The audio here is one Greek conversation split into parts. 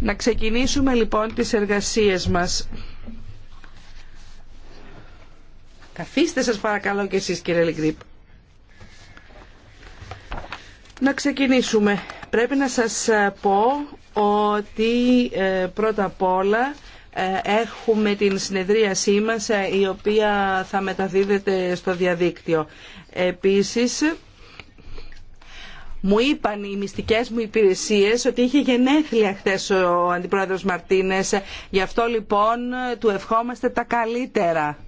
Να ξεκινήσουμε λοιπόν τις εργασίες μας. Καθίστε σας παρακαλώ και εσείς κύριε Λιγκρυπ. Να ξεκινήσουμε. Πρέπει να σας ε, πω ότι ε, πρώτα απ' όλα ε, έχουμε την συνεδρίασή μας η οποία θα μεταδίδεται στο διαδίκτυο. Επίσης μου είπαν οι μυστικέ μου υπηρεσίε ότι είχε γενέθλια χθε ο αντιπρόεδρο Μαρτίνες. Γι' αυτό λοιπόν του ευχόμαστε τα καλύτερα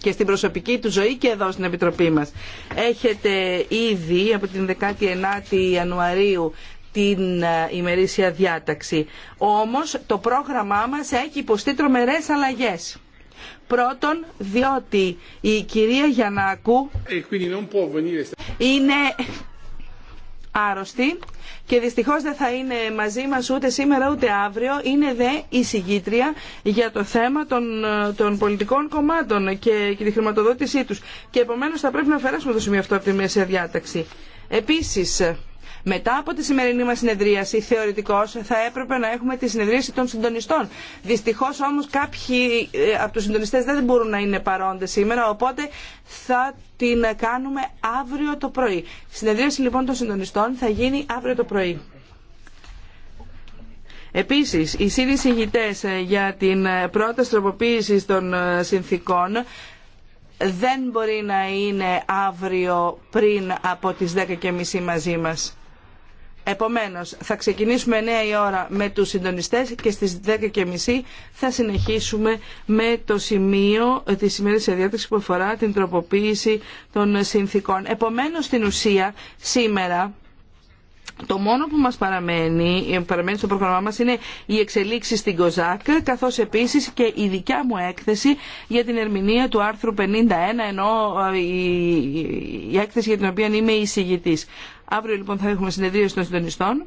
και στην προσωπική του ζωή και εδώ στην Επιτροπή μας. Έχετε ήδη από την 19η Ιανουαρίου την ε, ημερήσια διάταξη. Όμως το πρόγραμμά μας έχει υποστεί τρομερές αλλαγές. Πρώτον, διότι η κυρία Γιαννάκου e είναι άρρωστη και δυστυχώς δεν θα είναι μαζί μας ούτε σήμερα ούτε αύριο. Είναι δε η συγκήτρια για το θέμα των, των πολιτικών κομμάτων και, και τη χρηματοδότησή τους. Και επομένως θα πρέπει να αφαιρέσουμε το σημείο αυτό από τη μέση διάταξη. Επίσης, μετά από τη σημερινή μα συνεδρίαση, θεωρητικώς, θα έπρεπε να έχουμε τη συνεδρίαση των συντονιστών. Δυστυχώς όμως κάποιοι ε, από τους συντονιστέ δεν μπορούν να είναι παρόντες σήμερα, οπότε θα την κάνουμε αύριο το πρωί. Η συνεδρίαση λοιπόν των συντονιστών θα γίνει αύριο το πρωί. Επίσης, οι συνεισηγητές ε, για την ε, πρόταση τροποποίηση των συνθήκων δεν μπορεί να είναι αύριο πριν από τις 10.30 μαζί μας. Επομένως, θα ξεκινήσουμε 9 η ώρα με τους συντονιστές και στις 10.30 θα συνεχίσουμε με το σημείο της σημερινής διάταξη που αφορά την τροποποίηση των συνθήκων. Επομένως, στην ουσία, σήμερα... Το μόνο που μας παραμένει, παραμένει στο πρόγραμμά μας είναι η εξελίξη στην ΚΟΖΑΚ, καθώς επίσης και η δικιά μου έκθεση για την ερμηνεία του άρθρου 51, ενώ ε, η, η έκθεση για την οποία είμαι εισηγητής. Αύριο λοιπόν θα έχουμε συνεδρίαση των συντονιστών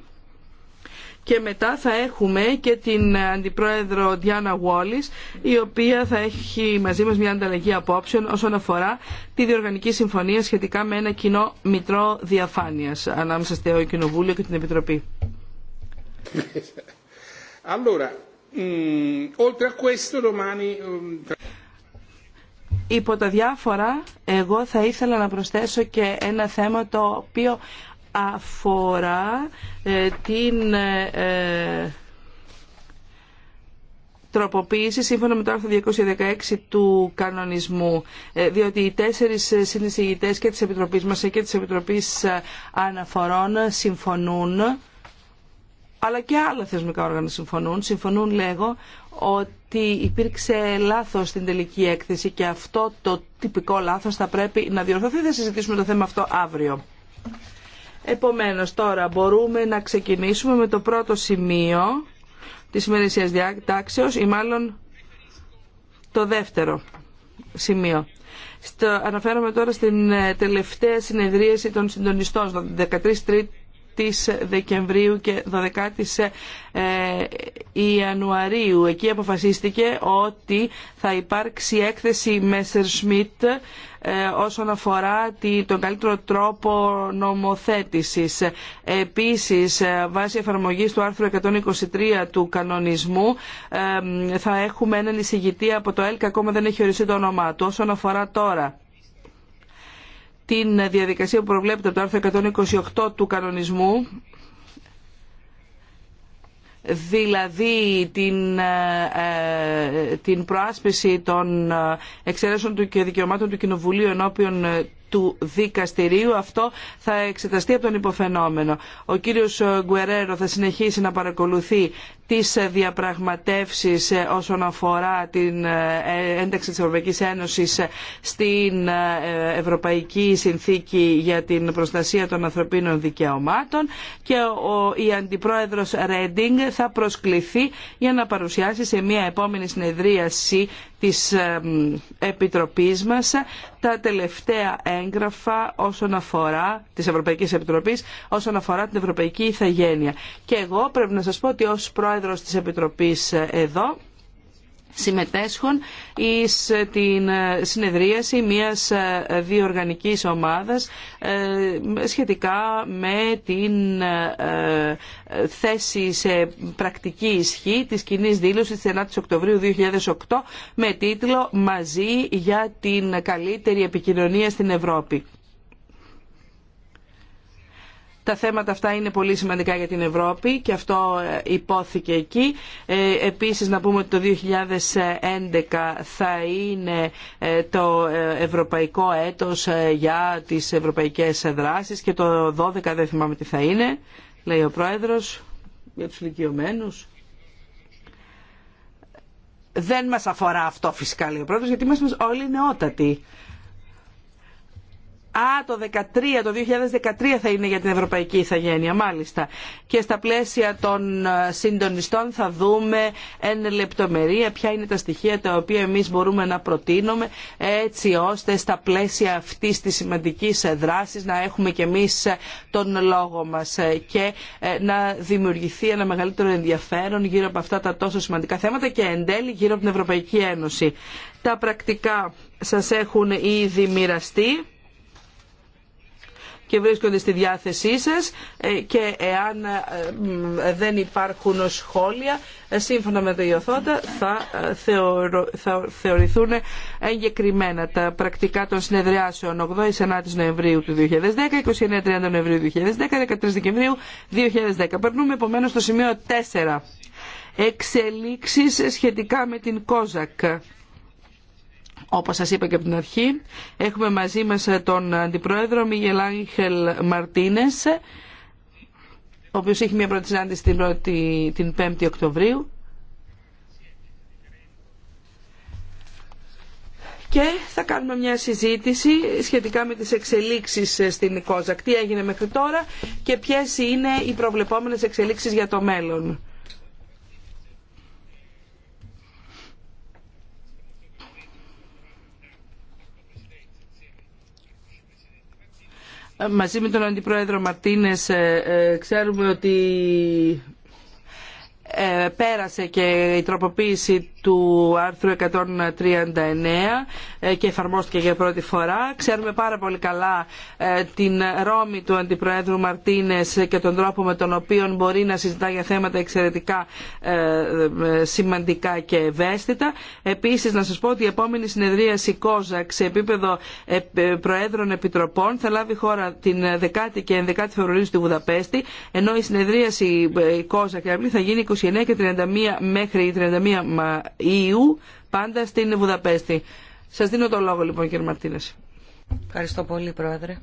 και μετά θα έχουμε και την Αντιπρόεδρο Διάνα Γουόλης η οποία θα έχει μαζί μας μια ανταλλαγή απόψεων όσον αφορά τη διοργανική συμφωνία σχετικά με ένα κοινό μητρό διαφάνειας ανάμεσα στο Κοινοβούλιο και την Επιτροπή. Mm, mm, Υπό τα διάφορα, εγώ θα ήθελα να προσθέσω και ένα θέμα το οποίο αφορά ε, την ε, ε, τροποποίηση σύμφωνα με το άρθρο 216 του κανονισμού διότι οι τέσσερις συνεισηγητές και της Επιτροπής μας και της Επιτροπής Αναφορών συμφωνούν αλλά και άλλα θεσμικά όργανα συμφωνούν. Συμφωνούν, λέγω, ότι υπήρξε λάθος στην τελική έκθεση και αυτό το τυπικό λάθος θα πρέπει να διορθωθεί. Θα συζητήσουμε το θέμα αυτό αύριο. Επομένως τώρα μπορούμε να ξεκινήσουμε με το πρώτο σημείο της ημερησίας διατάξεως ή μάλλον το δεύτερο σημείο. Στο, αναφέρομαι τώρα στην ε, τελευταία συνεδρίαση των συντονιστών, 13 της Δεκεμβρίου και 12ης ε, ε, Ιανουαρίου. Εκεί αποφασίστηκε ότι θα υπάρξει έκθεση Σμιτ ε, όσον αφορά τον καλύτερο τρόπο νομοθέτησης. Επίσης, βάσει εφαρμογής του άρθρου 123 του κανονισμού, θα έχουμε έναν εισηγητή από το ΕΛΚ, ακόμα δεν έχει οριστεί το όνομά του. Όσον αφορά τώρα την διαδικασία που προβλέπεται από το άρθρο 128 του κανονισμού δηλαδή την, ε, ε, την προάσπιση των ε, εξαιρέσεων του και δικαιωμάτων του Κοινοβουλίου ενώπιον του δικαστηρίου. Αυτό θα εξεταστεί από τον υποφαινόμενο. Ο κύριος Γκουερέρο θα συνεχίσει να παρακολουθεί τις διαπραγματεύσεις ε, όσον αφορά την ε, ένταξη της Ευρωπαϊκής Ένωσης στην ε, Ευρωπαϊκή Συνθήκη για την Προστασία των Ανθρωπίνων Δικαιωμάτων και η Αντιπρόεδρος Ρέντινγκ θα προσκληθεί για να παρουσιάσει σε μια επόμενη συνεδρίαση της Επιτροπής μας τα τελευταία έγγραφα όσον αφορά της Ευρωπαϊκής Επιτροπής όσον αφορά την Ευρωπαϊκή Ιθαγένεια. Και εγώ πρέπει να σας πω ότι πρόεδρος της Επιτροπής εδώ συμμετέσχων εις την συνεδρίαση μιας διοργανικής ομάδας ε, σχετικά με την ε, θέση σε πρακτική ισχύ της κοινή δήλωσης της 9 Οκτωβρίου 2008 με τίτλο «Μαζί για την καλύτερη επικοινωνία στην Ευρώπη». Τα θέματα αυτά είναι πολύ σημαντικά για την Ευρώπη και αυτό ε, υπόθηκε εκεί. Ε, επίσης να πούμε ότι το 2011 θα είναι ε, το ευρωπαϊκό έτος για τις ευρωπαϊκές δράσεις και το 2012 δεν θυμάμαι τι θα είναι, λέει ο Πρόεδρος, για τους ηλικιωμένους. Δεν μας αφορά αυτό φυσικά λέει ο Πρόεδρος γιατί είμαστε όλοι νεότατοι. Α, το 13, το 2013 θα είναι για την Ευρωπαϊκή Ιθαγένεια, μάλιστα. Και στα πλαίσια των ε, συντονιστών θα δούμε εν λεπτομερία ποια είναι τα στοιχεία τα οποία εμείς μπορούμε να προτείνουμε έτσι ώστε στα πλαίσια αυτής της σημαντικής ε, δράσης να έχουμε και εμείς ε, τον λόγο μας και να δημιουργηθεί ένα μεγαλύτερο ενδιαφέρον γύρω από αυτά τα τόσο σημαντικά θέματα και εν τέλει γύρω από την Ευρωπαϊκή Ένωση. Τα πρακτικά σας έχουν ήδη μοιραστεί και βρίσκονται στη διάθεσή σας ε, και εάν ε, δεν υπάρχουν σχόλια ε, σύμφωνα με το Ιωθώτα, θα, θα θεωρηθούν εγκεκριμένα τα πρακτικά των συνεδριάσεων 8 9 Νοεμβρίου του 2010, 29-30 Νοεμβρίου 2010, 13 Δεκεμβρίου 2010. Περνούμε επομένως στο σημείο 4. Εξελίξεις σχετικά με την ΚΟΖΑΚ. Όπως σας είπα και από την αρχή, έχουμε μαζί μας τον Αντιπρόεδρο Μιγελ Άγχελ Μαρτίνες, ο οποίος έχει μια πρώτη συνάντηση την, 5η Οκτωβρίου. Και θα κάνουμε μια συζήτηση σχετικά με τις εξελίξεις στην ΚΟΖΑΚ. Τι έγινε μέχρι τώρα και ποιες είναι οι προβλεπόμενες εξελίξεις για το μέλλον. μαζί με τον Αντιπρόεδρο Μαρτίνες ε, ε, ξέρουμε ότι ε, πέρασε και η τροποποίηση του άρθρου 139 ε, και εφαρμόστηκε για πρώτη φορά. Ξέρουμε πάρα πολύ καλά ε, την ρόμη του Αντιπροέδρου Μαρτίνες και τον τρόπο με τον οποίο μπορεί να συζητά για θέματα εξαιρετικά ε, σημαντικά και ευαίσθητα. Επίσης να σας πω ότι η επόμενη συνεδρίαση ΚΟΖΑΚ σε επίπεδο Προέδρων Επιτροπών θα λάβει χώρα την 10η και 11η Φεβρουαρίου στη Βουδαπέστη ενώ η συνεδρίαση ΚΟΖΑΚ θα γίνει 29 και 31 μέχρι 31 Ιού πάντα στην Βουδαπέστη. Σας δίνω το λόγο λοιπόν κύριε Μαρτίνες. Ευχαριστώ πολύ Πρόεδρε.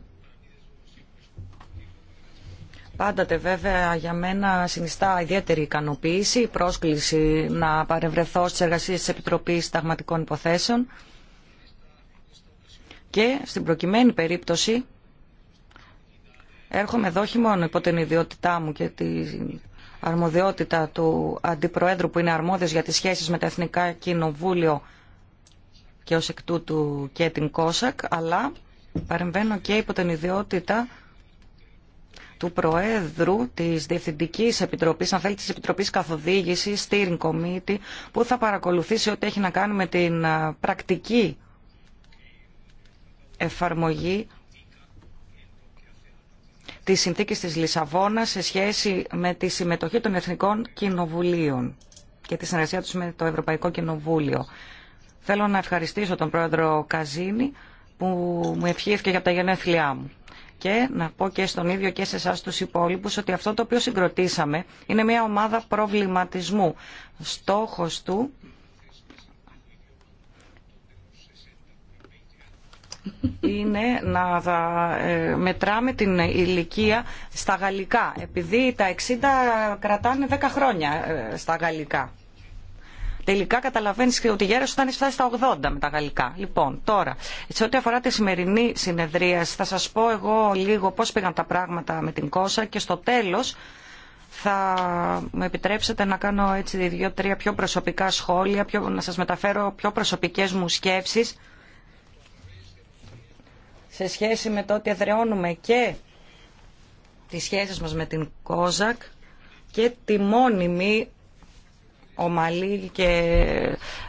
Πάντατε, βέβαια για μένα συνιστά ιδιαίτερη ικανοποίηση η πρόσκληση να παρευρεθώ στις εργασίες της Επιτροπής Συνταγματικών Υποθέσεων και στην προκειμένη περίπτωση έρχομαι εδώ όχι μόνο υπό την ιδιότητά μου και την αρμοδιότητα του Αντιπροέδρου που είναι αρμόδιος για τις σχέσεις με τα Εθνικά Κοινοβούλιο και ως εκ τούτου και την ΚΟΣΑΚ, αλλά παρεμβαίνω και υπό την ιδιότητα του Προέδρου της Διευθυντικής Επιτροπής, αν θέλει της Επιτροπής Καθοδήγησης, Steering Committee, που θα παρακολουθήσει ό,τι έχει να κάνει με την πρακτική εφαρμογή της συνθήκη της Λισαβόνας σε σχέση με τη συμμετοχή των Εθνικών Κοινοβουλίων και τη συνεργασία τους με το Ευρωπαϊκό Κοινοβούλιο. Θέλω να ευχαριστήσω τον πρόεδρο Καζίνη που μου ευχήθηκε για τα γενέθλιά μου. Και να πω και στον ίδιο και σε εσά του υπόλοιπου ότι αυτό το οποίο συγκροτήσαμε είναι μια ομάδα προβληματισμού. Στόχος του είναι να ε, μετράμε την ηλικία στα γαλλικά, επειδή τα 60 κρατάνε 10 χρόνια ε, στα γαλλικά. Τελικά καταλαβαίνει ότι η όταν ήταν φτάσει στα 80 με τα γαλλικά. Λοιπόν, τώρα, σε ό,τι αφορά τη σημερινή συνεδρία, θα σα πω εγώ λίγο πώ πήγαν τα πράγματα με την Κόσα και στο τέλο θα με επιτρέψετε να κάνω έτσι δύο-τρία πιο προσωπικά σχόλια, πιο, να σας μεταφέρω πιο προσωπικές μου σκέψεις σε σχέση με το ότι εδραιώνουμε και τις σχέσεις μας με την Κόζακ και τη μόνιμη ομαλή και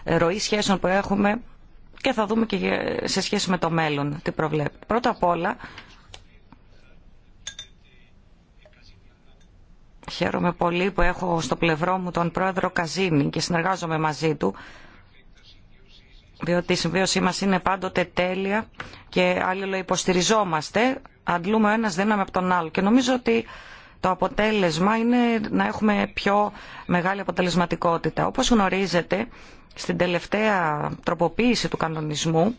ροή σχέσεων που έχουμε και θα δούμε και σε σχέση με το μέλλον τι προβλέπει. Πρώτα απ' όλα, χαίρομαι πολύ που έχω στο πλευρό μου τον πρόεδρο Καζίνη και συνεργάζομαι μαζί του διότι η συμβίωσή μας είναι πάντοτε τέλεια και άλλοι υποστηριζόμαστε, αντλούμε ο ένας δύναμη από τον άλλο. Και νομίζω ότι το αποτέλεσμα είναι να έχουμε πιο μεγάλη αποτελεσματικότητα. Όπως γνωρίζετε, στην τελευταία τροποποίηση του κανονισμού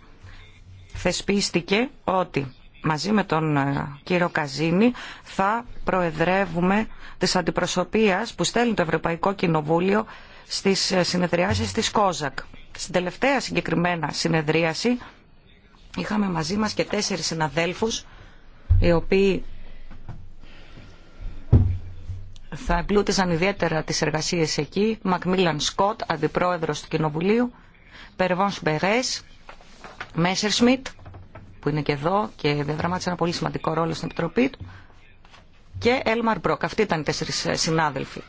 θεσπίστηκε ότι μαζί με τον ε, κύριο Καζίνη θα προεδρεύουμε της αντιπροσωπείας που στέλνει το Ευρωπαϊκό Κοινοβούλιο στις ε, συνεδριάσεις της ΚΟΖΑΚ. Στην τελευταία συγκεκριμένα συνεδρίαση είχαμε μαζί μας και τέσσερις συναδέλφους οι οποίοι θα εμπλούτιζαν ιδιαίτερα τις εργασίες εκεί. Μακμίλαν Σκοτ, αντιπρόεδρος του Κοινοβουλίου, Περβόν Μπερές, Μέσερ Σμιτ, που είναι και εδώ και διαδραμάτισε ένα πολύ σημαντικό ρόλο στην Επιτροπή του, και Έλμαρ Μπροκ. Αυτοί ήταν οι τέσσερις συνάδελφοι.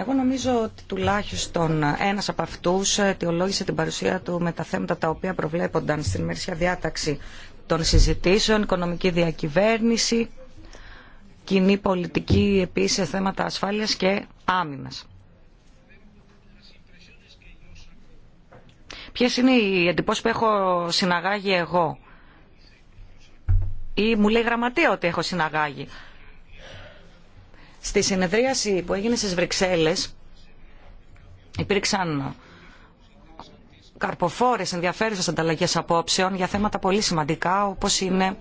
Εγώ νομίζω ότι τουλάχιστον ένας από αυτούς ε, αιτιολόγησε την παρουσία του με τα θέματα τα οποία προβλέπονταν στην ημερησία διάταξη των συζητήσεων, οικονομική διακυβέρνηση, κοινή πολιτική επίσης σε θέματα ασφάλειας και άμυνας. Ποιε είναι οι εντυπώσει που έχω συναγάγει εγώ ή μου λέει η γραμματεία γραμματεια έχω συναγάγει. Στη συνεδρίαση που έγινε στις Βρυξέλλες υπήρξαν καρποφόρες ενδιαφέρουσες ανταλλαγές απόψεων για θέματα πολύ σημαντικά όπως είναι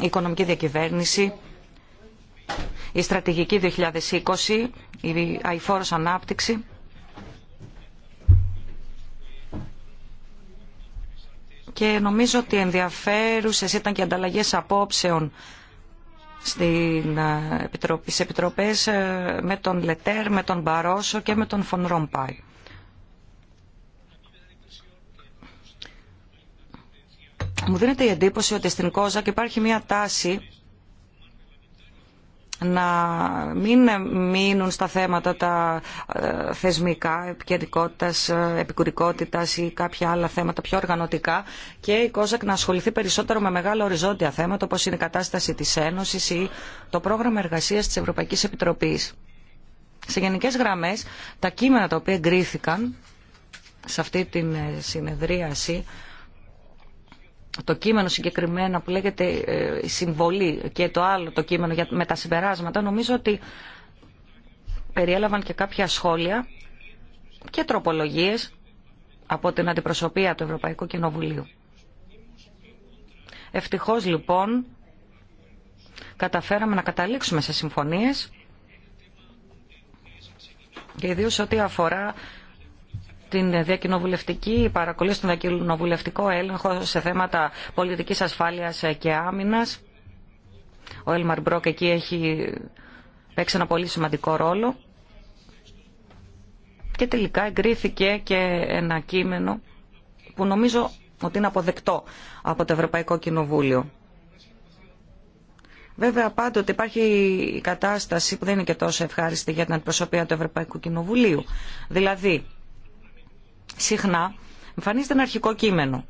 η οικονομική διακυβέρνηση, η στρατηγική 2020, η αηφόρος ανάπτυξη. Και νομίζω ότι ενδιαφέρουσες ήταν και ανταλλαγές απόψεων στην ε, επιτροπή, στις επιτροπές ε, με τον Λετέρ, με τον Μπαρόσο και με τον Φον Ρομπάι. Μου δίνεται η εντύπωση ότι στην Κόζακ υπάρχει μια τάση να μην μείνουν στα θέματα τα ε, θεσμικά, επικαιρικότητας, ε, επικουρικότητας ή κάποια άλλα θέματα πιο οργανωτικά και η ΚΟΖΑΚ να ασχοληθεί περισσότερο με μεγάλα οριζόντια θέματα όπως είναι η κατάσταση της Ένωσης ή το πρόγραμμα εργασίας της Ευρωπαϊκής Επιτροπής. Σε γενικές γραμμές, τα κείμενα τα οποία εγκρίθηκαν σε αυτή την ε, συνεδρίαση το κείμενο συγκεκριμένα που λέγεται ε, η συμβολή και το άλλο το κείμενο με τα συμπεράσματα, νομίζω ότι περιέλαβαν και κάποια σχόλια και τροπολογίες από την αντιπροσωπεία του Ευρωπαϊκού Κοινοβουλίου. Ευτυχώς λοιπόν καταφέραμε να καταλήξουμε σε συμφωνίες και ιδίως ό,τι αφορά την διακοινοβουλευτική παρακολούθηση, τον διακοινοβουλευτικό έλεγχο σε θέματα πολιτικής ασφάλειας και άμυνας. Ο Έλμαρ Μπρόκ εκεί έχει παίξει ένα πολύ σημαντικό ρόλο. Και τελικά εγκρίθηκε και ένα κείμενο που νομίζω ότι είναι αποδεκτό από το Ευρωπαϊκό Κοινοβούλιο. Βέβαια πάντοτε υπάρχει η κατάσταση που δεν είναι και τόσο ευχάριστη για την αντιπροσωπεία του Ευρωπαϊκού Κοινοβουλίου. Δηλαδή, συχνά εμφανίζεται ένα αρχικό κείμενο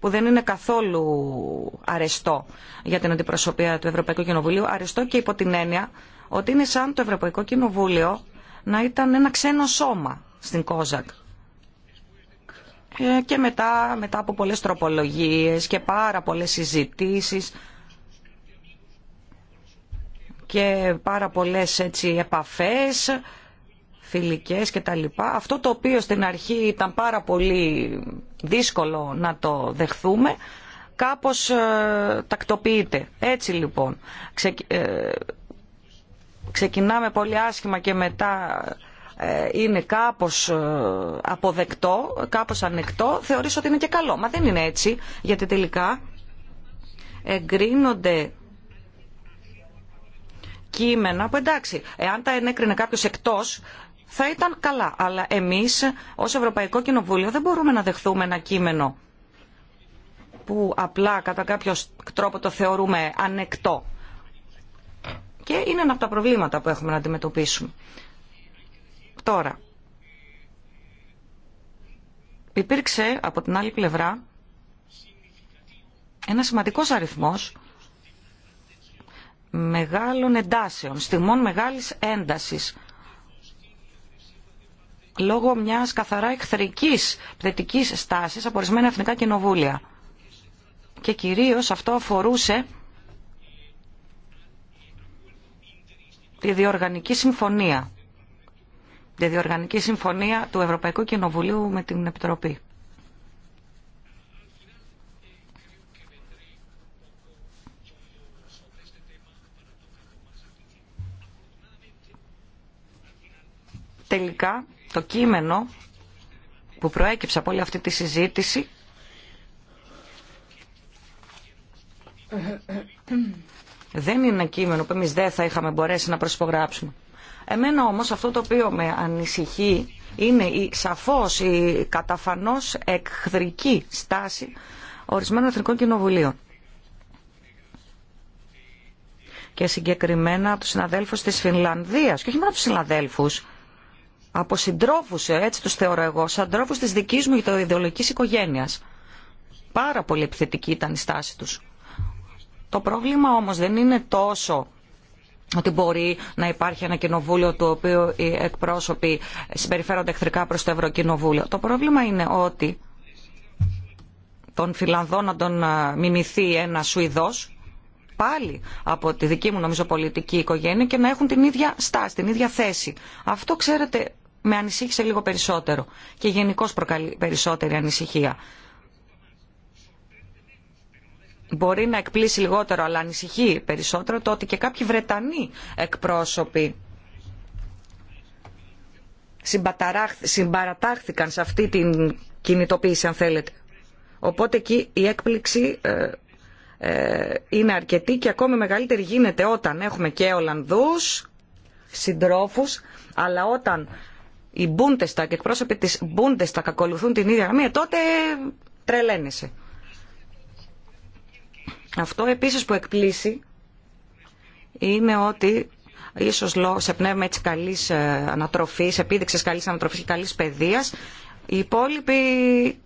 που δεν είναι καθόλου αρεστό για την αντιπροσωπεία του Ευρωπαϊκού Κοινοβουλίου, αρεστό και υπό την έννοια ότι είναι σαν το Ευρωπαϊκό Κοινοβούλιο να ήταν ένα ξένο σώμα στην Κόζακ. Ε, και μετά, μετά από πολλές τροπολογίες και πάρα πολλές συζητήσεις και πάρα πολλές έτσι, επαφές, φιλικές κτλ. Αυτό το οποίο στην αρχή ήταν πάρα πολύ δύσκολο να το δεχθούμε, κάπως ε, τακτοποιείται. Έτσι λοιπόν, ε, ξεκινάμε πολύ άσχημα και μετά ε, είναι κάπως ε, αποδεκτό, κάπως ανεκτό, θεωρείς ότι είναι και καλό. Μα δεν είναι έτσι, γιατί τελικά εγκρίνονται κείμενα που εντάξει, εάν τα ενέκρινε κάποιος εκτός θα ήταν καλά. Αλλά εμείς ως Ευρωπαϊκό Κοινοβούλιο δεν μπορούμε να δεχθούμε ένα κείμενο που απλά κατά κάποιο τρόπο το θεωρούμε ανεκτό. Και είναι ένα από τα προβλήματα που έχουμε να αντιμετωπίσουμε. Τώρα, υπήρξε από την άλλη πλευρά ένα σημαντικός αριθμός μεγάλων εντάσεων, στιγμών μεγάλης έντασης λόγω μιας καθαρά εχθρική θετική στάσης από ορισμένα εθνικά κοινοβούλια. Και κυρίως αυτό αφορούσε τη διοργανική συμφωνία. Τη διοργανική συμφωνία του Ευρωπαϊκού Κοινοβουλίου με την Επιτροπή. Τελικά, το κείμενο που προέκυψε από όλη αυτή τη συζήτηση δεν είναι ένα κείμενο που εμείς δεν θα είχαμε μπορέσει να προσπογράψουμε. Εμένα όμως αυτό το οποίο με ανησυχεί είναι η σαφώς, η καταφανώς εχθρική στάση ορισμένων εθνικών κοινοβουλίων. Και συγκεκριμένα του συναδέλφου τη Φινλανδίας, και όχι μόνο του συναδέλφου από συντρόφου έτσι του θεωρώ εγώ, συντρόφου τη δική μου ιδεολογική οικογένεια. Πάρα πολύ επιθετική ήταν η στάση του. Το πρόβλημα όμω δεν είναι τόσο ότι μπορεί να υπάρχει ένα κοινοβούλιο το οποίο οι εκπρόσωποι συμπεριφέρονται εχθρικά προς το Ευρωκοινοβούλιο. Το πρόβλημα είναι ότι τον Φιλανδό να τον μιμηθεί ένα Σουηδός πάλι από τη δική μου νομίζω πολιτική οικογένεια και να έχουν την ίδια στάση, την ίδια θέση. Αυτό ξέρετε με ανησύχησε λίγο περισσότερο και γενικώ προκαλεί περισσότερη ανησυχία. Μπορεί να εκπλήσει λιγότερο, αλλά ανησυχεί περισσότερο το ότι και κάποιοι Βρετανοί εκπρόσωποι συμπαρατάχθηκαν σε αυτή την κινητοποίηση, αν θέλετε. Οπότε εκεί η έκπληξη ε, ε, είναι αρκετή και ακόμη μεγαλύτερη γίνεται όταν έχουμε και Ολλανδούς συντρόφους, αλλά όταν οι και εκπρόσωποι της Bundestag ακολουθούν την ίδια γραμμή, τότε τρελαίνεσαι. Αυτό επίσης που εκπλήσει είναι ότι ίσως λόγω σε πνεύμα έτσι καλής ε, ανατροφής, επίδειξης καλής ανατροφής και καλής παιδείας, οι υπόλοιποι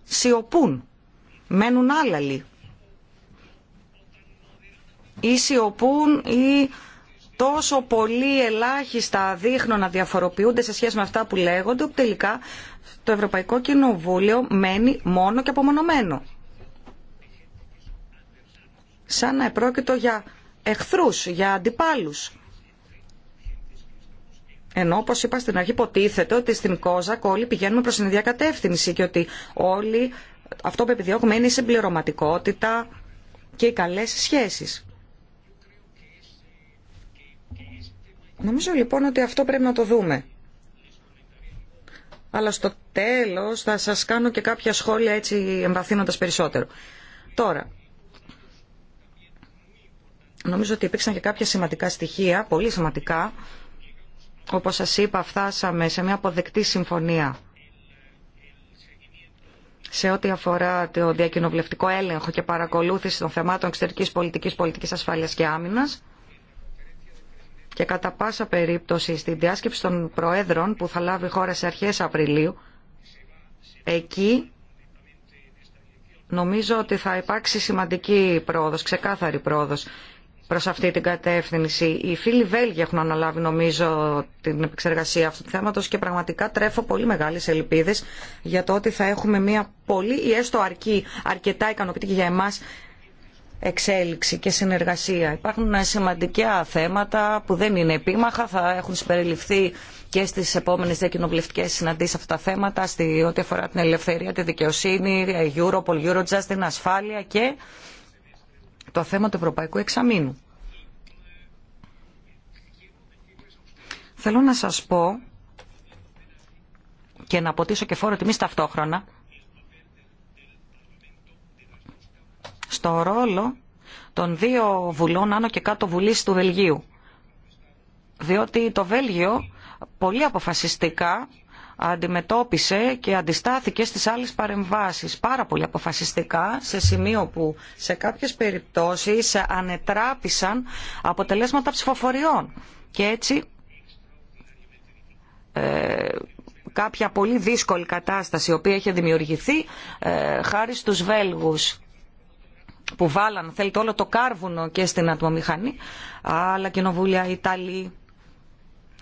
σιωπούν, μένουν άλλαλοι. Ή σιωπούν ή τόσο πολύ ελάχιστα δείχνουν να διαφοροποιούνται σε σχέση με αυτά που λέγονται, που τελικά το Ευρωπαϊκό Κοινοβούλιο μένει μόνο και απομονωμένο. Σαν να επρόκειτο για εχθρούς, για αντιπάλους. Ενώ, όπω είπα στην αρχή, υποτίθεται ότι στην Κόζακ όλοι πηγαίνουμε προ την ίδια κατεύθυνση και ότι όλοι αυτό που επιδιώκουμε είναι η συμπληρωματικότητα και οι καλέ σχέσει. Νομίζω λοιπόν ότι αυτό πρέπει να το δούμε. Αλλά στο τέλος θα σας κάνω και κάποια σχόλια έτσι εμβαθύνοντας περισσότερο. Τώρα, νομίζω ότι υπήρξαν και κάποια σημαντικά στοιχεία, πολύ σημαντικά. Όπως σας είπα, φτάσαμε σε μια αποδεκτή συμφωνία σε ό,τι αφορά το διακοινοβουλευτικό έλεγχο και παρακολούθηση των θεμάτων εξωτερικής πολιτικής, πολιτικής ασφάλειας και άμυνας και κατά πάσα περίπτωση στην διάσκεψη των Προέδρων που θα λάβει η χώρα σε αρχές Απριλίου, εκεί νομίζω ότι θα υπάρξει σημαντική πρόοδος, ξεκάθαρη πρόοδος προς αυτή την κατεύθυνση. Οι φίλοι Βέλγοι έχουν αναλάβει νομίζω την επεξεργασία αυτού του θέματος και πραγματικά τρέφω πολύ μεγάλες ελπίδες για το ότι θα έχουμε μια πολύ ή έστω αρκή, αρκετά ικανοποιητική για εμάς εξέλιξη και συνεργασία. Υπάρχουν σημαντικά θέματα που δεν είναι επίμαχα, θα έχουν συμπεριληφθεί και στι επόμενε διακοινοβουλευτικέ συναντήσει αυτά τα θέματα, στη, ό,τι αφορά την ελευθερία, τη δικαιοσύνη, η Europol, Eurojust, την ασφάλεια και το θέμα του Ευρωπαϊκού Εξαμήνου. Θέλω να σας πω και να αποτίσω και φόρο τιμής ταυτόχρονα στο ρόλο των δύο βουλών άνω και κάτω βουλής του Βελγίου. Διότι το Βέλγιο πολύ αποφασιστικά αντιμετώπισε και αντιστάθηκε στις άλλες παρεμβάσεις πάρα πολύ αποφασιστικά σε σημείο που σε κάποιες περιπτώσεις ανετράπησαν αποτελέσματα ψηφοφοριών και έτσι ε, κάποια πολύ δύσκολη κατάσταση η οποία είχε δημιουργηθεί ε, χάρη στους Βέλγους που βάλαν, θέλετε, όλο το κάρβουνο και στην ατμομηχανή. Άλλα κοινοβούλια, Ιταλοί,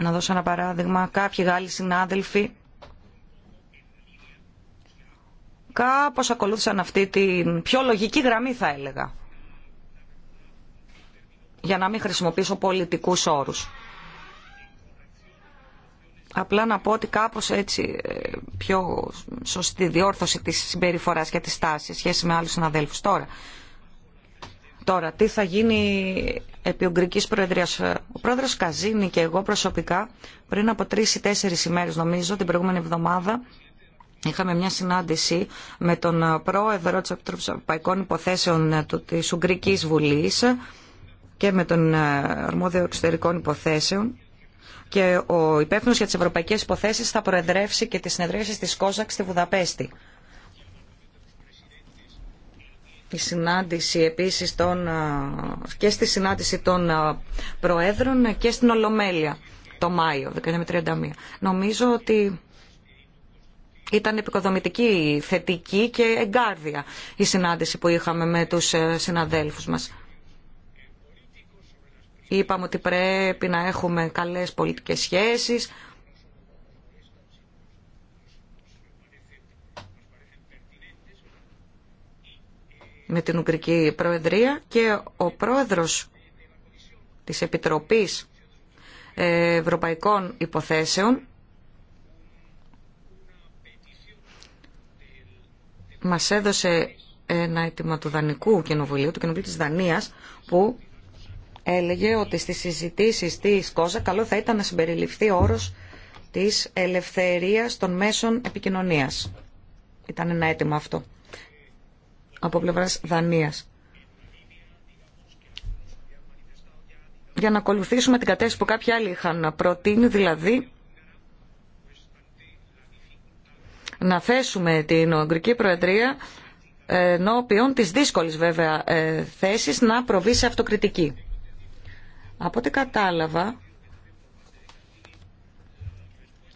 να δώσω ένα παράδειγμα, κάποιοι Γάλλοι συνάδελφοι, κάπως ακολούθησαν αυτή την πιο λογική γραμμή θα έλεγα, για να μην χρησιμοποιήσω πολιτικούς όρους. Απλά να πω ότι κάπως έτσι ε, πιο σωστή διόρθωση της συμπεριφοράς και της τάσης σχέση με άλλους συναδέλφους τώρα. Τώρα, τι θα γίνει επί Ουγγρικής Προεδρίας. Ο πρόεδρος Καζίνη και εγώ προσωπικά πριν από τρεις ή τέσσερις ημέρες νομίζω την προηγούμενη εβδομάδα Είχαμε μια συνάντηση με τον πρόεδρο της Επιτροπής Ευρωπαϊκών Υποθέσεων ε, της Ουγγρικής Βουλής και με τον ε, αρμόδιο εξωτερικών υποθέσεων και ο υπεύθυνο για τις ευρωπαϊκές υποθέσεις θα προεδρεύσει και τις συνεδρίασεις της ΚΟΖΑΚ στη Βουδαπέστη η συνάντηση επίσης των, και στη συνάντηση των Προέδρων και στην Ολομέλεια το Μάιο, 1931. Νομίζω ότι ήταν επικοδομητική, θετική και εγκάρδια η συνάντηση που είχαμε με τους ε, συναδέλφους μας. Είπαμε ότι πρέπει να έχουμε καλές πολιτικές σχέσεις, με την Ουγγρική Προεδρία και ο πρόεδρος της Επιτροπής ε, Ευρωπαϊκών Υποθέσεων μας έδωσε ένα αίτημα του Δανικού Κοινοβουλίου, του Κοινοβουλίου της Δανίας, που έλεγε ότι στις συζητήσεις της ΚΟΖΑ καλό θα ήταν να συμπεριληφθεί ο όρος της ελευθερίας των μέσων επικοινωνίας. Ήταν ένα αίτημα αυτό από πλευρά Δανία. Για να ακολουθήσουμε την κατεύθυνση που κάποιοι άλλοι είχαν προτείνει, δηλαδή να θέσουμε την Ουγγρική Προεδρία ε, ενώπιον τη δύσκολη βέβαια ε, θέση να προβεί σε αυτοκριτική. Από ό,τι κατάλαβα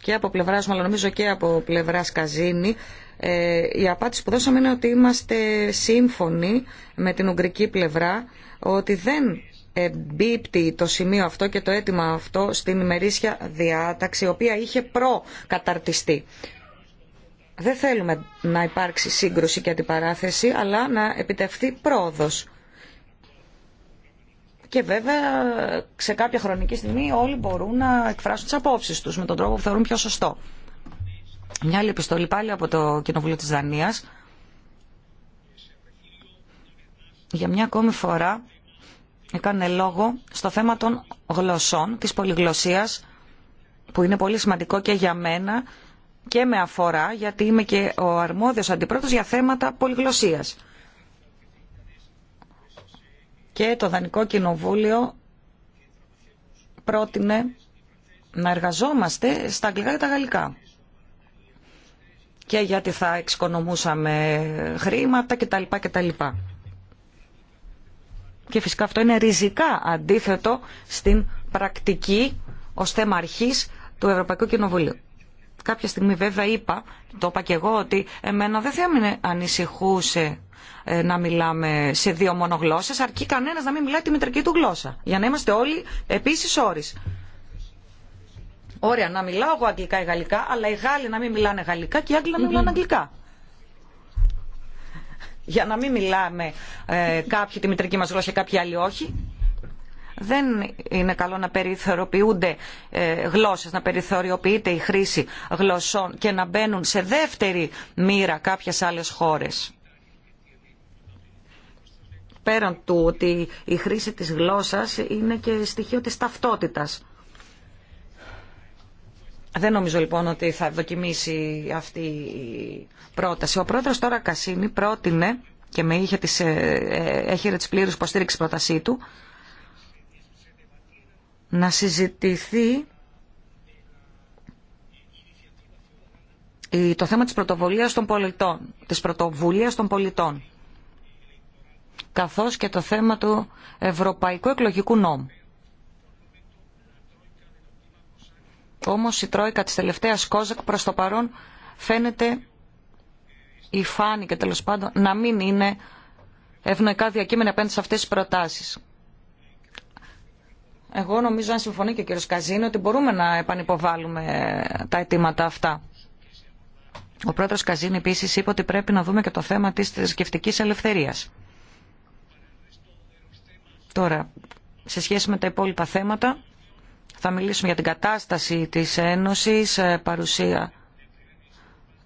και από πλευράς, μάλλον νομίζω και από πλευράς Καζίνη, ε, η απάντηση που δώσαμε είναι ότι είμαστε σύμφωνοι με την Ουγγρική πλευρά ότι δεν εμπίπτει το σημείο αυτό και το αίτημα αυτό στην ημερήσια διάταξη, η οποία είχε προκαταρτιστεί. Δεν θέλουμε να υπάρξει σύγκρουση και αντιπαράθεση, αλλά να επιτευχθεί πρόοδος. Και βέβαια, σε κάποια χρονική στιγμή όλοι μπορούν να εκφράσουν τις απόψεις τους με τον τρόπο που θεωρούν πιο σωστό. Μια άλλη επιστολή πάλι από το Κοινοβούλιο της Δανίας για μια ακόμη φορά έκανε λόγο στο θέμα των γλωσσών, της πολυγλωσσίας που είναι πολύ σημαντικό και για μένα και με αφορά γιατί είμαι και ο αρμόδιος αντιπρόεδρος για θέματα πολυγλωσσίας. Και το Δανικό Κοινοβούλιο πρότεινε να εργαζόμαστε στα αγγλικά και τα γαλλικά και γιατί θα εξοικονομούσαμε χρήματα κτλ. κτλ. Και φυσικά αυτό είναι ριζικά αντίθετο στην πρακτική ως θέμα αρχής του Ευρωπαϊκού Κοινοβουλίου. Κάποια στιγμή βέβαια είπα, το είπα και εγώ, ότι εμένα δεν θα με ανησυχούσε ε, να μιλάμε σε δύο μόνο γλώσσες, αρκεί κανένας να μην μιλάει τη μητρική του γλώσσα, για να είμαστε όλοι επίσης όρις. Ωραία, να μιλάω εγώ αγγλικά ή γαλλικά, αλλά οι Γάλλοι να μην μιλάνε γαλλικά και οι Άγγλοι να μην μιλάνε αγγλικά. Για να μην μιλάμε ε, κάποιοι τη μητρική μας γλώσσα και κάποιοι άλλοι όχι. Δεν είναι καλό να περιθωριοποιούνται ε, γλώσσες, να περιθωριοποιείται η χρήση γλωσσών και να μπαίνουν σε δεύτερη μοίρα κάποιες άλλες χώρες πέραν του ότι η χρήση της γλώσσας είναι και στοιχείο της ταυτότητας. Δεν νομίζω λοιπόν ότι θα δοκιμήσει αυτή η πρόταση. Ο πρόεδρος τώρα Κασίνη πρότεινε και με είχε τις, πλήρου ε, ε, τις πλήρους υποστήριξη πρότασή του να συζητηθεί το θέμα της πρωτοβουλίας των πολιτών, της πρωτοβουλίας των πολιτών καθώς και το θέμα του Ευρωπαϊκού Εκλογικού Νόμου. Όμως η Τρόικα της τελευταίας Κόζακ προς το παρόν φαίνεται η φάνη και τέλος πάντων να μην είναι ευνοϊκά διακείμενη απέναντι σε αυτές τις προτάσεις. Εγώ νομίζω, αν συμφωνεί και ο κύριος Καζίνη, ότι μπορούμε να επανυποβάλουμε τα αιτήματα αυτά. Ο πρόεδρος Καζίνη επίση είπε ότι πρέπει να δούμε και το θέμα της θρησκευτική ελευθερίας. Τώρα, σε σχέση με τα υπόλοιπα θέματα, θα μιλήσουμε για την κατάσταση της Ένωσης, ε, παρουσία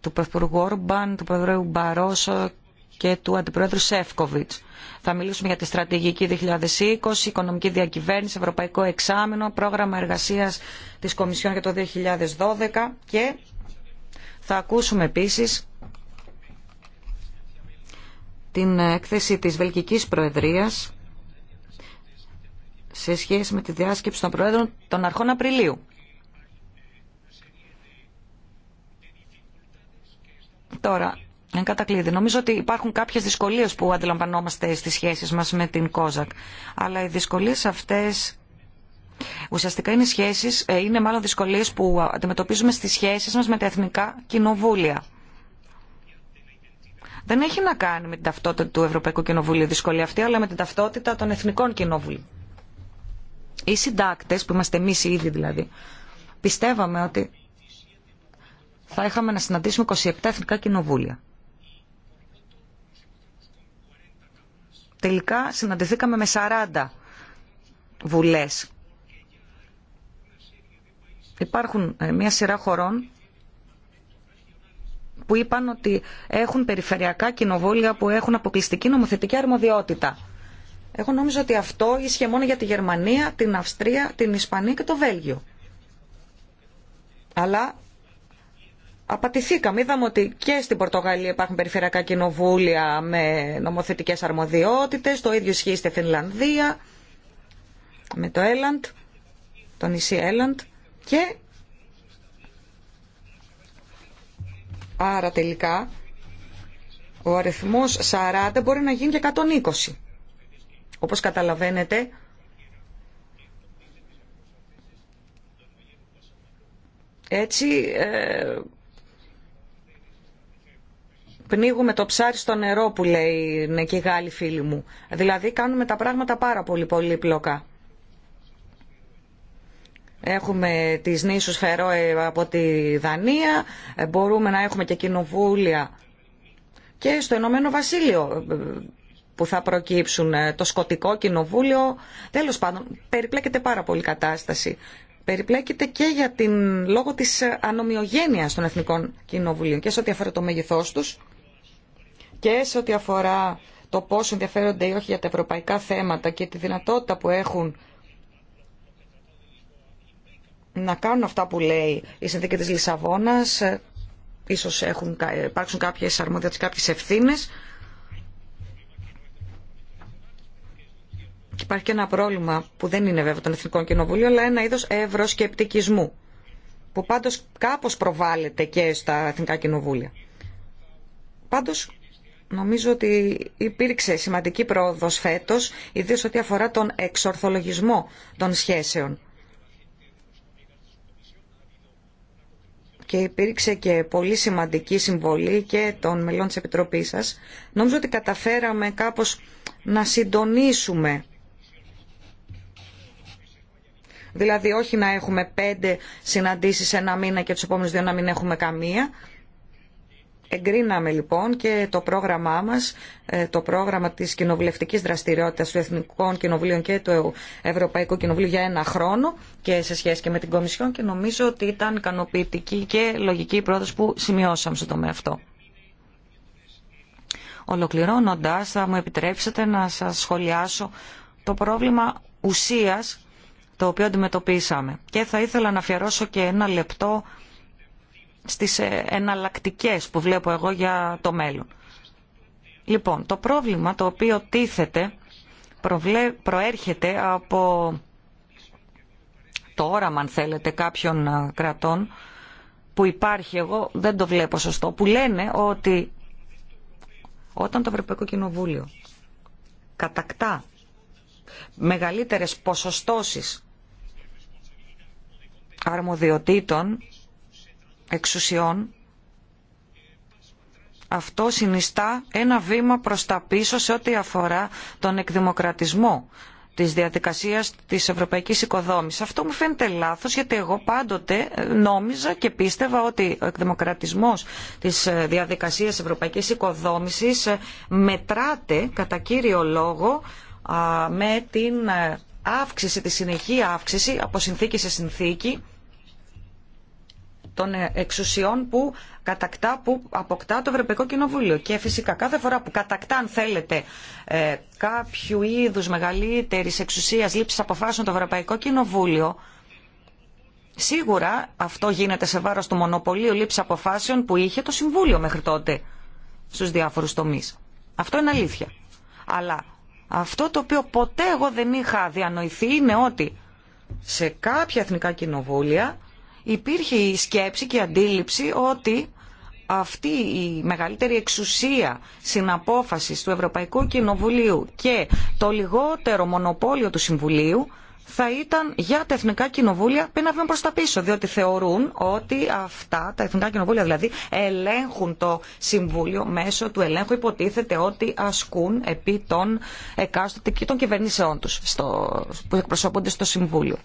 του Πρωθυπουργού Όρμπαν, του Πρωθυπουργού Μπαρόσο και του Αντιπρόεδρου Σεύκοβιτς. Θα μιλήσουμε για τη στρατηγική 2020, οικονομική διακυβέρνηση, ευρωπαϊκό εξάμεινο, πρόγραμμα εργασίας της Κομισιόν για το 2012 και θα ακούσουμε επίσης την έκθεση της Βελγικής Προεδρίας σε σχέση με τη διάσκεψη των Προέδρων των αρχών Απριλίου. Τώρα, εν κατακλείδη, νομίζω ότι υπάρχουν κάποιες δυσκολίες που αντιλαμβανόμαστε στις σχέσεις μας με την ΚΟΖΑΚ. Αλλά οι δυσκολίες αυτές ουσιαστικά είναι, σχέσεις, ε, είναι μάλλον δυσκολίες που αντιμετωπίζουμε στις σχέσεις μας με τα εθνικά κοινοβούλια. Δεν έχει να κάνει με την ταυτότητα του Ευρωπαϊκού Κοινοβουλίου δυσκολία αυτή, αλλά με την ταυτότητα των εθνικών κοινοβουλίων οι συντάκτες, που είμαστε εμείς ίδιοι δηλαδή, πιστεύαμε ότι θα είχαμε να συναντήσουμε 27 εθνικά κοινοβούλια. Τελικά συναντηθήκαμε με 40 βουλές. Υπάρχουν ε, μια σειρά χωρών που είπαν ότι έχουν περιφερειακά κοινοβούλια που έχουν αποκλειστική νομοθετική αρμοδιότητα. Εγώ νόμιζα ότι αυτό ίσχυε μόνο για τη Γερμανία, την Αυστρία, την Ισπανία και το Βέλγιο. Αλλά απατηθήκαμε. Είδαμε ότι και στην Πορτογαλία υπάρχουν περιφερειακά κοινοβούλια με νομοθετικές αρμοδιότητες. Το ίδιο ισχύει στη Φινλανδία, με το Έλαντ, το νησί Έλαντ. Και άρα τελικά ο αριθμός 40 μπορεί να γίνει και 120. Όπως καταλαβαίνετε, έτσι ε, πνίγουμε το ψάρι στο νερό που λέει ναι, και οι Γάλλοι φίλοι μου. Δηλαδή κάνουμε τα πράγματα πάρα πολύ πολύ πλοκά. Έχουμε τις νήσους Φερόε από τη Δανία, μπορούμε να έχουμε και κοινοβούλια και στο Ενωμένο Βασίλειο που θα προκύψουν. Ε, το σκοτικό κοινοβούλιο, τέλος πάντων, περιπλέκεται πάρα πολύ κατάσταση. Περιπλέκεται και για την, λόγω της ε, ανομοιογένεια των εθνικών κοινοβουλίων και σε ό,τι αφορά το μεγεθό τους και σε ό,τι αφορά το πόσο ενδιαφέρονται ή όχι για τα ευρωπαϊκά θέματα και τη δυνατότητα που έχουν να κάνουν αυτά που λέει η συνθήκη της Λισαβόνας, ε, ίσως έχουν, υπάρξουν κάποιες αρμοδιότητες, κάποιες ευθύνες, Υπάρχει και ένα πρόβλημα που δεν είναι βέβαια των Εθνικών Κοινοβουλίων, αλλά ένα είδος ευρωσκεπτικισμού, που πάντω κάπως προβάλλεται και στα Εθνικά Κοινοβούλια. Πάντω, νομίζω ότι υπήρξε σημαντική πρόοδος φέτος, ιδίως ό,τι αφορά τον εξορθολογισμό των σχέσεων. και υπήρξε και πολύ σημαντική συμβολή και των μελών της Επιτροπής σας. Νομίζω ότι καταφέραμε κάπως να συντονίσουμε Δηλαδή όχι να έχουμε πέντε συναντήσεις ένα μήνα και τους επόμενους δύο να μην έχουμε καμία. Εγκρίναμε λοιπόν και το πρόγραμμά μας, ε, το πρόγραμμα της κοινοβουλευτικής δραστηριότητας του Εθνικών Κοινοβουλίων και του Ευρωπαϊκού Κοινοβουλίου για ένα χρόνο και σε σχέση και με την Κομισιόν και νομίζω ότι ήταν ικανοποιητική και λογική η πρόοδος που σημειώσαμε στον τομέα αυτό. Ολοκληρώνοντας θα μου επιτρέψετε να σας σχολιάσω το πρόβλημα ουσίας το οποίο αντιμετωπίσαμε. Και θα ήθελα να αφιερώσω και ένα λεπτό στις ε, εναλλακτικέ που βλέπω εγώ για το μέλλον. Λοιπόν, το πρόβλημα το οποίο τίθεται προέρχεται από το όραμα, αν θέλετε, κάποιων ε, κρατών που υπάρχει, εγώ δεν το βλέπω σωστό, που λένε ότι όταν το Ευρωπαϊκό Κοινοβούλιο κατακτά μεγαλύτερες ποσοστώσεις αρμοδιοτήτων, εξουσιών, αυτό συνιστά ένα βήμα προς τα πίσω σε ό,τι αφορά τον εκδημοκρατισμό της διαδικασίας της ευρωπαϊκής οικοδόμησης. Αυτό μου φαίνεται λάθος γιατί εγώ πάντοτε νόμιζα και πίστευα ότι ο εκδημοκρατισμός της διαδικασίας ευρωπαϊκής οικοδόμησης μετράται κατά κύριο λόγο με την ε, αύξηση, τη συνεχή αύξηση από συνθήκη σε συνθήκη των εξουσιών που κατακτά, που αποκτά το Ευρωπαϊκό Κοινοβούλιο. Και φυσικά κάθε φορά που κατακτά, αν θέλετε, ε, κάποιου είδου μεγαλύτερη εξουσία λήψη αποφάσεων το Ευρωπαϊκό Κοινοβούλιο, σίγουρα αυτό γίνεται σε βάρος του μονοπωλίου λήψη αποφάσεων που είχε το Συμβούλιο μέχρι τότε στου διάφορου τομεί. Αυτό είναι αλήθεια. Αλλά αυτό το οποίο ποτέ εγώ δεν είχα διανοηθεί είναι ότι σε κάποια εθνικά κοινοβούλια υπήρχε η σκέψη και η αντίληψη ότι αυτή η μεγαλύτερη εξουσία συναπόφασης του Ευρωπαϊκού Κοινοβουλίου και το λιγότερο μονοπόλιο του Συμβουλίου θα ήταν για τα εθνικά κοινοβούλια να βγουν προς τα πίσω, διότι θεωρούν ότι αυτά, τα εθνικά κοινοβούλια δηλαδή, ελέγχουν το Συμβούλιο μέσω του ελέγχου, υποτίθεται ότι ασκούν επί των εκάστοτε και των κυβερνήσεών τους που εκπροσωπούνται στο Συμβούλιο.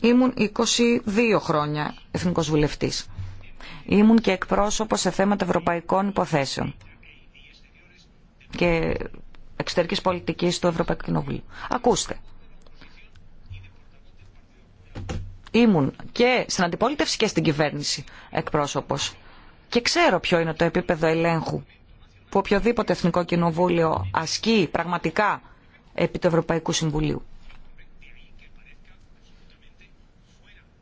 Ήμουν 22 χρόνια εθνικός βουλευτής. Ήμουν και εκπρόσωπο σε θέματα ευρωπαϊκών υποθέσεων. Και εξωτερικής πολιτικής του Ευρωπαϊκού Κοινοβουλίου. Ακούστε, ήμουν και στην αντιπολίτευση και στην κυβέρνηση εκπρόσωπος και ξέρω ποιο είναι το επίπεδο ελέγχου που οποιοδήποτε Εθνικό Κοινοβούλιο ασκεί πραγματικά επί του Ευρωπαϊκού Συμβουλίου.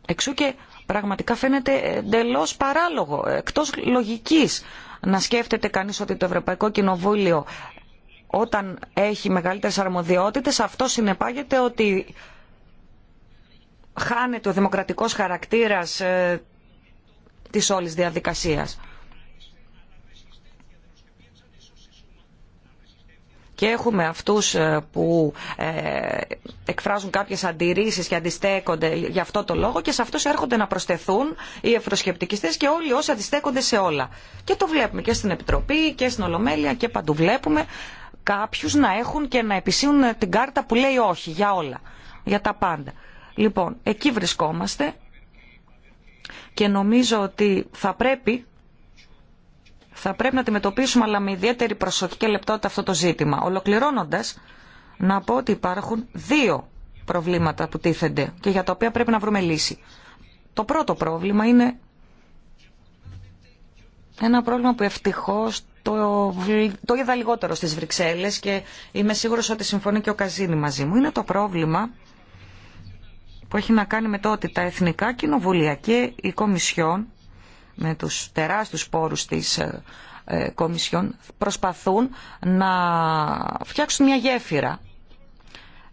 Εξού και πραγματικά φαίνεται εντελώ παράλογο, εκτός λογικής να σκέφτεται κανείς ότι το Ευρωπαϊκό Κοινοβούλιο όταν έχει μεγαλύτερες αρμοδιότητες αυτό συνεπάγεται ότι χάνεται ο δημοκρατικός χαρακτήρας ε, της όλης διαδικασίας. και έχουμε αυτούς ε, που ε, εκφράζουν κάποιες αντιρρήσεις και αντιστέκονται για αυτό το λόγο και σε αυτούς έρχονται να προσθεθούν οι ευρωσκεπτικιστές και όλοι όσοι αντιστέκονται σε όλα. Και το βλέπουμε και στην Επιτροπή και στην Ολομέλεια και παντού βλέπουμε κάποιους να έχουν και να επισύουν την κάρτα που λέει όχι για όλα, για τα πάντα. Λοιπόν, εκεί βρισκόμαστε και νομίζω ότι θα πρέπει, θα πρέπει να αντιμετωπίσουμε αλλά με ιδιαίτερη προσοχή και λεπτότητα αυτό το ζήτημα. Ολοκληρώνοντας, να πω ότι υπάρχουν δύο προβλήματα που τίθενται και για τα οποία πρέπει να βρούμε λύση. Το πρώτο πρόβλημα είναι ένα πρόβλημα που ευτυχώς το, το είδα λιγότερο στις Βρυξέλλες και είμαι σίγουρος ότι συμφωνεί και ο Καζίνη μαζί μου. Είναι το πρόβλημα που έχει να κάνει με το ότι τα εθνικά κοινοβούλια και η Κομισιόν με τους τεράστιους πόρους της ε, ε, Κομισιόν προσπαθούν να φτιάξουν μια γέφυρα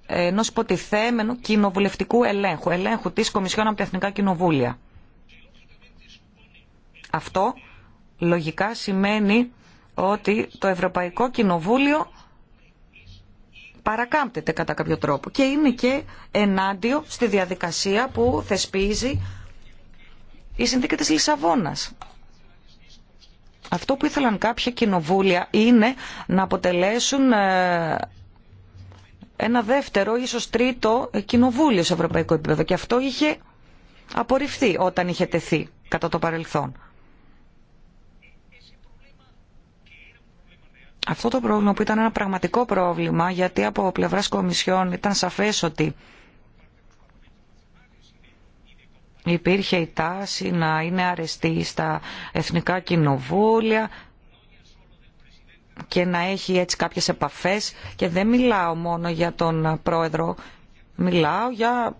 ενός υποτιθέμενου κοινοβουλευτικού ελέγχου, ελέγχου της Κομισιόν από τα Εθνικά Κοινοβούλια. Αυτό λογικά σημαίνει ότι το Ευρωπαϊκό Κοινοβούλιο παρακάμπτεται κατά κάποιο τρόπο και είναι και ενάντιο στη διαδικασία που θεσπίζει η συνθήκη της Λισαβόνας. Αυτό που ήθελαν κάποια κοινοβούλια είναι να αποτελέσουν ε, ένα δεύτερο, ίσως τρίτο κοινοβούλιο σε ευρωπαϊκό επίπεδο και αυτό είχε απορριφθεί όταν είχε τεθεί κατά το παρελθόν. αυτό το πρόβλημα που ήταν ένα πραγματικό πρόβλημα γιατί από πλευράς Κομισιών ήταν σαφές ότι υπήρχε η τάση να είναι αρεστή στα εθνικά κοινοβούλια και να έχει έτσι κάποιες επαφές και δεν μιλάω μόνο για τον πρόεδρο, μιλάω για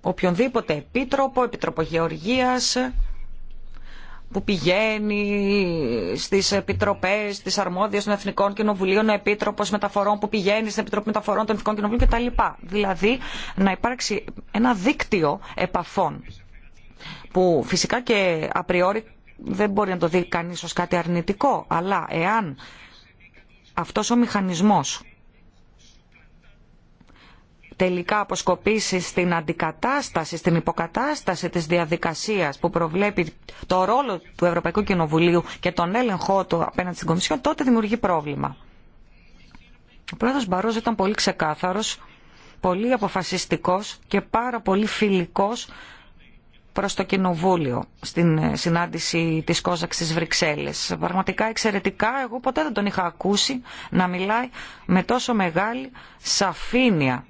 οποιονδήποτε επίτροπο, επιτροπογεωργίας, που πηγαίνει στις επιτροπές, στις αρμόδιες των Εθνικών Κοινοβουλίων, ο επίτροπο, Μεταφορών που πηγαίνει στην Επιτροπή Μεταφορών των Εθνικών Κοινοβουλίων κτλ. Δηλαδή να υπάρξει ένα δίκτυο επαφών που φυσικά και απριόρι δεν μπορεί να το δει κανείς ως κάτι αρνητικό, αλλά εάν αυτός ο μηχανισμός τελικά αποσκοπήσει στην αντικατάσταση, στην υποκατάσταση της διαδικασίας που προβλέπει το ρόλο του Ευρωπαϊκού Κοινοβουλίου και τον έλεγχό του απέναντι στην Κομισιόν, τότε δημιουργεί πρόβλημα. Ο πρόεδρος Μπαρός ήταν πολύ ξεκάθαρος, πολύ αποφασιστικός και πάρα πολύ φιλικός προς το Κοινοβούλιο στην συνάντηση της Κόζαξ στις Βρυξέλλες. Πραγματικά εξαιρετικά, εγώ ποτέ δεν τον είχα ακούσει να μιλάει με τόσο μεγάλη σαφήνεια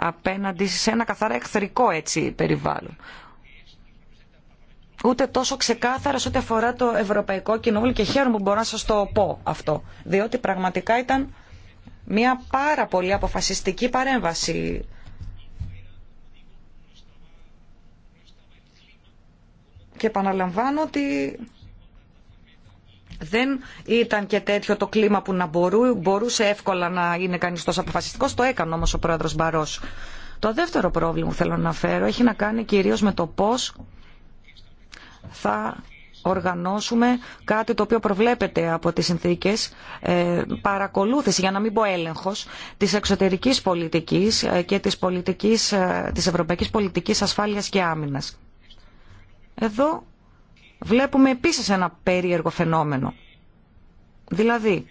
απέναντι σε ένα καθαρά εχθρικό έτσι περιβάλλον. Ούτε τόσο ξεκάθαρα σε ό,τι αφορά το Ευρωπαϊκό Κοινοβούλιο και χαίρομαι που μπορώ να σας το πω αυτό. Διότι πραγματικά ήταν μια πάρα πολύ αποφασιστική παρέμβαση. Και επαναλαμβάνω ότι δεν ήταν και τέτοιο το κλίμα που να μπορού, μπορούσε εύκολα να είναι κανείς τόσο αποφασιστικός. Το έκανε όμως ο πρόεδρος Μπαρός. Το δεύτερο πρόβλημα που θέλω να φέρω έχει να κάνει κυρίως με το πώς θα οργανώσουμε κάτι το οποίο προβλέπεται από τις συνθήκες ε, παρακολούθηση, για να μην πω έλεγχος, της εξωτερικής πολιτικής ε, και της, πολιτικής, ε, της ευρωπαϊκής πολιτικής ασφάλειας και άμυνας. Εδώ βλέπουμε επίσης ένα περίεργο φαινόμενο. Δηλαδή,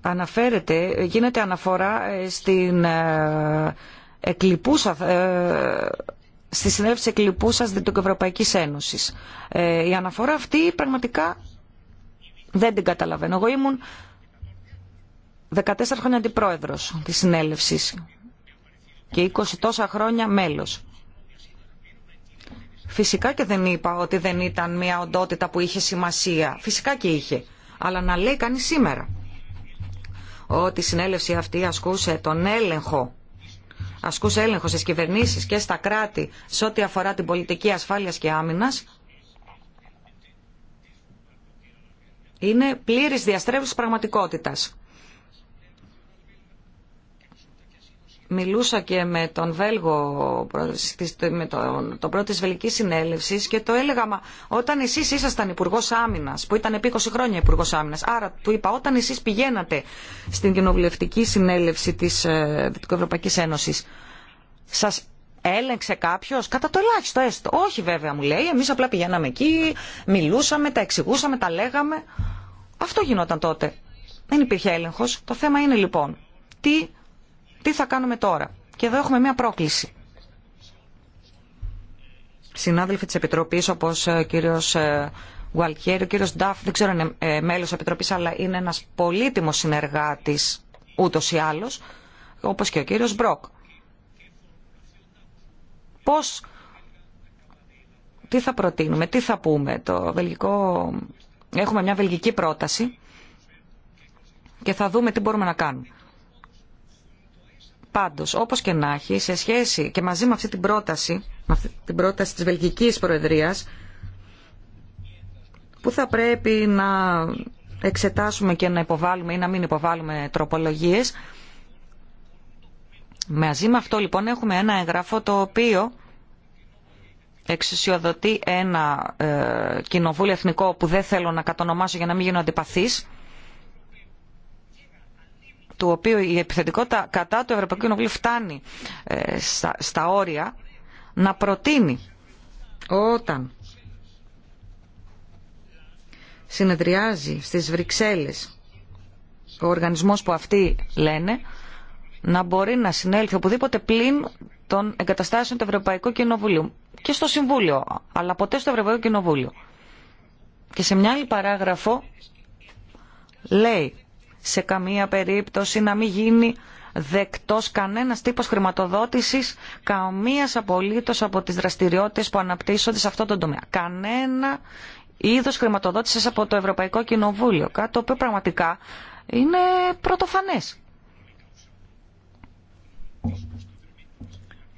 αναφέρεται, γίνεται αναφορά ε, στην ε, ε, στη συνέλευση του Δυτικοευρωπαϊκής Ένωσης. Η αναφορά αυτή πραγματικά δεν την καταλαβαίνω. Εγώ ήμουν 14 χρόνια αντιπρόεδρος της συνέλευσης και 20 τόσα χρόνια μέλος. Φυσικά και δεν είπα ότι δεν ήταν μια οντότητα που είχε σημασία. Φυσικά και είχε. Αλλά να λέει κανεί σήμερα ότι η συνέλευση αυτή ασκούσε τον έλεγχο ασκούσε έλεγχο στις κυβερνήσεις και στα κράτη σε ό,τι αφορά την πολιτική ασφάλειας και άμυνας είναι πλήρης διαστρέψης πραγματικότητας. Μιλούσα και με τον Βέλγο, με τον, τον πρώτο της Βελικής Συνέλευσης και το έλεγα, όταν εσείς ήσασταν υπουργό Άμυνα, που ήταν επί 20 χρόνια υπουργό Άμυνα, άρα του είπα, όταν εσείς πηγαίνατε στην κοινοβουλευτική συνέλευση της Ευρωπαϊκή Δυτικοευρωπαϊκής Ένωσης, σας Έλεγξε κάποιο, κατά το ελάχιστο έστω. Όχι βέβαια μου λέει, εμεί απλά πηγαίναμε εκεί, μιλούσαμε, τα εξηγούσαμε, τα λέγαμε. Αυτό γινόταν τότε. Δεν υπήρχε έλεγχο. Το θέμα είναι λοιπόν, τι τι θα κάνουμε τώρα. Και εδώ έχουμε μια πρόκληση. Συνάδελφοι της Επιτροπής όπως ο ε, κύριος ε, Γουαλτιέρη, ο κύριος Νταφ, δεν ξέρω αν είναι ε, μέλος της Επιτροπής, αλλά είναι ένας πολύτιμος συνεργάτης ούτως ή άλλως, όπως και ο κύριος Μπροκ. Πώς, τι θα προτείνουμε, τι θα πούμε. Το βελγικό... Έχουμε μια βελγική πρόταση και θα δούμε τι μπορούμε να κάνουμε. Πάντως, όπως και να έχει, σε σχέση και μαζί με αυτή την πρόταση, αυτή την πρόταση της Βελγικής Προεδρίας, που θα πρέπει να εξετάσουμε και να υποβάλουμε ή να μην υποβάλουμε τροπολογίες, μαζί με αυτό λοιπόν έχουμε ένα εγγραφό το οποίο εξουσιοδοτεί ένα ε, κοινοβούλιο εθνικό που δεν θέλω να κατονομάσω για να μην γίνω αντιπαθής, του οποίου η επιθετικότητα κατά του Ευρωπαϊκού Κοινοβουλίου φτάνει ε, στα, στα όρια, να προτείνει όταν συνεδριάζει στις Βρυξέλλες ο οργανισμός που αυτοί λένε να μπορεί να συνέλθει οπουδήποτε πλην των εγκαταστάσεων του Ευρωπαϊκού Κοινοβουλίου και στο Συμβούλιο, αλλά ποτέ στο Ευρωπαϊκό Κοινοβούλιο. Και σε μια άλλη παράγραφο λέει σε καμία περίπτωση να μην γίνει δεκτός κανένας τύπος χρηματοδότησης καμία απολύτως από τις δραστηριότητες που αναπτύσσονται σε αυτό το τομέα. Κανένα είδος χρηματοδότησης από το Ευρωπαϊκό Κοινοβούλιο, κάτι το οποίο πραγματικά είναι πρωτοφανές.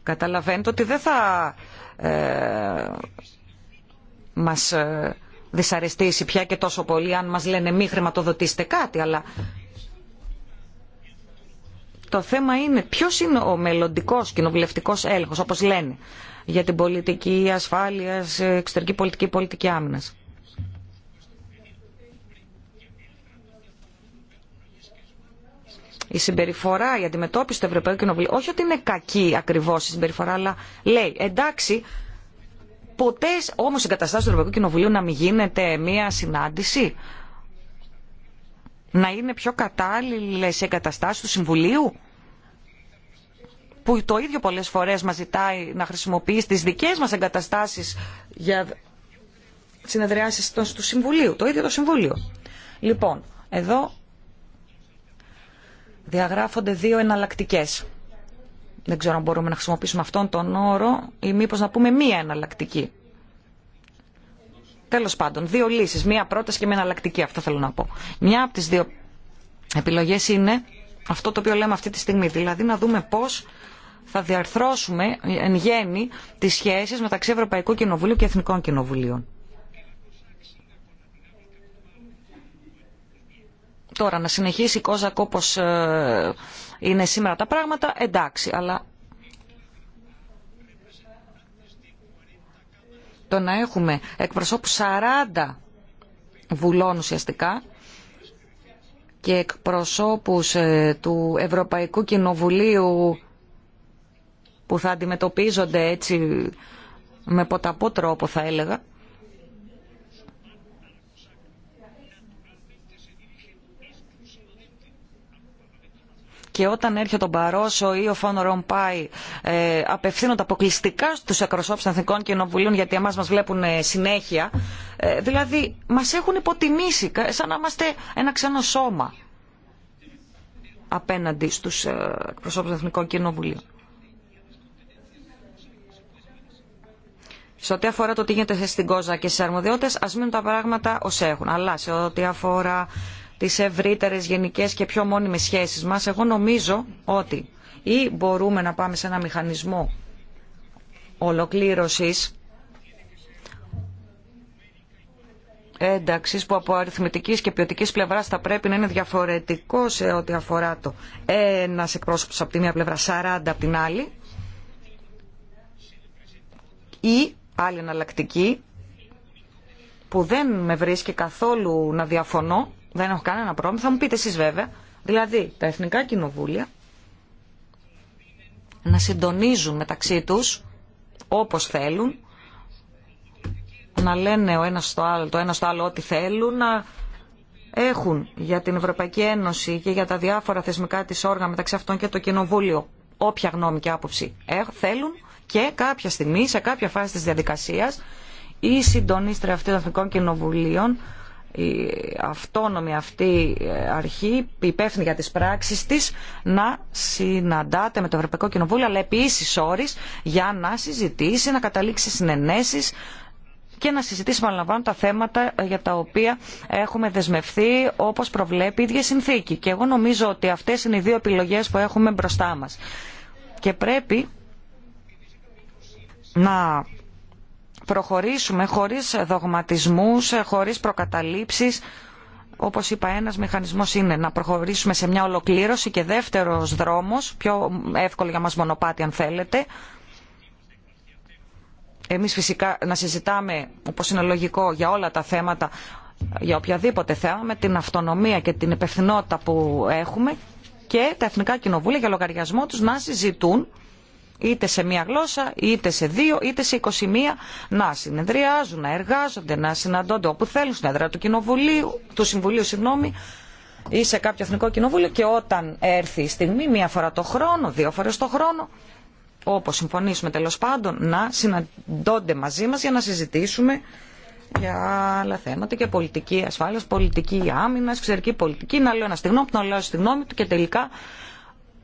Καταλαβαίνετε ότι δεν θα ε, μας ε, δυσαρεστήσει πια και τόσο πολύ αν μας λένε μη χρηματοδοτήσετε κάτι, αλλά το θέμα είναι ποιος είναι ο μελλοντικό κοινοβουλευτικός έλεγχος, όπως λένε, για την πολιτική ασφάλειας, εξωτερική πολιτική, πολιτική άμυνας. η συμπεριφορά, η αντιμετώπιση του Ευρωπαϊκού Κοινοβουλίου, όχι ότι είναι κακή ακριβώ η συμπεριφορά, αλλά λέει εντάξει, ποτέ όμως η καταστάση του Ευρωπαϊκού Κοινοβουλίου να μην γίνεται μια συνάντηση, να είναι πιο κατάλληλε οι εγκαταστάσει του Συμβουλίου που το ίδιο πολλές φορές μα ζητάει να χρησιμοποιεί τι δικές μας εγκαταστάσεις για συνεδριάσεις του Συμβουλίου, το ίδιο το Συμβούλιο. Λοιπόν, εδώ διαγράφονται δύο εναλλακτικές δεν ξέρω αν μπορούμε να χρησιμοποιήσουμε αυτόν τον όρο ή μήπως να πούμε μία εναλλακτική. Τέλος πάντων, δύο λύσεις, μία πρόταση και μία εναλλακτική, αυτό θέλω να πω. Μια από τις δύο επιλογές είναι αυτό το οποίο λέμε αυτή τη στιγμή, δηλαδή να δούμε πώς θα διαρθρώσουμε εν γέννη τις σχέσεις μεταξύ Ευρωπαϊκού Κοινοβουλίου και Εθνικών Κοινοβουλίων. Τώρα να συνεχίσει η Κόζακ όπως ε, είναι σήμερα τα πράγματα, εντάξει, αλλά το να έχουμε εκπροσώπους 40 βουλών ουσιαστικά και εκπροσώπους ε, του Ευρωπαϊκού Κοινοβουλίου που θα αντιμετωπίζονται έτσι με ποταπό τρόπο θα έλεγα και όταν έρχεται ο Μπαρόσο ή ο Φόνο Ρομπάι ε, απευθύνονται αποκλειστικά στους εκπροσώπους των Εθνικών Κοινοβουλίων γιατί εμάς μας βλέπουν ε, συνέχεια. Ε, δηλαδή μας έχουν υποτιμήσει σαν να είμαστε ένα ξένο σώμα απέναντι στους ε, εκπροσώπους των Εθνικών Κοινοβουλίων. Σε ό,τι αφορά το τι γίνεται στην Κόζα και στι αρμοδιότητε, α μείνουν τα πράγματα ω έχουν. Αλλά σε ό,τι αφορά τι ευρύτερε, γενικές και πιο μόνιμες σχέσει μας, εγώ νομίζω ότι ή μπορούμε να πάμε σε ένα μηχανισμό ολοκλήρωσης ένταξης που από αριθμητικής και ποιοτικής πλευράς θα πρέπει να είναι διαφορετικό σε ό,τι αφορά το ένα εκπρόσωπος από τη μία πλευρά, 40 από την άλλη ή άλλη εναλλακτική που δεν με βρίσκει καθόλου να διαφωνώ δεν έχω κανένα πρόβλημα, θα μου πείτε εσείς βέβαια. Δηλαδή τα εθνικά κοινοβούλια να συντονίζουν μεταξύ τους όπως θέλουν, να λένε ο ένας στο άλλο, το ένα στο άλλο ό,τι θέλουν, να έχουν για την Ευρωπαϊκή Ένωση και για τα διάφορα θεσμικά της όργανα μεταξύ αυτών και το Κοινοβούλιο όποια γνώμη και άποψη θέλουν και κάποια στιγμή, σε κάποια φάση της διαδικασίας, οι συντονίστρια αυτών των Εθνικών Κοινοβουλίων η αυτόνομη αυτή ε, αρχή, υπεύθυνη για τις πράξεις της, να συναντάται με το Ευρωπαϊκό Κοινοβούλιο, αλλά επίσης για να συζητήσει, να καταλήξει συνενέσεις, και να συζητήσει παραλαμβάνω τα θέματα ε, για τα οποία έχουμε δεσμευθεί όπω προβλέπει η ίδια συνθήκη. Και εγώ νομίζω ότι αυτέ είναι οι δύο επιλογέ που έχουμε μπροστά μα. Και πρέπει να προχωρήσουμε χωρίς δογματισμούς, χωρίς προκαταλήψεις. Όπως είπα, ένας μηχανισμός είναι να προχωρήσουμε σε μια ολοκλήρωση και δεύτερος δρόμος, πιο εύκολο για μας μονοπάτι αν θέλετε, εμείς φυσικά να συζητάμε, όπως είναι λογικό, για όλα τα θέματα, για οποιαδήποτε θέμα, με την αυτονομία και την υπευθυνότητα που έχουμε και τα Εθνικά Κοινοβούλια για λογαριασμό τους να συζητούν είτε σε μία γλώσσα, είτε σε δύο, είτε σε 21, να συνεδριάζουν, να εργάζονται, να συναντώνται όπου θέλουν, στην έδρα του, κοινοβουλίου, του Συμβουλίου συγγνώμη, ή σε κάποιο εθνικό κοινοβούλιο και όταν έρθει η στιγμή, μία φορά το χρόνο, δύο φορε το χρόνο, οπω συμφωνήσουμε τέλο πάντων, να συναντώνται μαζί μα για να συζητήσουμε για άλλα θέματα και πολιτική ασφάλεια, πολιτική άμυνα, εξωτερική πολιτική, να λέω ένα στιγμό, να λέω στη γνώμη του και τελικά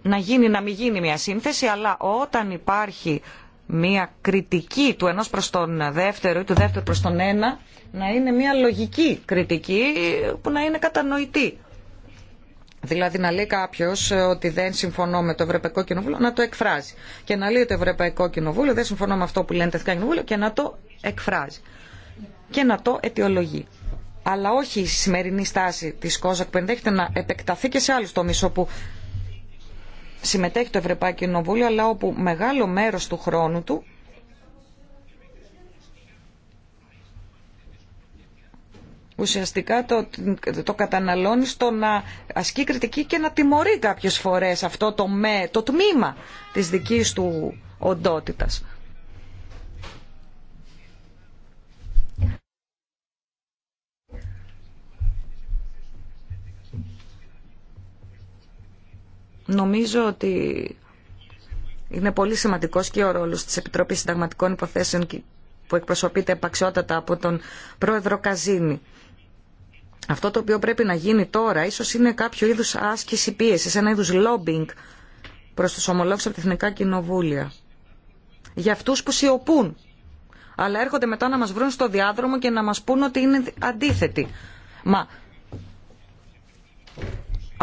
να γίνει, να μην γίνει μια σύνθεση, αλλά όταν υπάρχει μια κριτική του ενός προς τον δεύτερο ή του δεύτερου προς τον ένα, να είναι μια λογική κριτική που να είναι κατανοητή. Δηλαδή να λέει κάποιο ότι δεν συμφωνώ με το Ευρωπαϊκό Κοινοβούλιο, να το εκφράζει. Και να λέει το Ευρωπαϊκό Κοινοβούλιο, δεν συμφωνώ με αυτό που λένε τα Εθνικά Κοινοβούλια και να το εκφράζει. Και να το αιτιολογεί. Αλλά όχι η σημερινή στάση τη ΚΟΖΑΚ που ενδέχεται να επεκταθεί και σε άλλου τομεί όπου συμμετέχει το Ευρωπαϊκό Κοινοβούλιο, αλλά όπου μεγάλο μέρος του χρόνου του ουσιαστικά το, το καταναλώνει στο να ασκεί κριτική και να τιμωρεί κάποιες φορές αυτό το, το τμήμα της δικής του οντότητας. Νομίζω ότι είναι πολύ σημαντικός και ο ρόλος της Επιτροπής Συνταγματικών Υποθέσεων που εκπροσωπείται επαξιότατα από τον πρόεδρο Καζίνη. Αυτό το οποίο πρέπει να γίνει τώρα ίσως είναι κάποιο είδους άσκηση πίεσης, ένα είδους lobbying προς τους ομολόγους από τα Εθνικά Κοινοβούλια. Για αυτούς που σιωπούν, αλλά έρχονται μετά να μας βρουν στο διάδρομο και να μας πούν ότι είναι αντίθετοι. Μα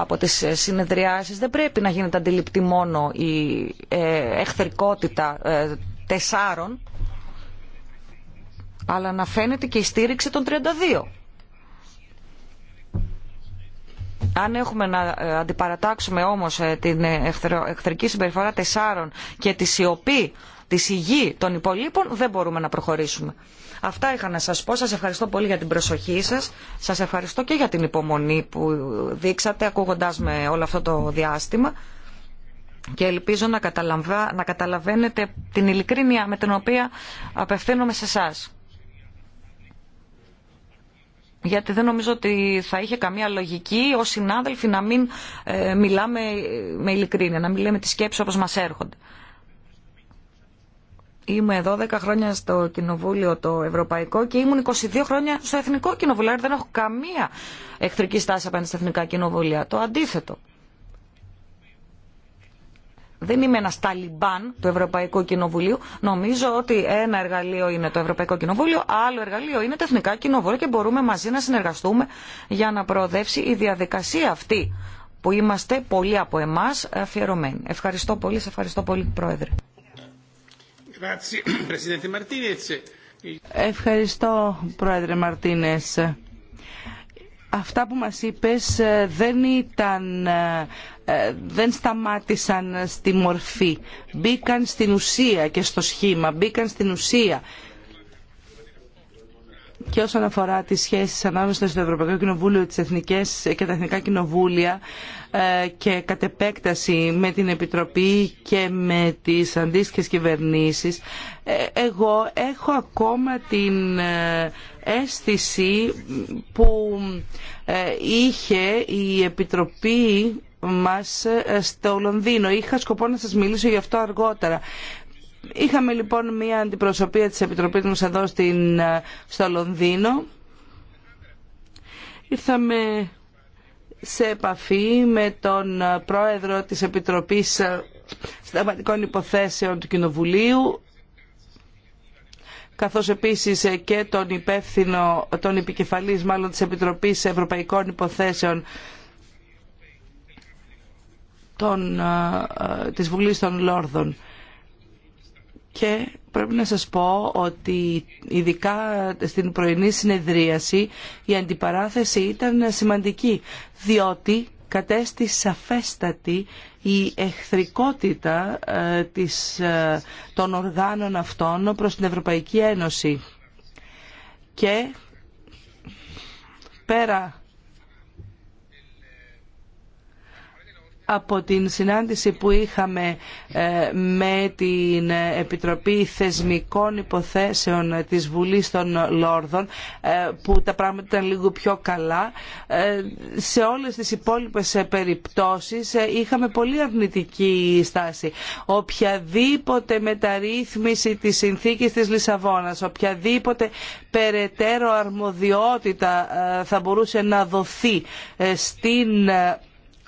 από τις ε, συνεδριάσεις δεν πρέπει να γίνεται αντιληπτή μόνο η ε, εχθρικότητα ε, τεσσάρων αλλά να φαίνεται και η στήριξη των 32. Αν έχουμε να αντιπαρατάξουμε όμως την εχθρική συμπεριφορά τεσσάρων και τη σιωπή, τη σιγή των υπολείπων, δεν μπορούμε να προχωρήσουμε. Αυτά είχα να σας πω. Σας ευχαριστώ πολύ για την προσοχή σας. Σας ευχαριστώ και για την υπομονή που δείξατε ακούγοντάς με όλο αυτό το διάστημα και ελπίζω να, να καταλαβαίνετε την ειλικρίνεια με την οποία απευθύνομαι σε εσά. Γιατί δεν νομίζω ότι θα είχε καμία λογική ως συνάδελφοι να μην ε, μιλάμε με ειλικρίνεια, να μιλάμε τη σκέψη όπως μας έρχονται. Είμαι 12 χρόνια στο Κοινοβούλιο το Ευρωπαϊκό και ήμουν 22 χρόνια στο Εθνικό Κοινοβούλιο. Δεν έχω καμία εχθρική στάση απέναντι στα Εθνικά Κοινοβούλια. Το αντίθετο. Δεν είμαι ένα ταλιμπάν του Ευρωπαϊκού Κοινοβουλίου. Νομίζω ότι ένα εργαλείο είναι το Ευρωπαϊκό Κοινοβούλιο, άλλο εργαλείο είναι τα Εθνικά Κοινοβούλια και μπορούμε μαζί να συνεργαστούμε για να προοδεύσει η διαδικασία αυτή που είμαστε πολλοί από εμά αφιερωμένοι. Ευχαριστώ πολύ, σε ευχαριστώ πολύ, Πρόεδρε. Ευχαριστώ, Πρόεδρε Μαρτίνες. Αυτά που μας είπες ε, δεν ε, ε, δεν σταμάτησαν στη μορφή. Μπήκαν στην ουσία και στο σχήμα, μπήκαν στην ουσία και όσον αφορά τι σχέσει ανάμεσα στο Ευρωπαϊκό Κοινοβούλιο τις Εθνικές και τα Εθνικά Κοινοβούλια ε, και κατ' επέκταση με την Επιτροπή και με τις αντίστοιχε κυβερνήσεις ε, εγώ έχω ακόμα την ε, αίσθηση που είχε η Επιτροπή μας στο Λονδίνο. Είχα σκοπό να σας μιλήσω γι' αυτό αργότερα. Είχαμε λοιπόν μια αντιπροσωπεία της Επιτροπής μας εδώ στην, ε, στο Λονδίνο. Ήρθαμε σε επαφή με τον ε, πρόεδρο της Επιτροπής ε, Συνταγματικών Υποθέσεων του Κοινοβουλίου καθώς επίσης και τον υπεύθυνο, τον επικεφαλής μάλλον της Επιτροπής Ευρωπαϊκών Υποθέσεων των, της Βουλής των Λόρδων και πρέπει να σας πω ότι ειδικά στην πρωινή συνεδρίαση η αντιπαράθεση ήταν σημαντική διότι κατέστη σαφέστατη η εχθρικότητα ε, της, ε, των οργάνων αυτών προς την Ευρωπαϊκή Ένωση. Και πέρα από την συνάντηση που είχαμε ε, με την Επιτροπή Θεσμικών Υποθέσεων της Βουλής των Λόρδων ε, που τα πράγματα ήταν λίγο πιο καλά ε, σε όλες τις υπόλοιπες περιπτώσεις είχαμε πολύ αρνητική στάση. Οποιαδήποτε μεταρρύθμιση της συνθήκης της Λισαβόνας, οποιαδήποτε περαιτέρω αρμοδιότητα θα μπορούσε να δοθεί στην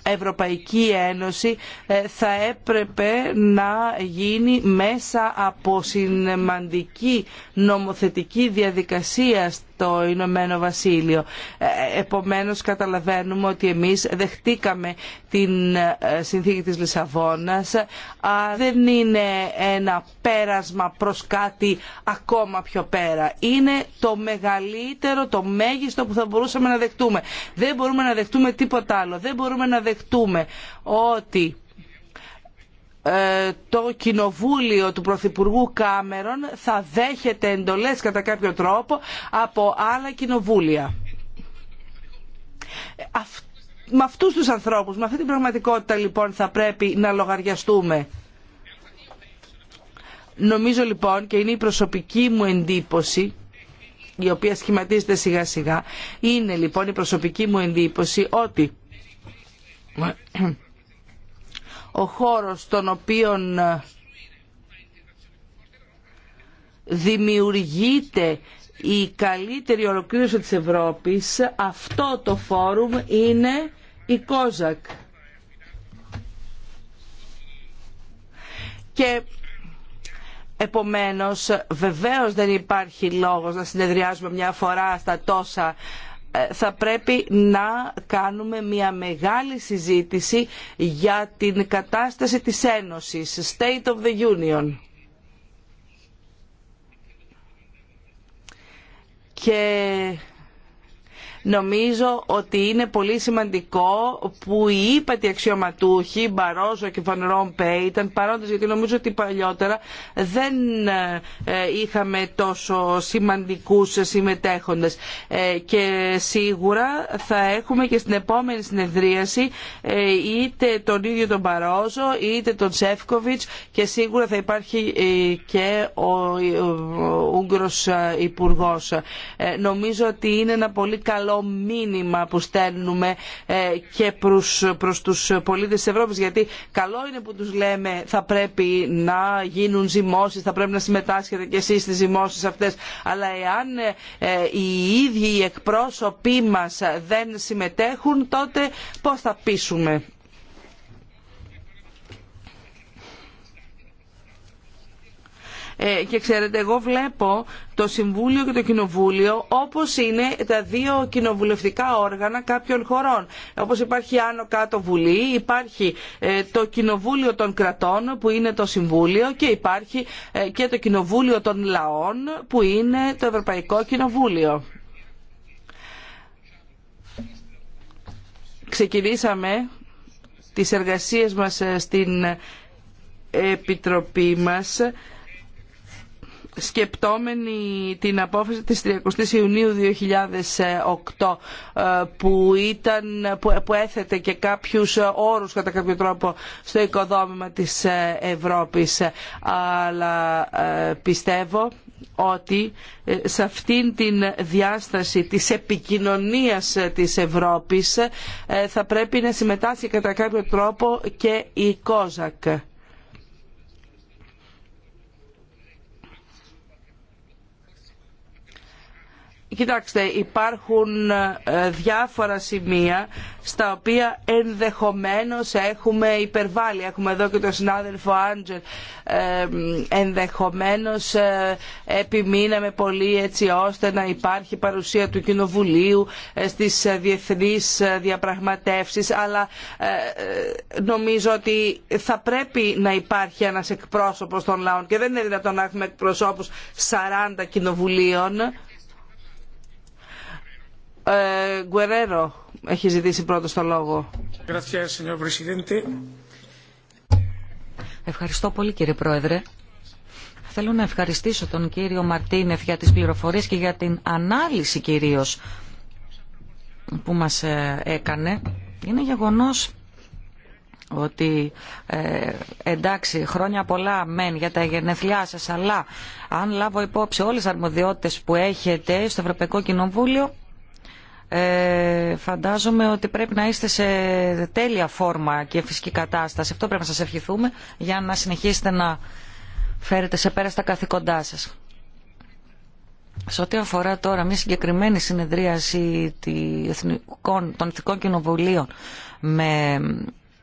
Ευρωπαϊκή Ένωση ε, θα έπρεπε να γίνει μέσα από συνεμαντική νομοθετική διαδικασία το Ηνωμένο Βασίλειο. Ε, επομένως καταλαβαίνουμε ότι εμείς δεχτήκαμε την ε, συνθήκη της Λισαβόνας. Δεν είναι ένα πέρασμα προς κάτι ακόμα πιο πέρα. Είναι το μεγαλύτερο, το μέγιστο που θα μπορούσαμε να δεχτούμε. Δεν μπορούμε να δεχτούμε τίποτα άλλο. Δεν μπορούμε να δεχτούμε ότι ε, το κοινοβούλιο του Πρωθυπουργού Κάμερον θα δέχεται εντολές κατά κάποιο τρόπο από άλλα κοινοβούλια. Με αυτούς τους ανθρώπους, με αυτή την πραγματικότητα λοιπόν θα πρέπει να λογαριαστούμε. Νομίζω λοιπόν και είναι η προσωπική μου εντύπωση η οποία σχηματίζεται σιγά σιγά είναι λοιπόν η προσωπική μου εντύπωση ότι ο χώρος τον οποίον ε, δημιουργείται η καλύτερη ολοκλήρωση της Ευρώπης, αυτό το φόρουμ είναι η ΚΟΖΑΚ. Και επομένως βεβαίως δεν υπάρχει λόγος να συνεδριάζουμε μια φορά στα τόσα ε, θα πρέπει να κάνουμε μια μεγάλη συζήτηση για την κατάσταση της Ένωσης, State of the Union. Και Νομίζω ότι είναι πολύ σημαντικό που οι ύπατοι αξιωματούχοι, Μπαρόζο και Βαν Ρόμπε, ήταν παρόντες γιατί νομίζω ότι παλιότερα δεν ε, ε, είχαμε τόσο σημαντικούς συμμετέχοντες. Ε, και σίγουρα θα έχουμε και στην επόμενη συνεδρίαση είτε τον ίδιο τον Μπαρόζο είτε τον Σεύκοβιτς και σίγουρα θα υπάρχει και ο Ούγγρος Υπουργός. Νομίζω ότι είναι ένα πολύ καλό το μήνυμα που στέλνουμε ε, και προς, προς τους πολίτες της Ευρώπης γιατί καλό είναι που τους λέμε θα πρέπει να γίνουν ζυμώσεις, θα πρέπει να συμμετάσχετε και εσείς στις ζυμώσεις αυτές αλλά εάν ε, οι ίδιοι οι εκπρόσωποι μας δεν συμμετέχουν τότε πώς θα πείσουμε Ε, και ξέρετε εγώ βλέπω το Συμβούλιο και το Κοινοβούλιο όπως είναι τα δύο κοινοβουλευτικά όργανα κάποιων χωρών. Όπως υπάρχει άνω κάτω Βουλή, υπάρχει ε, το Κοινοβούλιο των Κρατών που είναι το Συμβούλιο και υπάρχει ε, και το Κοινοβούλιο των Λαών που είναι το Ευρωπαϊκό Κοινοβούλιο. Ξεκινήσαμε τις εργασίες μας στην Επιτροπή μας σκεπτόμενοι την απόφαση της 30ης Ιουνίου 2008 ε, που, ήταν, που έθετε και κάποιους όρους κατά κάποιο τρόπο στο οικοδόμημα της ε, Ευρώπης αλλά ε, πιστεύω ότι σε αυτήν την διάσταση της επικοινωνίας της Ευρώπης θα πρέπει να συμμετάσχει κατά κάποιο τρόπο και η ΚΟΖΑΚ Κοιτάξτε, υπάρχουν ε, διάφορα σημεία στα οποία ενδεχομένως έχουμε υπερβάλλει. Έχουμε εδώ και τον συνάδελφο Άντζελ. Ε, ενδεχομένως ε, επιμείναμε πολύ έτσι ώστε να υπάρχει παρουσία του Κοινοβουλίου στις διεθνείς διαπραγματεύσεις. Αλλά νομίζω ότι θα πρέπει να υπάρχει ένας εκπρόσωπος των λαών και δεν είναι δυνατόν να έχουμε εκπροσώπους 40 κοινοβουλίων ε, Γκουερέρο έχει ζητήσει πρώτο το λόγο. Ευχαριστώ πολύ κύριε Πρόεδρε. Θέλω να ευχαριστήσω τον κύριο Μαρτίνεφ για τις πληροφορίες και για την ανάλυση κυρίως που μας ε, έκανε. Είναι γεγονός ότι ε, εντάξει χρόνια πολλά μεν για τα γενεθλιά σας αλλά αν λάβω υπόψη όλες τις αρμοδιότητες που έχετε στο Ευρωπαϊκό Κοινοβούλιο ε, φαντάζομαι ότι πρέπει να είστε σε τέλεια φόρμα και φυσική κατάσταση. Αυτό πρέπει να σας ευχηθούμε για να συνεχίσετε να φέρετε σε πέρα στα καθήκοντά σας. Σε ό,τι αφορά τώρα μια συγκεκριμένη συνεδρίαση των Εθνικών Κοινοβουλίων με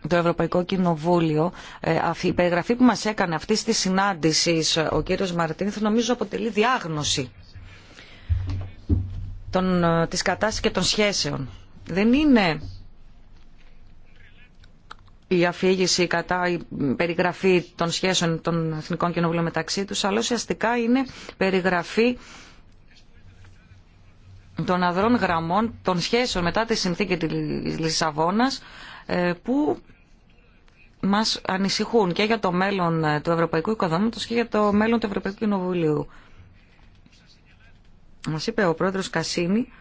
το Ευρωπαϊκό Κοινοβούλιο, ε, η περιγραφή που μας έκανε αυτή τη συνάντηση ο κύριος θα νομίζω αποτελεί διάγνωση των, ε, της κατάστασης και των σχέσεων. Δεν είναι η αφήγηση κατά η περιγραφή των σχέσεων των Εθνικών Κοινοβουλίων μεταξύ τους, αλλά ουσιαστικά είναι περιγραφή των αδρών γραμμών, των σχέσεων μετά τη συνθήκη της Λισαβόνας, ε, που μας ανησυχούν και για το μέλλον ε, του Ευρωπαϊκού Οικοδόμητος και για το μέλλον του Ευρωπαϊκού Κοινοβουλίου. Μας είπε ο πρόεδρος Κασίνη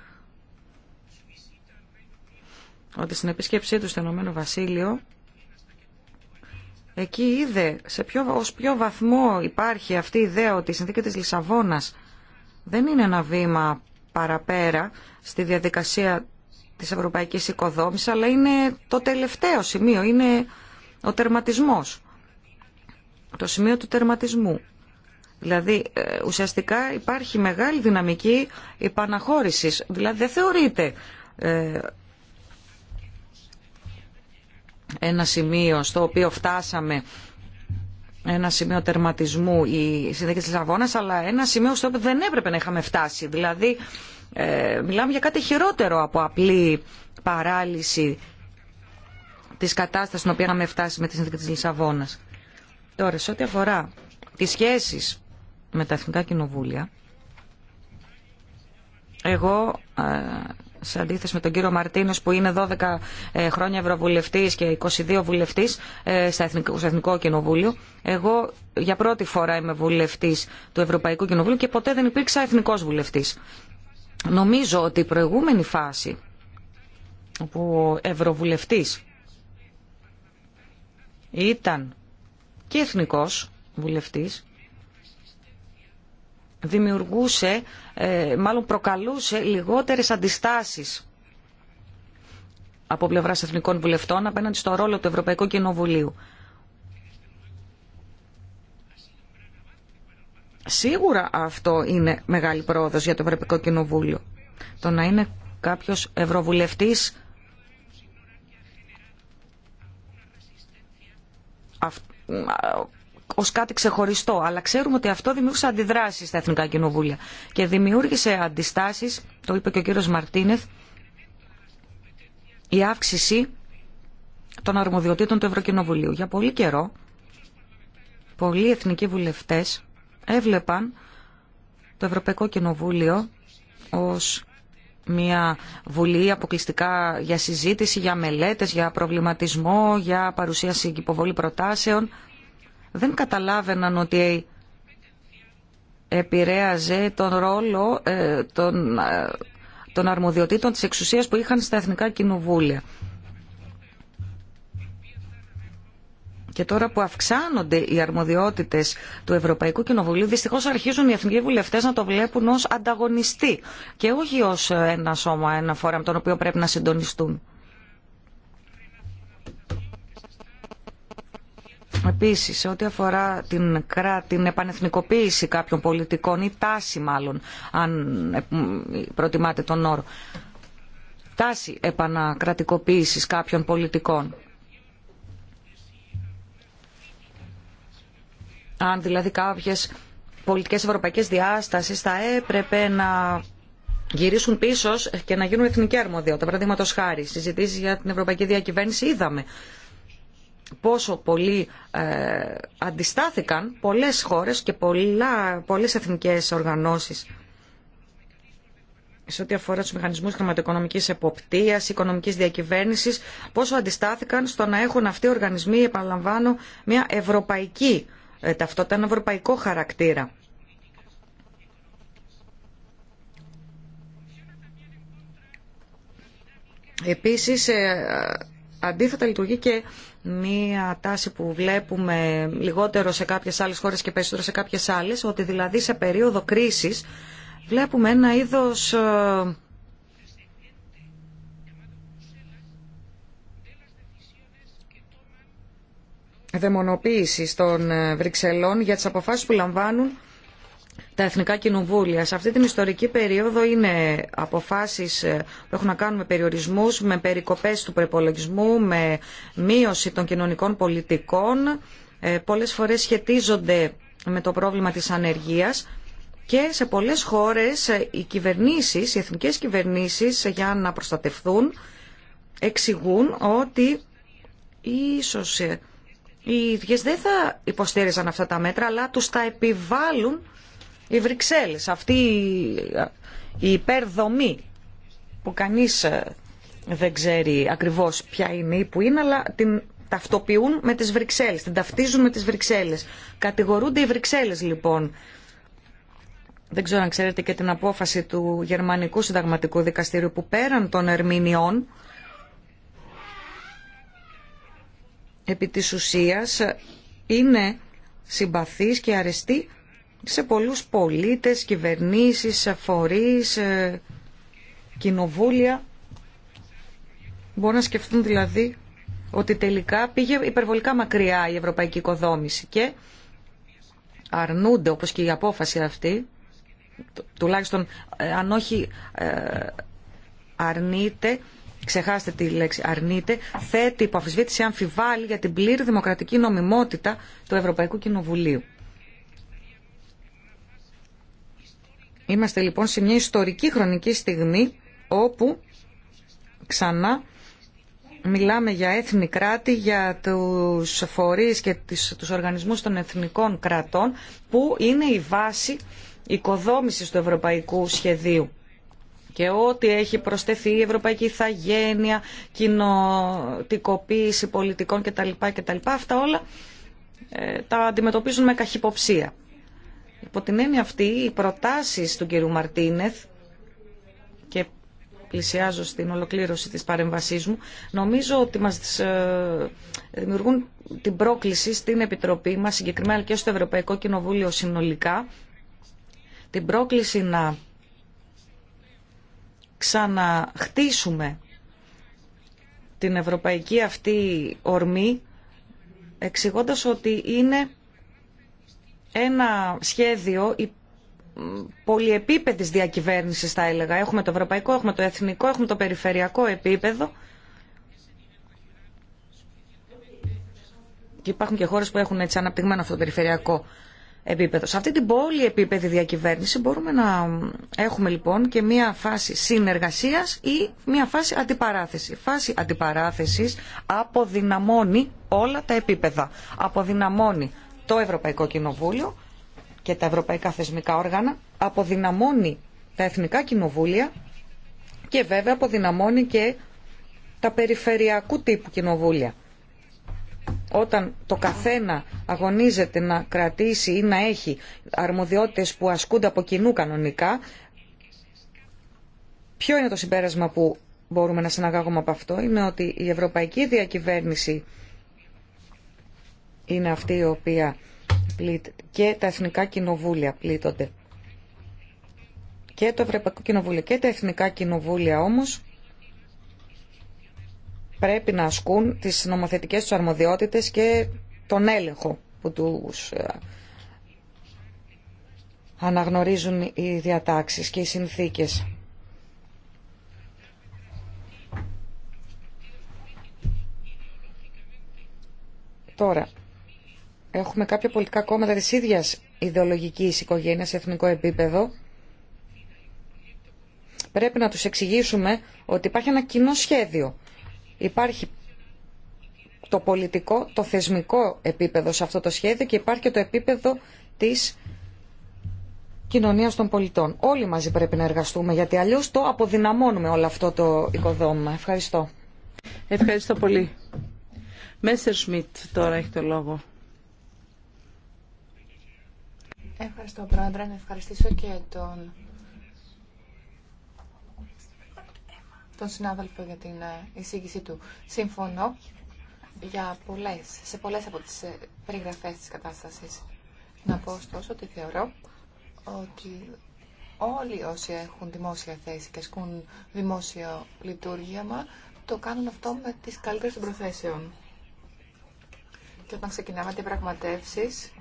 ότι στην επίσκεψή του στο Ηνωμένο Βασίλειο εκεί είδε σε ποιο, ως ποιο βαθμό υπάρχει αυτή η ιδέα ότι η συνθήκη της Λισαβόνας δεν είναι ένα βήμα παραπέρα στη διαδικασία της ευρωπαϊκής οικοδόμησης, αλλά είναι το τελευταίο σημείο, είναι ο τερματισμός. Το σημείο του τερματισμού. Δηλαδή ε, ουσιαστικά υπάρχει μεγάλη δυναμική υπαναχώρησης. Δηλαδή δεν θεωρείται ε, ένα σημείο στο οποίο φτάσαμε ένα σημείο τερματισμού η συνθήκε της Λισαβόνας αλλά ένα σημείο στο οποίο δεν έπρεπε να είχαμε φτάσει. Δηλαδή, ε, μιλάμε για κάτι χειρότερο από απλή παράλυση της κατάστασης στην οποία είχαμε φτάσει με τη συνδέκη της Λισαβόνας. Τώρα, σε ό,τι αφορά τις σχέσεις με τα Εθνικά Κοινοβούλια, εγώ, ε, σε αντίθεση με τον κύριο Μαρτίνο που είναι 12 ε, χρόνια ευρωβουλευτής και 22 βουλευτής ε, στο Εθνικό, Κοινοβούλιο, εγώ για πρώτη φορά είμαι βουλευτής του Ευρωπαϊκού Κοινοβούλου και ποτέ δεν υπήρξα εθνικός βουλευτής. Νομίζω ότι η προηγούμενη φάση όπου ο ευρωβουλευτή ήταν και εθνικό βουλευτής, δημιουργούσε, ε, μάλλον προκαλούσε λιγότερες αντιστάσεις από πλευρά εθνικών βουλευτών απέναντι στο ρόλο του Ευρωπαϊκού Κοινοβουλίου. Σίγουρα αυτό είναι μεγάλη πρόοδος για το Ευρωπαϊκό Κοινοβούλιο. Το να είναι κάποιος ευρωβουλευτής Ω κάτι ξεχωριστό. Αλλά ξέρουμε ότι αυτό δημιούργησε αντιδράσεις στα Εθνικά Κοινοβούλια και δημιούργησε αντιστάσεις, το είπε και ο κύριο Μαρτίνεθ, η αύξηση των αρμοδιοτήτων του Ευρωκοινοβουλίου. Για πολύ καιρό, πολλοί εθνικοί βουλευτέ έβλεπαν το Ευρωπαϊκό Κοινοβούλιο ως μια βουλή αποκλειστικά για συζήτηση, για μελέτες, για προβληματισμό, για παρουσίαση και υποβολή προτάσεων δεν καταλάβαιναν ότι επηρέαζε τον ρόλο ε, ε, των, αρμοδιοτήτων της εξουσίας που είχαν στα εθνικά κοινοβούλια. Και τώρα που αυξάνονται οι αρμοδιότητες του Ευρωπαϊκού Κοινοβουλίου, δυστυχώς αρχίζουν οι εθνικοί βουλευτές να το βλέπουν ως ανταγωνιστή και όχι ως ένα σώμα, ένα φόρα με τον οποίο πρέπει να συντονιστούν. Επίσης, σε ό,τι αφορά την, κρά, την επανεθνικοποίηση κάποιων πολιτικών ή τάση μάλλον, αν ε, προτιμάτε τον όρο, τάση επανακρατικοποίησης κάποιων πολιτικών. Αν δηλαδή κάποιες πολιτικές ευρωπαϊκές διάστασεις θα έπρεπε να γυρίσουν πίσω και να γίνουν εθνική αρμοδιότητα. Παραδείγματο χάρη, συζητήσει για την ευρωπαϊκή διακυβέρνηση είδαμε πόσο πολύ ε, αντιστάθηκαν πολλές χώρες και πολλά, πολλές εθνικές οργανώσεις σε ό,τι αφορά τους μηχανισμούς χρηματοοικονομικής εποπτείας, οικονομικής διακυβέρνησης, πόσο αντιστάθηκαν στο να έχουν αυτοί οι οργανισμοί, επαναλαμβάνω, μια ευρωπαϊκή ε, ταυτότητα, ένα ευρωπαϊκό χαρακτήρα. Επίσης, ε, Αντίθετα λειτουργεί και μία τάση που βλέπουμε λιγότερο σε κάποιες άλλες χώρες και περισσότερο σε κάποιες άλλες, ότι δηλαδή σε περίοδο κρίσης βλέπουμε ένα είδος ε, δαιμονοποίησης των ε, Βρυξελών για τις αποφάσεις που λαμβάνουν τα εθνικά κοινοβούλια. Σε αυτή την ιστορική περίοδο είναι αποφάσεις ε, που έχουν να κάνουν με περιορισμούς, με περικοπές του προπολογισμού, με μείωση των κοινωνικών πολιτικών. Ε, πολλές φορές σχετίζονται με το πρόβλημα της ανεργίας και σε πολλές χώρες ε, οι κυβερνήσεις, οι εθνικές κυβερνήσεις για να προστατευθούν εξηγούν ότι ίσως οι ίδιες δεν θα υποστήριζαν αυτά τα μέτρα αλλά τους τα επιβάλλουν οι Βρυξέλλες, αυτή η υπερδομή που κανείς ε, δεν ξέρει ακριβώς ποια είναι ή που είναι, αλλά την ταυτοποιούν με τις Βρυξέλλες, την ταυτίζουν με τις Βρυξέλλες. Κατηγορούνται οι Βρυξέλλες λοιπόν. Δεν ξέρω αν ξέρετε και την απόφαση του Γερμανικού Συνταγματικού Δικαστήριου που πέραν των ερμηνειών επί της ουσίας ε, είναι συμπαθής και αρεστή σε πολλούς πολίτες, κυβερνήσεις, φορείς, ε, κοινοβούλια. Μπορούν να σκεφτούν δηλαδή ότι τελικά πήγε υπερβολικά μακριά η ευρωπαϊκή οικοδόμηση και αρνούνται, όπως και η απόφαση αυτή, τουλάχιστον ε, αν όχι ε, αρνείται, ξεχάστε τη λέξη αρνείται, θέτει υποαφισβήτηση αμφιβάλλει για την πλήρη δημοκρατική νομιμότητα του Ευρωπαϊκού Κοινοβουλίου. Είμαστε λοιπόν σε μια ιστορική χρονική στιγμή όπου ξανά μιλάμε για έθνη κράτη, για τους φορείς και τους οργανισμούς των εθνικών κρατών που είναι η βάση οικοδόμησης του ευρωπαϊκού σχεδίου και ό,τι έχει προσθεθεί η ευρωπαϊκή ηθαγένεια, κοινοτικοποίηση πολιτικών κτλ. κτλ αυτά όλα ε, τα αντιμετωπίζουν με καχυποψία. Υπό την έννοια αυτή, οι προτάσεις του κ. Μαρτίνεθ και πλησιάζω στην ολοκλήρωση της παρέμβασής μου, νομίζω ότι μας ε, δημιουργούν την πρόκληση στην Επιτροπή μας, συγκεκριμένα και στο Ευρωπαϊκό Κοινοβούλιο συνολικά, την πρόκληση να ξαναχτίσουμε την ευρωπαϊκή αυτή ορμή, εξηγώντας ότι είναι ένα σχέδιο πολυεπίπεδης διακυβέρνησης θα έλεγα. Έχουμε το ευρωπαϊκό, έχουμε το εθνικό, έχουμε το περιφερειακό επίπεδο. Και υπάρχουν και χώρες που έχουν έτσι αναπτυγμένο αυτό το περιφερειακό επίπεδο. Σε αυτή την πολυεπίπεδη διακυβέρνηση μπορούμε να έχουμε λοιπόν και μία φάση συνεργασίας ή μία φάση αντιπαράθεση. Η φάση αντιπαραθεση αποδυναμώνει όλα τα επίπεδα. Αποδυναμώνει το Ευρωπαϊκό Κοινοβούλιο και τα ευρωπαϊκά θεσμικά όργανα αποδυναμώνει τα εθνικά κοινοβούλια και βέβαια αποδυναμώνει και τα περιφερειακού τύπου κοινοβούλια. Όταν το καθένα αγωνίζεται να κρατήσει ή να έχει αρμοδιότητες που ασκούνται από κοινού κανονικά, ποιο είναι το συμπέρασμα που μπορούμε να συναγάγουμε από αυτό, είναι ότι η ευρωπαϊκή διακυβέρνηση είναι αυτή οι οποία Και τα εθνικά κοινοβούλια πλήττονται. Και το Ευρωπαϊκό Κοινοβούλιο και τα εθνικά κοινοβούλια όμως πρέπει να ασκούν τις νομοθετικές του αρμοδιότητες και τον έλεγχο που τους ε, αναγνωρίζουν οι διατάξεις και οι συνθήκες. Τώρα, Έχουμε κάποια πολιτικά κόμματα της ίδιας ιδεολογικής οικογένειας σε εθνικό επίπεδο. Πρέπει να τους εξηγήσουμε ότι υπάρχει ένα κοινό σχέδιο. Υπάρχει το πολιτικό, το θεσμικό επίπεδο σε αυτό το σχέδιο και υπάρχει και το επίπεδο της κοινωνίας των πολιτών. Όλοι μαζί πρέπει να εργαστούμε γιατί αλλιώς το αποδυναμώνουμε όλο αυτό το οικοδόμημα. Ευχαριστώ. Ευχαριστώ πολύ. Μέσερ Σμιτ τώρα έχει το λόγο. Ευχαριστώ, Πρόεδρε. Να ευχαριστήσω και τον, τον συνάδελφο για την ε, εισήγησή του. Συμφωνώ για πολλές, σε πολλές από τις ε, περιγραφές της κατάστασης. Να πω ωστόσο ότι θεωρώ ότι όλοι όσοι έχουν δημόσια θέση και ασκούν δημόσιο λειτουργίαμα το κάνουν αυτό με τις καλύτερες των προθέσεων. Και όταν ξεκινάμε διαπραγματεύσεις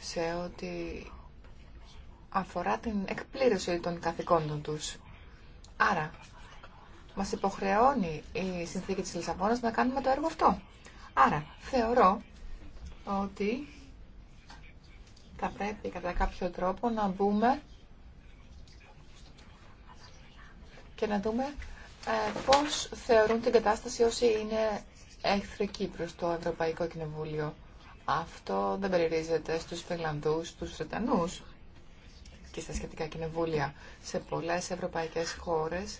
σε ό,τι αφορά την εκπλήρωση των καθηκόντων τους. Άρα, μας υποχρεώνει η συνθήκη της Λισαβόνας να κάνουμε το έργο αυτό. Άρα, θεωρώ ότι θα πρέπει κατά κάποιο τρόπο να μπούμε και να δούμε ε, πώς θεωρούν την κατάσταση όσοι είναι εχθρικοί προς το Ευρωπαϊκό Κοινοβούλιο. Αυτό δεν περιορίζεται στους Φιλανδούς, στους Βρετανούς και στα σχετικά κοινοβούλια σε πολλές ευρωπαϊκές χώρες.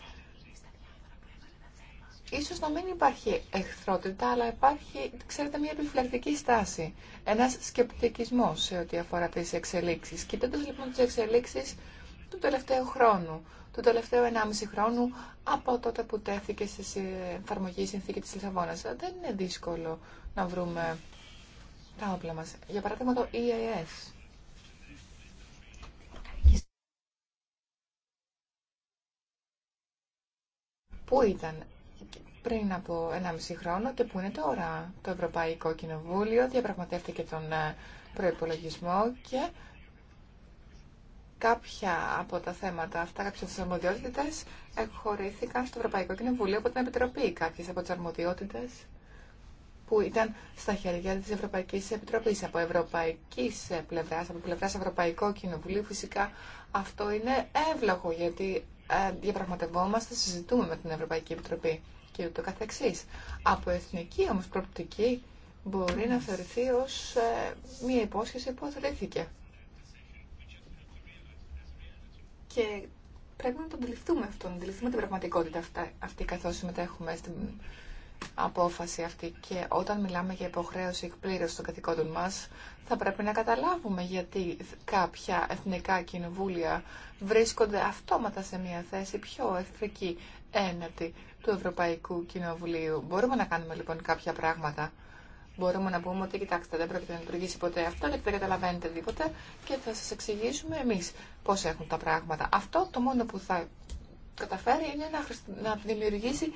Ίσως να μην υπάρχει εχθρότητα, αλλά υπάρχει, ξέρετε, μια επιφυλακτική στάση, ένας σκεπτικισμός σε ό,τι αφορά τις εξελίξεις. Κοιτώντας λοιπόν τις εξελίξεις του τελευταίου χρόνου, του τελευταίου 1,5 χρόνου από τότε που τέθηκε σε εφαρμογή η συνθήκη της Λισαβόνας. Δεν είναι δύσκολο να βρούμε τα όπλα μας. Για παράδειγμα το EAS. Πού ήταν πριν από 1,5 χρόνο και πού είναι τώρα το Ευρωπαϊκό Κοινοβούλιο, διαπραγματεύτηκε τον ε, προϋπολογισμό και κάποια από τα θέματα αυτά, κάποιε από τι αρμοδιότητε, εγχωρήθηκαν στο Ευρωπαϊκό Κοινοβούλιο από την Επιτροπή. Κάποιε από τι αρμοδιότητε που ήταν στα χέρια της Ευρωπαϊκής Επιτροπής από ευρωπαϊκής ε, πλευράς, από πλευράς Ευρωπαϊκό Κοινοβουλίου. Φυσικά αυτό είναι εύλογο γιατί ε, διαπραγματευόμαστε, συζητούμε με την Ευρωπαϊκή Επιτροπή και ούτω καθεξής. Από εθνική όμως προοπτική μπορεί να θεωρηθεί ως ε, μία υπόσχεση που αθλήθηκε. Και πρέπει να το αντιληφθούμε αυτό, να αντιληφθούμε την πραγματικότητα αυτή καθώς συμμετέχουμε στην απόφαση αυτή και όταν μιλάμε για υποχρέωση εκπλήρωση των καθηκόντων μας θα πρέπει να καταλάβουμε γιατί κάποια εθνικά κοινοβούλια βρίσκονται αυτόματα σε μια θέση πιο εχθρική ένατη του Ευρωπαϊκού Κοινοβουλίου. Μπορούμε να κάνουμε λοιπόν κάποια πράγματα. Μπορούμε να πούμε ότι κοιτάξτε δεν πρόκειται να λειτουργήσει ποτέ αυτό γιατί δεν καταλαβαίνετε τίποτα και θα σας εξηγήσουμε εμείς πώς έχουν τα πράγματα. Αυτό το μόνο που θα καταφέρει είναι να δημιουργήσει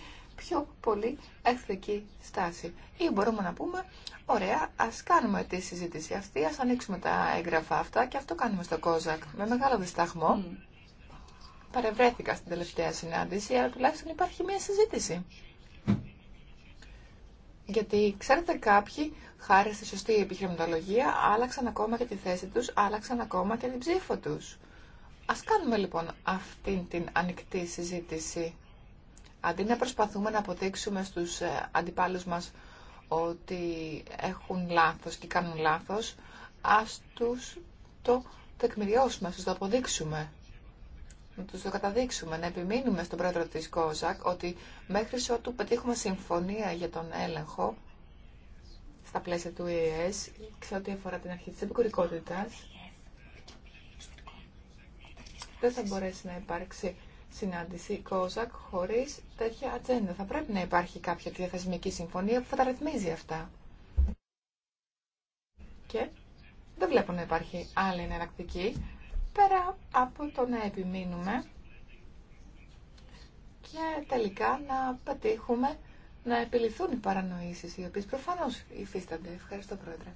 πιο πολύ εχθρική στάση. Ή μπορούμε να πούμε, ωραία, ας κάνουμε τη συζήτηση αυτή, ας ανοίξουμε τα έγγραφα αυτά και αυτό κάνουμε στο Κόζακ. Με μεγάλο δισταγμό παρευρέθηκα στην τελευταία συνάντηση, αλλά τουλάχιστον υπάρχει μια συζήτηση. Γιατί ξέρετε κάποιοι, χάρη στη σωστή επιχειρηματολογία, άλλαξαν ακόμα και τη θέση τους, άλλαξαν ακόμα και την ψήφο τους. Ας κάνουμε λοιπόν αυτή την ανοιχτή συζήτηση. Αντί να προσπαθούμε να αποδείξουμε στους ε, αντιπάλους μας ότι έχουν λάθος και κάνουν λάθος, ας τους το τεκμηριώσουμε, ας τους το αποδείξουμε. Να τους το καταδείξουμε, να επιμείνουμε στον πρόεδρο της ΚΟΖΑΚ ότι μέχρι ότου πετύχουμε συμφωνία για τον έλεγχο στα πλαίσια του ΕΕΣ σε ό,τι αφορά την αρχή της επικουρικότητας, δεν θα μπορέσει να υπάρξει συνάντηση ΚΟΖΑΚ χωρίς τέτοια ατζέντα. Θα πρέπει να υπάρχει κάποια διαθεσμική συμφωνία που θα τα ρυθμίζει αυτά. Και δεν βλέπω να υπάρχει άλλη εναλλακτική πέρα από το να επιμείνουμε και τελικά να πετύχουμε να επιληθούν οι παρανοήσεις οι οποίες προφανώς υφίστανται. Ευχαριστώ Πρόεδρε.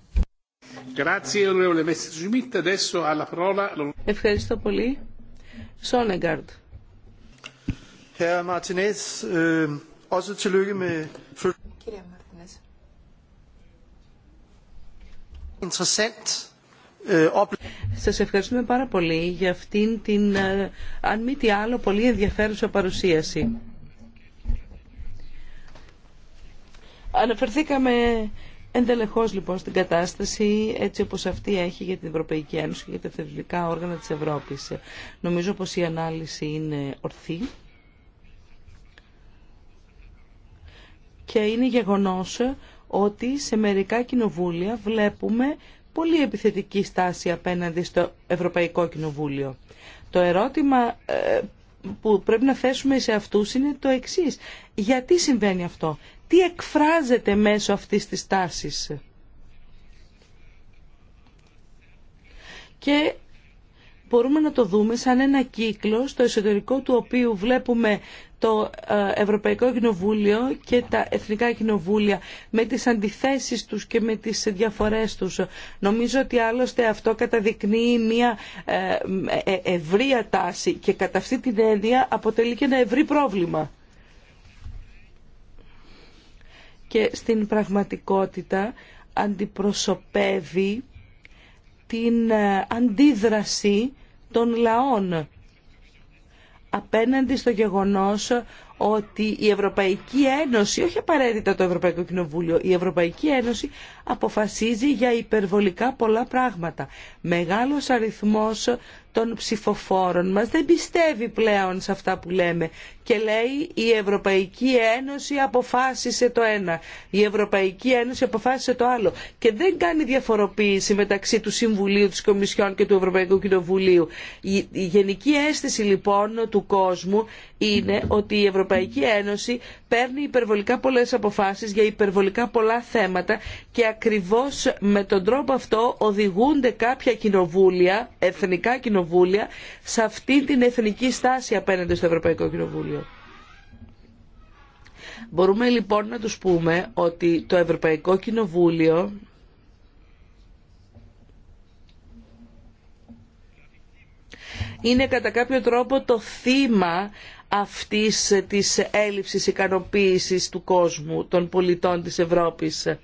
Ευχαριστώ πολύ. Σόνεγκαρντ. Øh, øh, Σας ευχαριστούμε πάρα πολύ για αυτήν την, ε, αν μη τι άλλο, πολύ ενδιαφέρουσα παρουσίαση. Αναφερθήκαμε εντελεχώς λοιπόν στην κατάσταση έτσι όπως αυτή έχει για την Ευρωπαϊκή Ένωση και για τα θεσμικά όργανα της Ευρώπης. Νομίζω πως η ανάλυση είναι ορθή. Και είναι γεγονός ότι σε μερικά κοινοβούλια βλέπουμε πολύ επιθετική στάση απέναντι στο Ευρωπαϊκό Κοινοβούλιο. Το ερώτημα ε, που πρέπει να θέσουμε σε αυτούς είναι το εξής. Γιατί συμβαίνει αυτό. Τι εκφράζεται μέσω αυτής της στάσης. Και μπορούμε να το δούμε σαν ένα κύκλο στο εσωτερικό του οποίου βλέπουμε το ε, Ευρωπαϊκό Κοινοβούλιο και τα Εθνικά Κοινοβούλια με τις αντιθέσεις τους και με τις διαφορές τους. Νομίζω ότι άλλωστε αυτό καταδεικνύει μια ε, ε, ευρία τάση και κατά αυτή την έννοια αποτελεί και ένα ευρύ πρόβλημα. Και στην πραγματικότητα αντιπροσωπεύει την αντίδραση των λαών απέναντι στο γεγονός ότι η Ευρωπαϊκή Ένωση, όχι απαραίτητα το Ευρωπαϊκό Κοινοβούλιο, η Ευρωπαϊκή Ένωση αποφασίζει για υπερβολικά πολλά πράγματα. Μεγάλος αριθμός των ψηφοφόρων μας δεν πιστεύει πλέον σε αυτά που λέμε και λέει η Ευρωπαϊκή Ένωση αποφάσισε το ένα, η Ευρωπαϊκή Ένωση αποφάσισε το άλλο και δεν κάνει διαφοροποίηση μεταξύ του Συμβουλίου, της Κομισιόν και του Ευρωπαϊκού Κοινοβουλίου. Η, η γενική αίσθηση λοιπόν του κόσμου είναι ότι η Ευρωπαϊκή Ένωση παίρνει υπερβολικά πολλές αποφάσεις για υπερβολικά πολλά θέματα και ακριβώς με τον τρόπο αυτό οδηγούνται κάποια κοινοβούλια, εθνικά κοινοβούλια, σε αυτή την εθνική στάση απέναντι στο Ευρωπαϊκό Κοινοβούλιο. Μπορούμε λοιπόν να τους πούμε ότι το Ευρωπαϊκό Κοινοβούλιο είναι κατά κάποιο τρόπο το θύμα αυτής της έλλειψης ικανοποίησης του κόσμου, των πολιτών της Ευρώπης.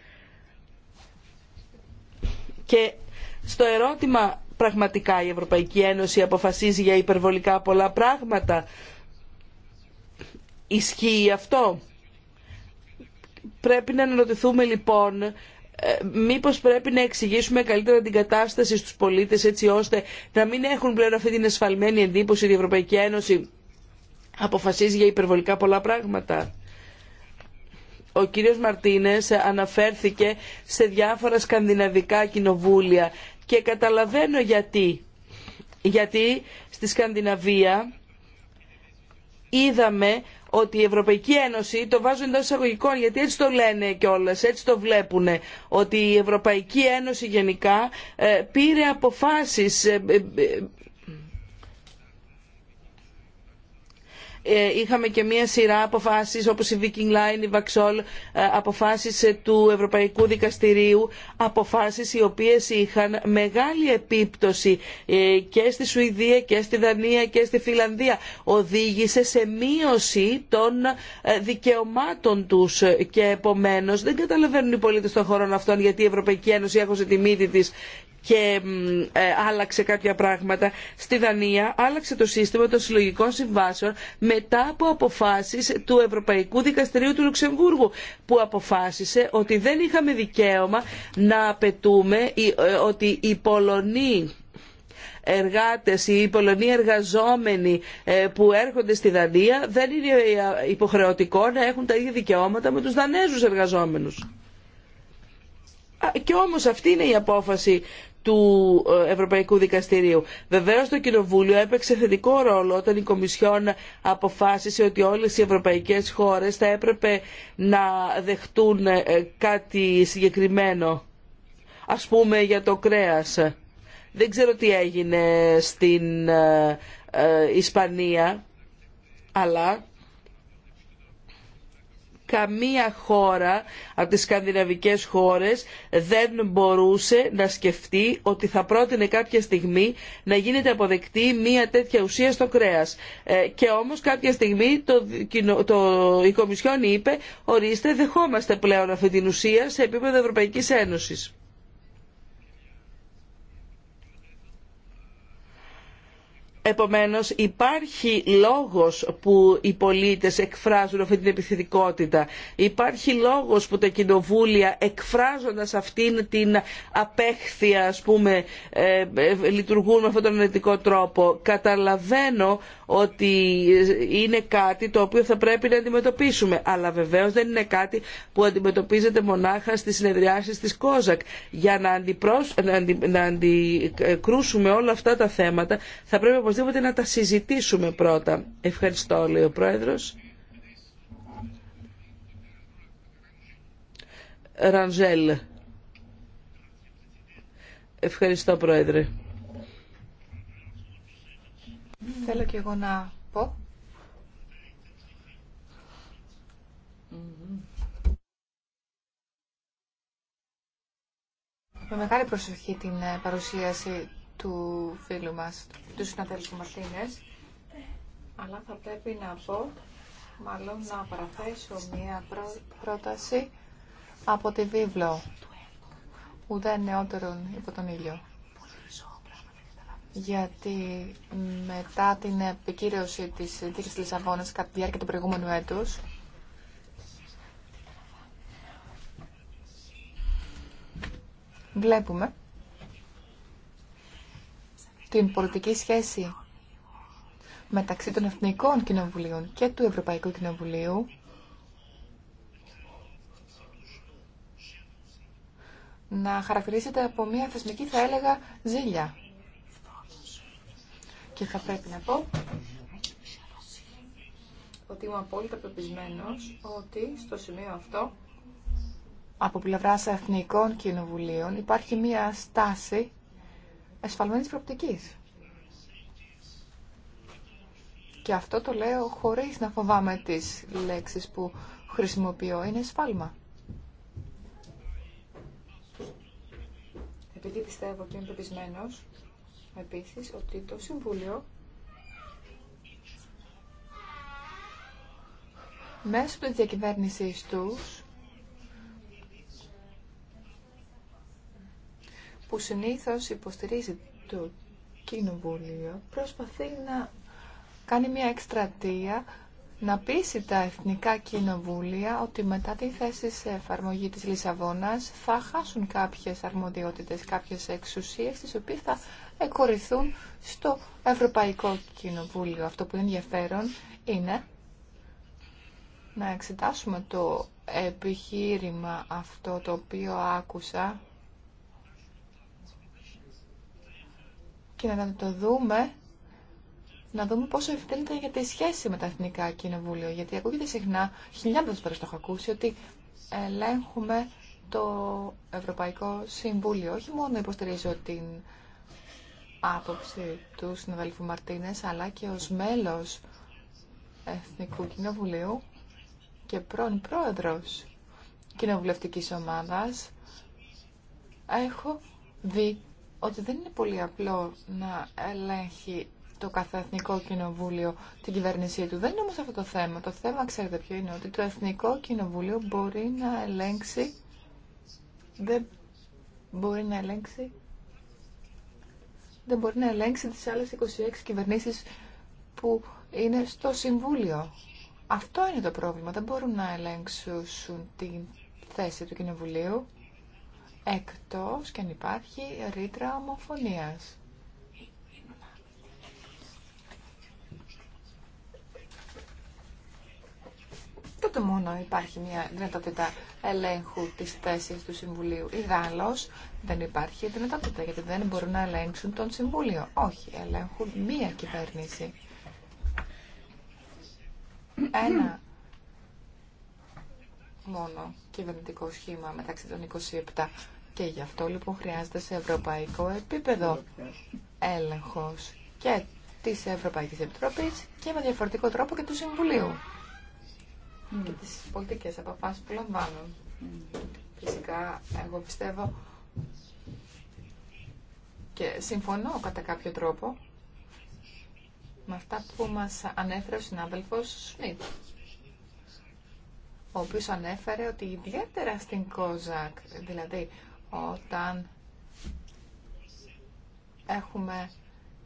Και στο ερώτημα πραγματικά η Ευρωπαϊκή Ένωση αποφασίζει για υπερβολικά πολλά πράγματα. Ισχύει αυτό. Πρέπει να αναρωτηθούμε λοιπόν ε, μήπως πρέπει να εξηγήσουμε καλύτερα την κατάσταση στους πολίτες έτσι ώστε να μην έχουν πλέον αυτή την εσφαλμένη εντύπωση ότι η Ευρωπαϊκή Ένωση αποφασίζει για υπερβολικά πολλά πράγματα. Ο κύριος Μαρτίνες αναφέρθηκε σε διάφορα σκανδιναβικά κοινοβούλια και καταλαβαίνω γιατί. Γιατί στη Σκανδιναβία είδαμε ότι η Ευρωπαϊκή Ένωση, το βάζουν εντό εισαγωγικών γιατί έτσι το λένε κιόλα, έτσι το βλέπουν, ότι η Ευρωπαϊκή Ένωση γενικά ε, πήρε αποφάσεις ε, ε, Ε, είχαμε και μία σειρά αποφάσεις όπως η Viking Line, η Vaxol, ε, αποφάσεις ε, του Ευρωπαϊκού Δικαστηρίου, αποφάσεις οι οποίες είχαν μεγάλη επίπτωση και στη Σουηδία και στη Δανία και στη Φιλανδία. Οδήγησε σε μείωση των δικαιωμάτων τους και επομένως δεν καταλαβαίνουν οι πολίτες των χωρών αυτών γιατί η Ευρωπαϊκή Ένωση έχωσε τη μύτη της και ε, άλλαξε κάποια πράγματα. Στη Δανία άλλαξε το σύστημα των συλλογικών συμβάσεων μετά από αποφάσεις του Ευρωπαϊκού Δικαστηρίου του Λουξεμβούργου που αποφάσισε ότι δεν είχαμε δικαίωμα να απαιτούμε ε, ότι οι Πολωνοί εργάτες ή οι Πολωνοί εργαζόμενοι ε, που έρχονται στη Δανία δεν είναι υποχρεωτικό να έχουν τα ίδια δικαιώματα με τους Δανέζους εργαζόμενους. Και όμως αυτή είναι η απόφαση του ε, Ευρωπαϊκού Δικαστηρίου. Βεβαίως το Κοινοβούλιο έπαιξε θετικό ρόλο όταν η Κομισιόν αποφάσισε ότι όλες οι ευρωπαϊκές χώρες θα έπρεπε να δεχτούν ε, κάτι συγκεκριμένο, ας πούμε για το κρέας. Δεν ξέρω τι έγινε στην ε, Ισπανία, αλλά καμία χώρα από τις σκανδιναβικές χώρες δεν μπορούσε να σκεφτεί ότι θα πρότεινε κάποια στιγμή να γίνεται αποδεκτή μια τέτοια ουσία στο κρέας. Ε, και όμως κάποια στιγμή το, το, η Κομισιόν είπε ορίστε δεχόμαστε πλέον αυτή την ουσία σε επίπεδο Ευρωπαϊκής Ένωσης. Επομένως υπάρχει λόγος που οι πολίτες εκφράζουν αυτή την επιθετικότητα. Υπάρχει λόγος που τα κοινοβούλια εκφράζοντας αυτήν την απέχθεια ας πούμε ε, ε λειτουργούν με αυτόν τον ενετικό τρόπο. Καταλαβαίνω ότι είναι κάτι το οποίο θα πρέπει να αντιμετωπίσουμε. Αλλά βεβαίως δεν είναι κάτι που αντιμετωπίζεται μονάχα στις συνεδριάσεις της ΚΟΖΑΚ. Για να, αντικρούσουμε όλα αυτά τα θέματα θα πρέπει οπωσδήποτε να τα συζητήσουμε πρώτα. Ευχαριστώ, λέει ο Πρόεδρος. Ραντζέλ. Ευχαριστώ, Πρόεδρε. Θέλω και εγώ να πω. Με μεγάλη προσοχή την ε, παρουσίαση του φίλου μας, του συναδέλφου Μαρτίνες, αλλά θα πρέπει να πω, μάλλον να παραθέσω μία πρόταση από τη βίβλο «Ουδέ νεότερον υπό τον ήλιο». Γιατί μετά την επικύρωση της της Λισαβόνας κατά τη διάρκεια του προηγούμενου έτους, βλέπουμε την πολιτική σχέση μεταξύ των Εθνικών Κοινοβουλίων και του Ευρωπαϊκού Κοινοβουλίου να χαρακτηρίζεται από μια θεσμική, θα έλεγα, ζήλια. Και θα πρέπει να πω ότι είμαι απόλυτα πεπισμένος ότι στο σημείο αυτό από πλευράς εθνικών κοινοβουλίων υπάρχει μια στάση εσφαλμένης προπτικής. Και αυτό το λέω χωρίς να φοβάμαι τις λέξεις που χρησιμοποιώ. Είναι σφάλμα. Επειδή πιστεύω και είμαι πεπισμένος, επίσης, ότι το Συμβούλιο μέσω της διακυβέρνησης τους που συνήθως υποστηρίζει το Κοινοβούλιο, προσπαθεί να κάνει μια εκστρατεία να πείσει τα εθνικά κοινοβούλια ότι μετά τη θέση σε εφαρμογή της Λισαβόνας θα χάσουν κάποιες αρμοδιότητες, κάποιες εξουσίες τις οποίες θα εκορυθούν στο Ευρωπαϊκό Κοινοβούλιο. Αυτό που είναι ενδιαφέρον είναι να εξετάσουμε το επιχείρημα αυτό το οποίο άκουσα και να το δούμε, να δούμε πόσο ευθύνεται για τη σχέση με τα Εθνικά Κοινοβούλια. Γιατί ακούγεται συχνά, χιλιάδε φορέ το έχω ακούσει, ότι ελέγχουμε το Ευρωπαϊκό Συμβούλιο. Όχι μόνο υποστηρίζω την άποψη του συναδέλφου Μαρτίνε, αλλά και ω μέλο Εθνικού Κοινοβουλίου και πρώην πρόεδρος κοινοβουλευτικής ομάδας έχω δει ότι δεν είναι πολύ απλό να ελέγχει το κάθε Εθνικό Κοινοβούλιο την κυβέρνησή του. Δεν είναι όμως αυτό το θέμα. Το θέμα, ξέρετε ποιο είναι, ότι το Εθνικό Κοινοβούλιο μπορεί να ελέγξει, δεν μπορεί να ελέγξει, δεν μπορεί να ελέγξει τις άλλες 26 κυβερνήσεις που είναι στο Συμβούλιο. Αυτό είναι το πρόβλημα. Δεν μπορούν να ελέγξουν την θέση του Κοινοβουλίου εκτός και αν υπάρχει ρήτρα ομοφωνίας. Τότε μόνο υπάρχει μια δυνατότητα ελέγχου της θέση του Συμβουλίου. Ιδάλω δεν υπάρχει δυνατότητα γιατί δεν μπορούν να ελέγξουν τον Συμβούλιο. Όχι, ελέγχουν μία κυβέρνηση. Ένα μόνο κυβερνητικό σχήμα μεταξύ των 27. Και γι' αυτό λοιπόν χρειάζεται σε ευρωπαϊκό επίπεδο έλεγχος και της Ευρωπαϊκής Επιτροπής και με διαφορετικό τρόπο και του Συμβουλίου mm. και τις πολιτικές αποφάσεις που λαμβάνουν. Mm. Φυσικά, εγώ πιστεύω και συμφωνώ κατά κάποιο τρόπο με αυτά που μας ανέφερε ο συνάδελφος Σμιτ ο οποίος ανέφερε ότι ιδιαίτερα στην ΚΟΖΑΚ, δηλαδή όταν έχουμε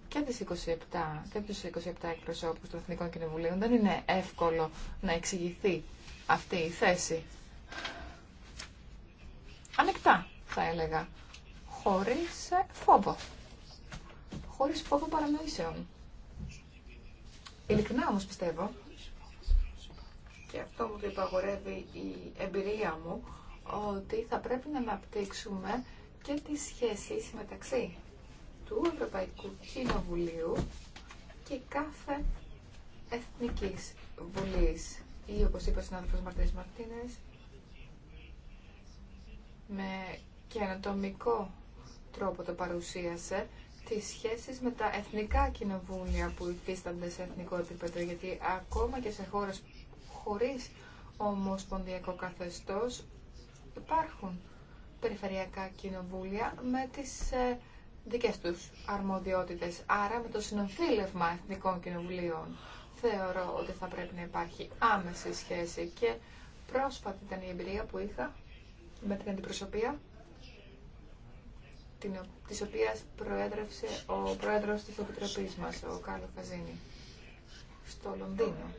και τις 27, και τους 27 εκπροσώπους των Εθνικών Κοινοβουλίων, δεν είναι εύκολο να εξηγηθεί αυτή η θέση. Ανεκτά, θα έλεγα, χωρίς ε, φόβο. Χωρίς φόβο παρανοήσεων. Ειλικρινά όμως πιστεύω και αυτό μου το υπαγορεύει η εμπειρία μου, ότι θα πρέπει να αναπτύξουμε και τις σχέσεις μεταξύ του Ευρωπαϊκού Κοινοβουλίου και κάθε Εθνικής Βουλής ή όπως είπε ο συνάδελφος Μαρτίνης Μαρτίνες με καινοτομικό τρόπο το παρουσίασε τι σχέσει με τα εθνικά κοινοβούλια που υφίστανται σε εθνικό επίπεδο γιατί ακόμα και σε χώρε χωρίς ομοσπονδιακό καθεστώς υπάρχουν περιφερειακά κοινοβούλια με τις ε, δικές τους αρμοδιότητες. Άρα με το συνοφίλευμα εθνικών κοινοβουλίων θεωρώ ότι θα πρέπει να υπάρχει άμεση σχέση και πρόσφατη ήταν η εμπειρία που είχα με την αντιπροσωπεία την, της οποίας προέδρευσε ο πρόεδρος της Επιτροπής μας, ο κάλο Καζίνη, στο Λονδίνο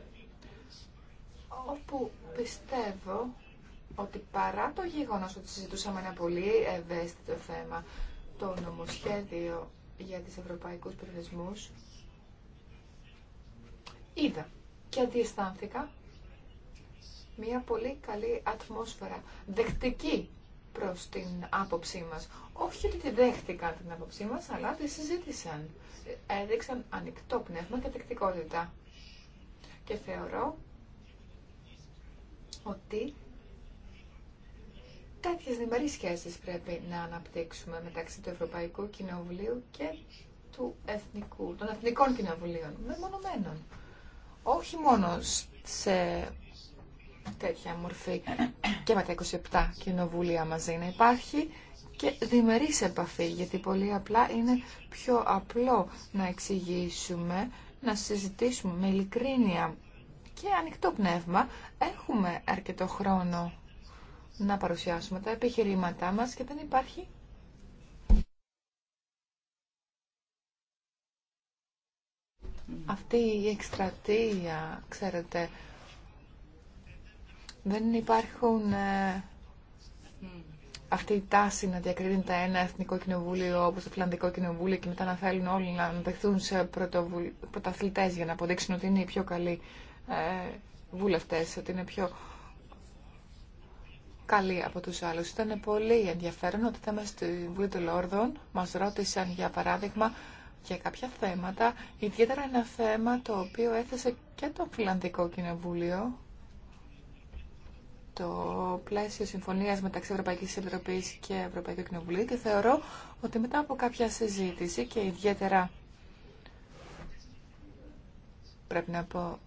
όπου πιστεύω ότι παρά το γεγονός ότι συζητούσαμε ένα πολύ ευαίσθητο θέμα, το νομοσχέδιο για τις ευρωπαϊκούς προθεσμούς, είδα και αντιαισθάνθηκα μια πολύ καλή ατμόσφαιρα, δεκτική προς την άποψή μας. Όχι ότι τη δέχτηκαν την άποψή μας, αλλά τη συζήτησαν. Έδειξαν ανοιχτό πνεύμα και δεκτικότητα. Και θεωρώ ότι τέτοιε διμερεί σχέσει πρέπει να αναπτύξουμε μεταξύ του Ευρωπαϊκού Κοινοβουλίου και του Εθνικού, των Εθνικών Κοινοβουλίων, μεμονωμένων. Όχι μόνο σε τέτοια μορφή και με τα 27 κοινοβούλια μαζί να υπάρχει και διμερής επαφή, γιατί πολύ απλά είναι πιο απλό να εξηγήσουμε, να συζητήσουμε με ειλικρίνεια και ανοιχτό πνεύμα έχουμε αρκετό χρόνο να παρουσιάσουμε τα επιχειρήματά μας και δεν υπάρχει αυτή η εκστρατεία, ξέρετε, δεν υπάρχουν ε, αυτή η τάση να διακρίνεται ένα εθνικό κοινοβούλιο όπως το Φιλανδικό Κοινοβούλιο και μετά να θέλουν όλοι να δεχθούν σε πρωταθλητές για να αποδείξουν ότι είναι οι πιο καλοί ε, βουλευτές, ότι είναι πιο καλή από τους άλλους. Ήταν πολύ ενδιαφέρον ότι ήταν στη Βουλή των Λόρδων, μας ρώτησαν για παράδειγμα για κάποια θέματα, ιδιαίτερα ένα θέμα το οποίο έθεσε και το Φιλανδικό Κοινοβούλιο, το πλαίσιο συμφωνίας μεταξύ Ευρωπαϊκής Επιτροπή και Ευρωπαϊκού Κοινοβουλίου και θεωρώ ότι μετά από κάποια συζήτηση και ιδιαίτερα πρέπει να πω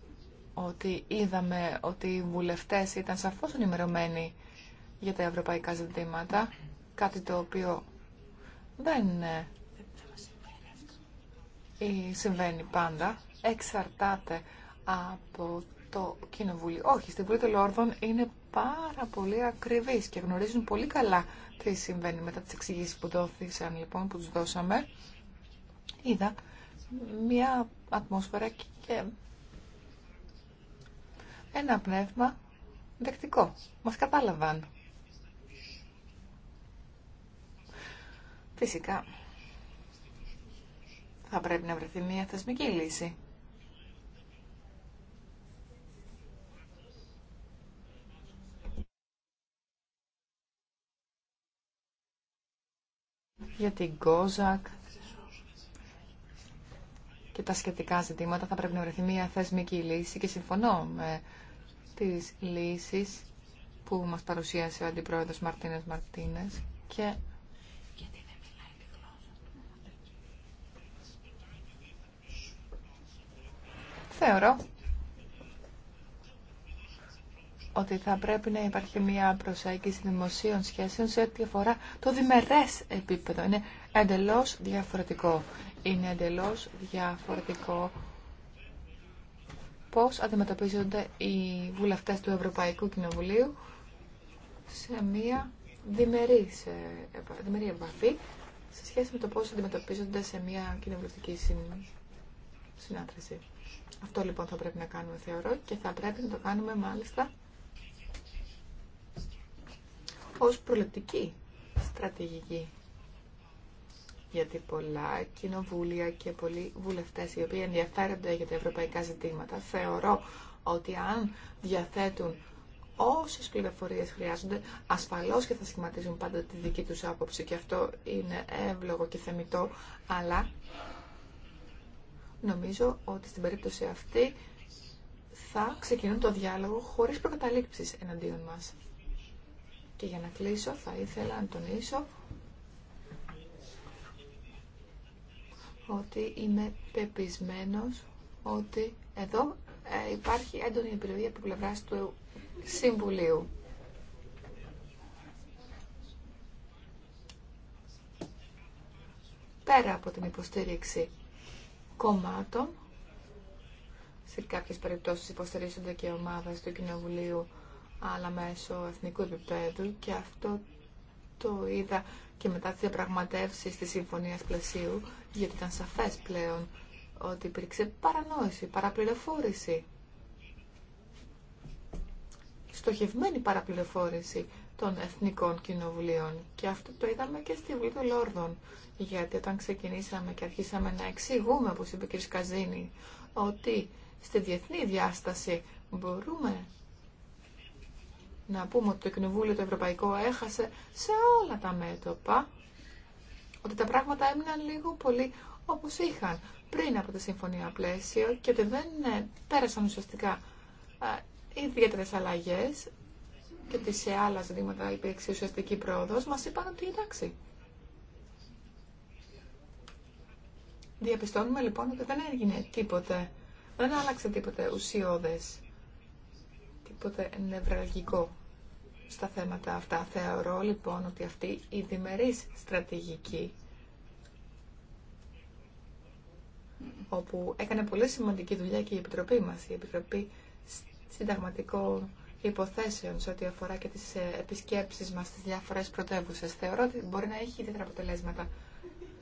ότι είδαμε ότι οι βουλευτές ήταν σαφώς ενημερωμένοι για τα ευρωπαϊκά ζητήματα, κάτι το οποίο δεν ε, ε, συμβαίνει πάντα, εξαρτάται από το Κοινοβούλιο. Όχι, στην Βουλή των Λόρδων είναι πάρα πολύ ακριβείς και γνωρίζουν πολύ καλά τι συμβαίνει μετά τις εξηγήσει που δόθησαν λοιπόν, που τους δώσαμε. Είδα μια ατμόσφαιρα και ένα πνεύμα δεκτικό. Μας κατάλαβαν. Φυσικά, θα πρέπει να βρεθεί μια θεσμική λύση. Για την Κόζακ, και τα σχετικά ζητήματα θα πρέπει να βρεθεί μια θεσμική λύση και συμφωνώ με τις λύσεις που μας παρουσίασε ο Αντιπρόεδρος Μαρτίνες Μαρτίνες και θεωρώ ότι θα πρέπει να υπάρχει μια προσέγγιση δημοσίων σχέσεων σε ό,τι αφορά το διμερές επίπεδο. Είναι εντελώς διαφορετικό είναι εντελώς διαφορετικό πώς αντιμετωπίζονται οι βουλευτές του Ευρωπαϊκού Κοινοβουλίου σε μία διμερή, επαφή σε σχέση με το πώς αντιμετωπίζονται σε μία κοινοβουλευτική συνάντηση. Αυτό λοιπόν θα πρέπει να κάνουμε θεωρώ και θα πρέπει να το κάνουμε μάλιστα ως προληπτική στρατηγική γιατί πολλά κοινοβούλια και πολλοί βουλευτές οι οποίοι ενδιαφέρονται για τα ευρωπαϊκά ζητήματα θεωρώ ότι αν διαθέτουν όσες πληροφορίες χρειάζονται ασφαλώς και θα σχηματίζουν πάντα τη δική τους άποψη και αυτό είναι εύλογο και θεμητό αλλά νομίζω ότι στην περίπτωση αυτή θα ξεκινούν το διάλογο χωρίς προκαταλήψεις εναντίον μας. Και για να κλείσω θα ήθελα να τονίσω ότι είμαι πεπισμένος ότι εδώ ε, υπάρχει έντονη επιλογή από πλευρά του Συμβουλίου. Πέρα από την υποστήριξη κομμάτων, σε κάποιες περιπτώσεις υποστηρίζονται και ομάδες του Κοινοβουλίου, αλλά μέσω εθνικού επίπεδου και αυτό το είδα και μετά τις διαπραγματεύσεις της Συμφωνίας Πλαισίου, γιατί ήταν σαφές πλέον ότι υπήρξε παρανόηση, παραπληροφόρηση. Στοχευμένη παραπληροφόρηση των Εθνικών Κοινοβουλίων. Και αυτό το είδαμε και στη Βουλή των Λόρδων. Γιατί όταν ξεκινήσαμε και αρχίσαμε να εξηγούμε, όπως είπε ο κ. Καζίνη, ότι στη διεθνή διάσταση μπορούμε να πούμε ότι το Κοινοβούλιο το Ευρωπαϊκό έχασε σε όλα τα μέτωπα, ότι τα πράγματα έμειναν λίγο πολύ όπως είχαν πριν από τη Συμφωνία Πλαίσιο και ότι δεν ε, πέρασαν ουσιαστικά ε, ιδιαίτερε αλλαγέ και ότι σε άλλα ζητήματα υπήρξε ουσιαστική πρόοδο, μα είπαν ότι εντάξει. Διαπιστώνουμε λοιπόν ότι δεν έγινε τίποτε, δεν άλλαξε τίποτε ουσιώδες, τίποτε νευραλγικό στα θέματα αυτά. Θεωρώ λοιπόν ότι αυτή η διμερής στρατηγική όπου έκανε πολύ σημαντική δουλειά και η Επιτροπή μας, η Επιτροπή Συνταγματικών Υποθέσεων σε ό,τι αφορά και τις ε, επισκέψεις μας στις διάφορες πρωτεύουσες. Θεωρώ ότι μπορεί να έχει ιδιαίτερα αποτελέσματα.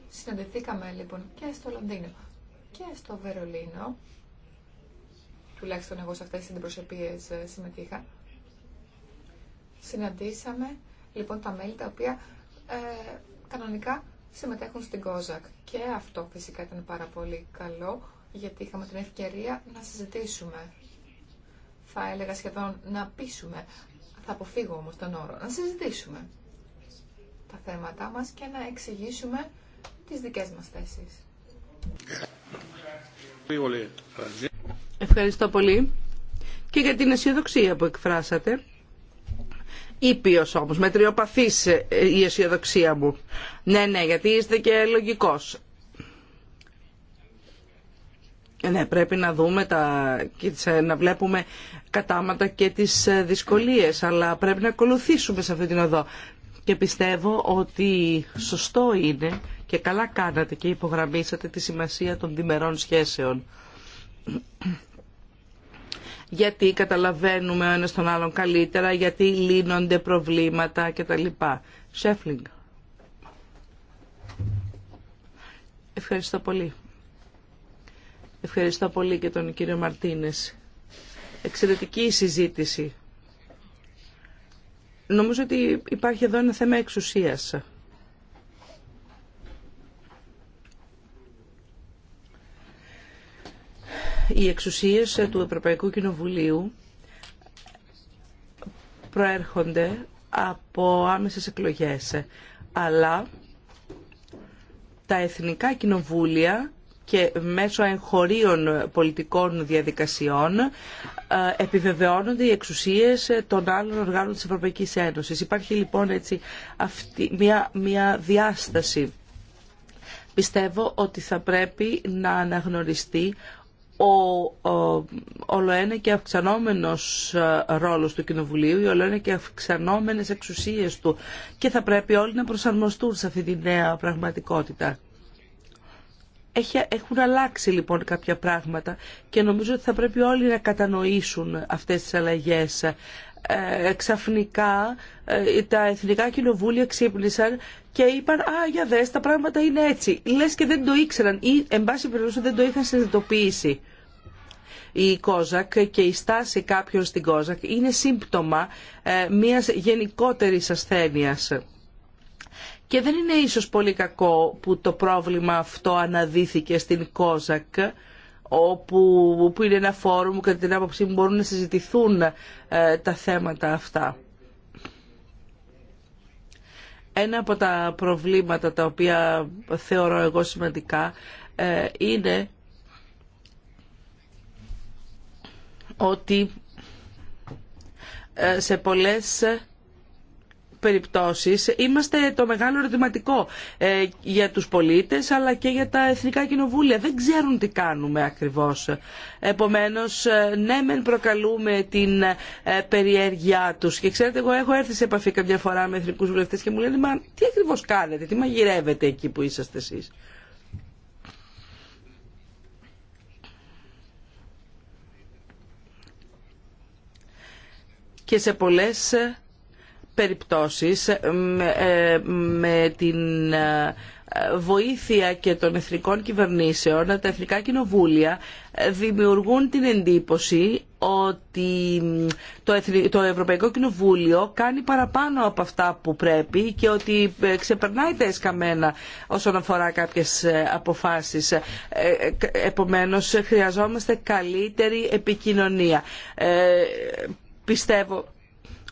Συναντηθήκαμε λοιπόν και στο Λονδίνο και στο Βερολίνο, τουλάχιστον εγώ σε αυτές τις αντιπροσωπείες ε, συμμετείχα, συναντήσαμε λοιπόν τα μέλη τα οποία ε, κανονικά συμμετέχουν στην ΚΟΖΑΚ. Και αυτό φυσικά ήταν πάρα πολύ καλό γιατί είχαμε την ευκαιρία να συζητήσουμε. Θα έλεγα σχεδόν να πείσουμε, θα αποφύγω όμως τον όρο, να συζητήσουμε τα θέματά μας και να εξηγήσουμε τις δικές μας θέσεις. Ευχαριστώ πολύ και για την αισιοδοξία που εκφράσατε. Ήπιος όμως, μετριοπαθής ε, η αισιοδοξία μου. Ναι, ναι, γιατί είστε και λογικός. Ναι, πρέπει να δούμε τα, ε, να βλέπουμε κατάματα και τις ε, δυσκολίες, αλλά πρέπει να ακολουθήσουμε σε αυτή την οδό. Και πιστεύω ότι σωστό είναι και καλά κάνατε και υπογραμμίσατε τη σημασία των διμερών σχέσεων γιατί καταλαβαίνουμε ο ένας τον άλλον καλύτερα, γιατί λύνονται προβλήματα κτλ. Σέφλινγκ. Ευχαριστώ πολύ. Ευχαριστώ πολύ και τον κύριο Μαρτίνες. Εξαιρετική συζήτηση. Νομίζω ότι υπάρχει εδώ ένα θέμα εξουσίας. οι εξουσίες ε, του Ευρωπαϊκού Κοινοβουλίου προέρχονται από άμεσες εκλογές, αλλά τα εθνικά κοινοβούλια και μέσω εγχωρίων πολιτικών διαδικασιών ε, επιβεβαιώνονται οι εξουσίες ε, των άλλων οργάνων της Ευρωπαϊκής Ένωσης. Υπάρχει λοιπόν έτσι μια, μια διάσταση. Πιστεύω ότι θα πρέπει να αναγνωριστεί ο, ολοένα και αυξανόμενος ε, ρόλος του Κοινοβουλίου, οι ολοένα και αυξανόμενες εξουσίες του και θα πρέπει όλοι να προσαρμοστούν σε αυτή τη νέα πραγματικότητα. Έχουν αλλάξει λοιπόν κάποια πράγματα και νομίζω ότι θα πρέπει όλοι να κατανοήσουν αυτές τις αλλαγές. Ε, ξαφνικά ε, τα εθνικά κοινοβούλια ξύπνησαν και είπαν «Α, για δες, τα πράγματα είναι έτσι». Λες και δεν το ήξεραν ή, εν πάση περιπτώσει, δεν το είχαν συνειδητοποιήσει. Η Κόζακ και η στάση κάποιων στην Κόζακ είναι σύμπτωμα ε, μιας γενικότερης ασθένειας. Και δεν είναι ίσως πολύ κακό που το πρόβλημα αυτό αναδύθηκε στην Κόζακ, όπου που είναι ένα φόρουμ κατά την άποψή μου μπορούν να συζητηθούν ε, τα θέματα αυτά. Ένα από τα προβλήματα τα οποία θεωρώ εγώ σημαντικά ε, είναι ότι ε, σε πολλές περιπτώσεις είμαστε το μεγάλο ερωτηματικό ε, για τους πολίτες αλλά και για τα εθνικά κοινοβούλια. Δεν ξέρουν τι κάνουμε ακριβώς. Επομένως, ε, ναι μεν προκαλούμε την ε, περιέργειά τους. Και ξέρετε, εγώ έχω έρθει σε επαφή κάποια φορά με εθνικούς βουλευτές και μου λένε «Μα τι ακριβώς κάνετε, τι μαγειρεύετε εκεί που είσαστε εσείς». Και σε πολλές περιπτώσεις ε, ε, με την ε, βοήθεια και των εθνικών κυβερνήσεων, τα εθνικά κοινοβούλια δημιουργούν την εντύπωση ότι το Ευρωπαϊκό Κοινοβούλιο κάνει παραπάνω από αυτά που πρέπει και ότι ξεπερνάει τα εσκαμμένα όσον αφορά κάποιες αποφάσεις. Επομένως, χρειαζόμαστε καλύτερη επικοινωνία. Πιστεύω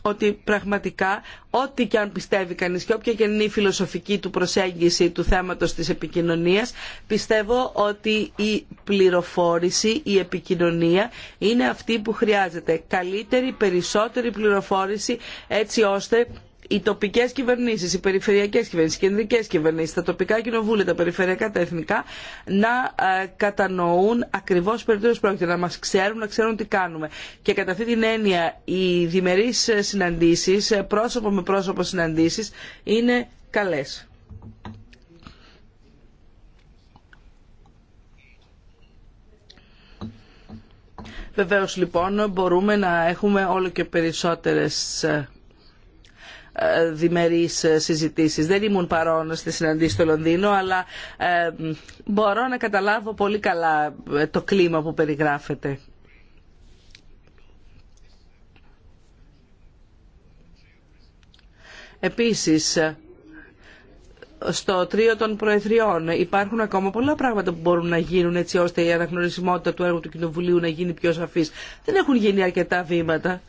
ότι πραγματικά ό,τι και αν πιστεύει κανείς και όποια και είναι η φιλοσοφική του προσέγγιση του θέματος της επικοινωνίας, πιστεύω ότι η πληροφόρηση, η επικοινωνία είναι αυτή που χρειάζεται. Καλύτερη, περισσότερη πληροφόρηση έτσι ώστε οι τοπικέ κυβερνήσει, οι περιφερειακέ κυβερνήσει, οι κεντρικέ κυβερνήσει, τα τοπικά κοινοβούλια, τα περιφερειακά, τα εθνικά να ε, κατανοούν ακριβώ περί τίνο πρόκειται, να μα ξέρουν, να ξέρουν τι κάνουμε. Και κατά αυτή την έννοια, οι διμερεί συναντήσει, πρόσωπο με πρόσωπο συναντήσει, είναι καλέ. Βεβαίως λοιπόν μπορούμε να έχουμε όλο και περισσότερες ε, ε, διμερείς ε, συζητήσεις. Δεν ήμουν παρόν στη συναντήση στο Λονδίνο, αλλά ε, μπορώ να καταλάβω πολύ καλά το κλίμα που περιγράφεται. Επίσης, στο τρίο των Προεδριών υπάρχουν ακόμα πολλά πράγματα που μπορούν να γίνουν έτσι ώστε η αναγνωρισιμότητα του έργου του Κοινοβουλίου να γίνει πιο σαφής. Δεν έχουν γίνει αρκετά βήματα.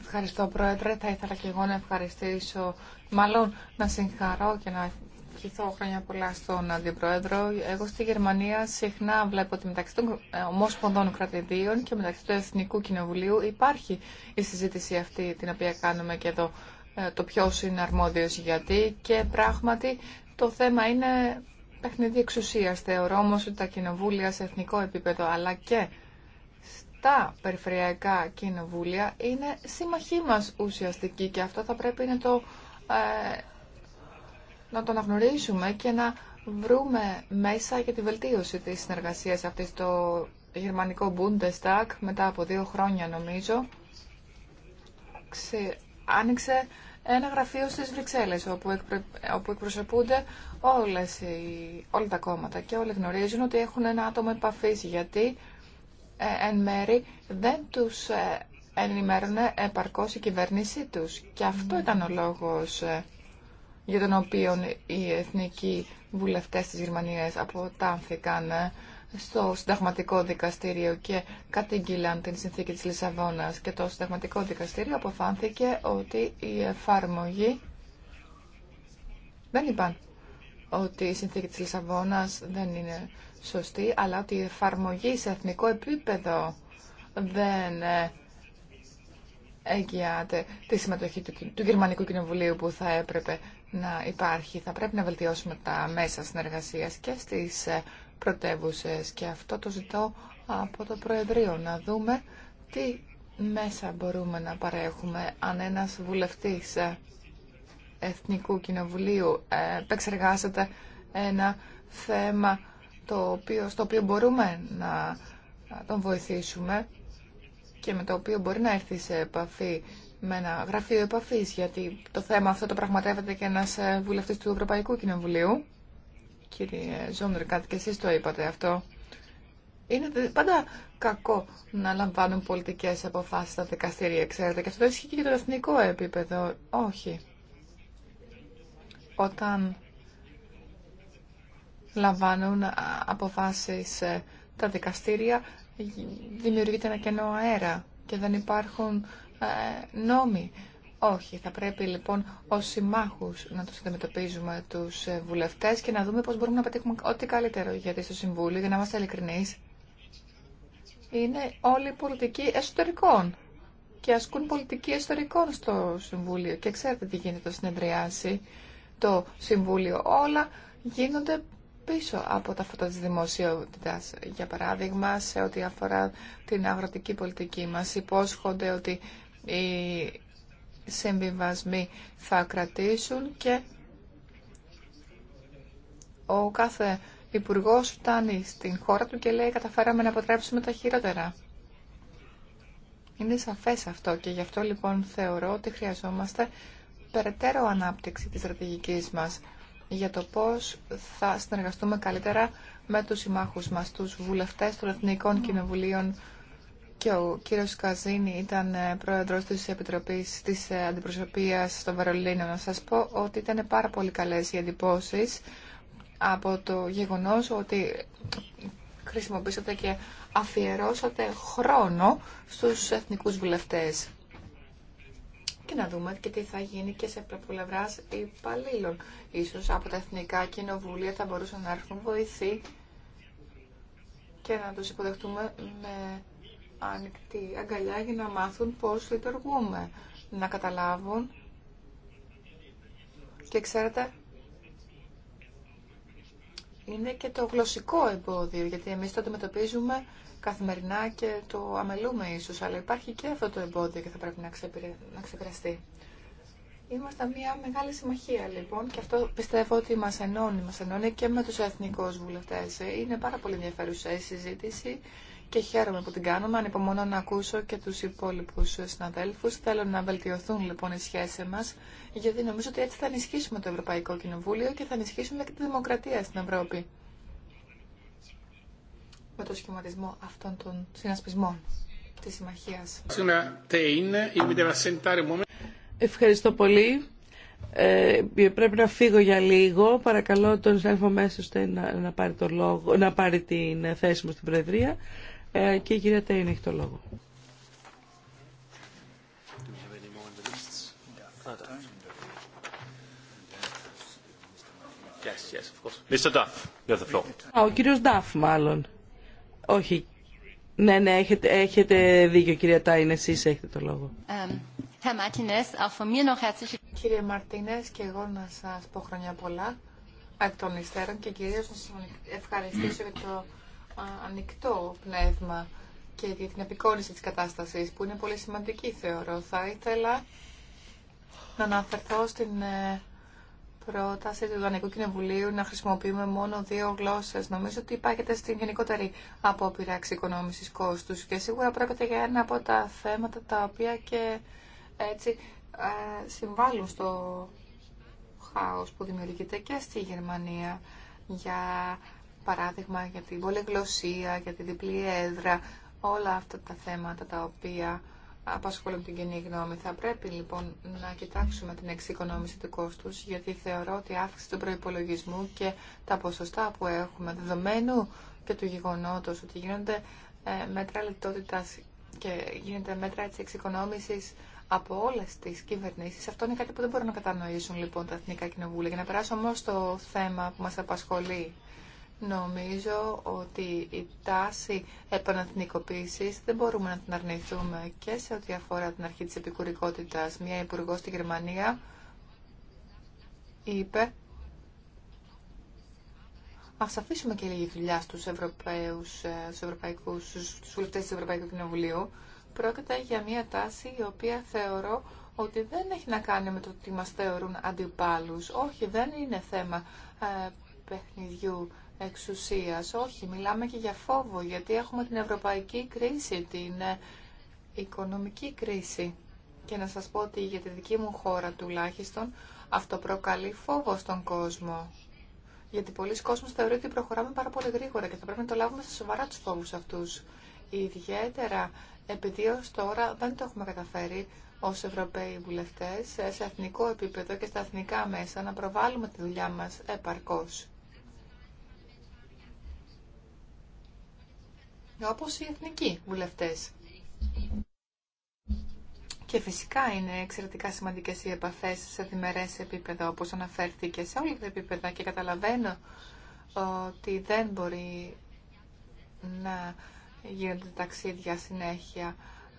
Ευχαριστώ Πρόεδρε. Θα ήθελα και εγώ να ευχαριστήσω, μάλλον να συγχαρώ και να ευχηθώ χρόνια πολλά στον Αντιπρόεδρο. Εγώ στη Γερμανία συχνά βλέπω ότι μεταξύ των ομόσπονδών κρατηδίων και μεταξύ του Εθνικού Κοινοβουλίου υπάρχει η συζήτηση αυτή την οποία κάνουμε και εδώ ε, το ποιο είναι αρμόδιο γιατί και πράγματι το θέμα είναι παιχνίδι εξουσία Θεωρώ όμω ότι τα κοινοβούλια σε εθνικό επίπεδο αλλά και τα περιφερειακά κοινοβούλια είναι σύμμαχοί μας ουσιαστικοί και αυτό θα πρέπει να το, ε, να το αναγνωρίσουμε και να βρούμε μέσα για τη βελτίωση της συνεργασίας αυτής στο γερμανικό Bundestag μετά από δύο χρόνια νομίζω άνοιξε ένα γραφείο στις Βρυξέλλες όπου, εκπρε, όπου εκπροσωπούνται όλες οι, όλα τα κόμματα και όλοι γνωρίζουν ότι έχουν ένα άτομο επαφής γιατί ε, εν μέρη δεν τους ε, ενημέρωνε επαρκώς η κυβέρνησή τους. Και αυτό ήταν ο λόγος ε, για τον οποίο οι εθνικοί βουλευτές της Γερμανίας αποτάνθηκαν στο συνταγματικό δικαστήριο και κατηγγείλαν την συνθήκη της Λισαβόνας και το συνταγματικό δικαστήριο αποφάνθηκε ότι η εφαρμογή δεν είπαν ότι η συνθήκη της Λισαβόνας δεν είναι σωστή, αλλά ότι η εφαρμογή σε εθνικό επίπεδο δεν ε, εγγυάται τη συμμετοχή του, του Γερμανικού Κοινοβουλίου που θα έπρεπε να υπάρχει. Θα πρέπει να βελτιώσουμε τα μέσα συνεργασίας και στις ε, πρωτεύουσε και αυτό το ζητώ από το Προεδρείο να δούμε τι μέσα μπορούμε να παρέχουμε αν ένας βουλευτής ε, Εθνικού Κοινοβουλίου επεξεργάζεται ένα θέμα το οποίο, στο οποίο μπορούμε να τον βοηθήσουμε και με το οποίο μπορεί να έρθει σε επαφή με ένα γραφείο επαφή, γιατί το θέμα αυτό το πραγματεύεται και ένα ε, βουλευτή του Ευρωπαϊκού Κοινοβουλίου. Κύριε Ζόντρ, κάτι και εσεί το είπατε αυτό. Είναι πάντα κακό να λαμβάνουν πολιτικέ αποφάσει στα δικαστήρια, ξέρετε. Και αυτό το ισχύει και για το εθνικό επίπεδο. Όχι. Όταν λαμβάνουν αποφάσεις ε, τα δικαστήρια, δημιουργείται ένα κενό αέρα και δεν υπάρχουν ε, νόμοι. Όχι, θα πρέπει λοιπόν ως συμμάχους να τους αντιμετωπίζουμε τους ε, βουλευτές και να δούμε πώς μπορούμε να πετύχουμε ό,τι καλύτερο. Γιατί στο Συμβούλιο, για να είμαστε ειλικρινείς, είναι όλοι πολιτικοί εσωτερικών και ασκούν πολιτική εσωτερικών στο Συμβούλιο. Και ξέρετε τι γίνεται το συνεδριάσει το Συμβούλιο. Όλα γίνονται πίσω από τα φώτα της δημοσιότητας. Για παράδειγμα, σε ό,τι αφορά την αγροτική πολιτική μας, υπόσχονται ότι οι συμβιβασμοί θα κρατήσουν και ο κάθε υπουργό φτάνει στην χώρα του και λέει καταφέραμε να αποτρέψουμε τα χειρότερα. Είναι σαφές αυτό και γι' αυτό λοιπόν θεωρώ ότι χρειαζόμαστε περαιτέρω ανάπτυξη της στρατηγικής μας για το πώς θα συνεργαστούμε καλύτερα με τους συμμάχους μας, τους βουλευτές των Εθνικών Κοινοβουλίων και ο κύριος Καζίνη ήταν ε, πρόεδρος της Επιτροπής της ε, Αντιπροσωπείας στο Βερολίνο. Να σας πω ότι ήταν πάρα πολύ καλές οι εντυπώσεις από το γεγονός ότι χρησιμοποίησατε και αφιερώσατε χρόνο στους εθνικούς βουλευτές και να δούμε και τι θα γίνει και σε πλευρά υπαλλήλων. Ίσως από τα εθνικά κοινοβούλια θα μπορούσαν να έρθουν βοηθοί και να τους υποδεχτούμε με ανοιχτή αγκαλιά για να μάθουν πώς λειτουργούμε, να καταλάβουν και ξέρετε είναι και το γλωσσικό εμπόδιο γιατί εμείς το αντιμετωπίζουμε καθημερινά και το αμελούμε ίσως, αλλά υπάρχει και αυτό το εμπόδιο και θα πρέπει να, ξεπερα... να ξεπεραστεί. Είμαστε μια μεγάλη συμμαχία λοιπόν και αυτό πιστεύω ότι μας ενώνει, μας ενώνει και με τους εθνικούς βουλευτές. Είναι πάρα πολύ ενδιαφέρουσα η συζήτηση και χαίρομαι που την κάνουμε. Ανυπομονώ να ακούσω και τους υπόλοιπους συναδέλφους. Θέλω να βελτιωθούν λοιπόν οι σχέσεις μας, γιατί νομίζω ότι έτσι θα ενισχύσουμε το Ευρωπαϊκό Κοινοβούλιο και θα ενισχύσουμε και τη δημοκρατία στην Ευρώπη με το σχηματισμό αυτών των συνασπισμών της Συμμαχίας. Ευχαριστώ πολύ. Ε, ε, πρέπει να φύγω για λίγο. Παρακαλώ τον Σέλφο Μέσοστε να, να, πάρει το λόγο, να πάρει την ε, θέση μου στην Προεδρία και η κυρία Τέιν έχει το λόγο. ο κύριος Νταφ μάλλον. Όχι. Ναι, ναι, έχετε, έχετε δίκιο κυρία Τάιν, εσείς έχετε το λόγο. Κύριε Μαρτίνες, και εγώ να σας πω χρόνια πολλά εκ των υστέρων και κυρίως να σας ευχαριστήσω για το ανοιχτό πνεύμα και για την επικόνηση της κατάστασης που είναι πολύ σημαντική θεωρώ. Θα ήθελα να αναφερθώ στην ε, πρόταση του Δανεικού Κοινοβουλίου να χρησιμοποιούμε μόνο δύο γλώσσε. Νομίζω ότι υπάρχεται στην γενικότερη απόπειρα εξοικονόμηση κόστου και σίγουρα πρόκειται για ένα από τα θέματα τα οποία και έτσι ε, συμβάλλουν στο χάος που δημιουργείται και στη Γερμανία. Για παράδειγμα, για την πολυγλωσία, για την διπλή έδρα, όλα αυτά τα θέματα τα οποία απασχολούν την κοινή γνώμη. Θα πρέπει λοιπόν να κοιτάξουμε την εξοικονόμηση του κόστους, γιατί θεωρώ ότι η αύξηση του προϋπολογισμού και τα ποσοστά που έχουμε, δεδομένου και του γεγονότος ότι γίνονται ε, μέτρα λιτότητα και γίνονται μέτρα έτσι εξοικονόμησης από όλες τις κυβερνήσει. Αυτό είναι κάτι που δεν μπορούν να κατανοήσουν λοιπόν τα Εθνικά Κοινοβούλια. Για να περάσω όμω στο θέμα που μα απασχολεί Νομίζω ότι η τάση επαναθνικοποίησης δεν μπορούμε να την αρνηθούμε και σε ό,τι αφορά την αρχή της επικουρικότητας. Μια υπουργό στη Γερμανία είπε ας αφήσουμε και λίγη δουλειά στους, Ευρωπαίους, ε, στους, Ευρωπαϊκούς, του Ευρωπαϊκού Κοινοβουλίου. Πρόκειται για μια τάση η οποία θεωρώ ότι δεν έχει να κάνει με το ότι μας θεωρούν αντιπάλους. Όχι, δεν είναι θέμα ε, παιχνιδιού εξουσίας. Όχι, μιλάμε και για φόβο, γιατί έχουμε την ευρωπαϊκή κρίση, την ε, οικονομική κρίση. Και να σας πω ότι για τη δική μου χώρα τουλάχιστον αυτό προκαλεί φόβο στον κόσμο. Γιατί πολλοί κόσμοι θεωρούν ότι προχωράμε πάρα πολύ γρήγορα και θα πρέπει να το λάβουμε σε σοβαρά τους φόβους αυτούς. Ιδιαίτερα επειδή ω τώρα δεν το έχουμε καταφέρει ως Ευρωπαίοι βουλευτές ε, σε εθνικό επίπεδο και στα εθνικά μέσα να προβάλλουμε τη δουλειά μας επαρκώς. όπως οι εθνικοί βουλευτές. Και φυσικά είναι εξαιρετικά σημαντικές οι επαφές σε διμερές επίπεδο, όπως αναφέρθηκε σε όλα τα επίπεδα και καταλαβαίνω ότι δεν μπορεί να γίνονται ταξίδια συνέχεια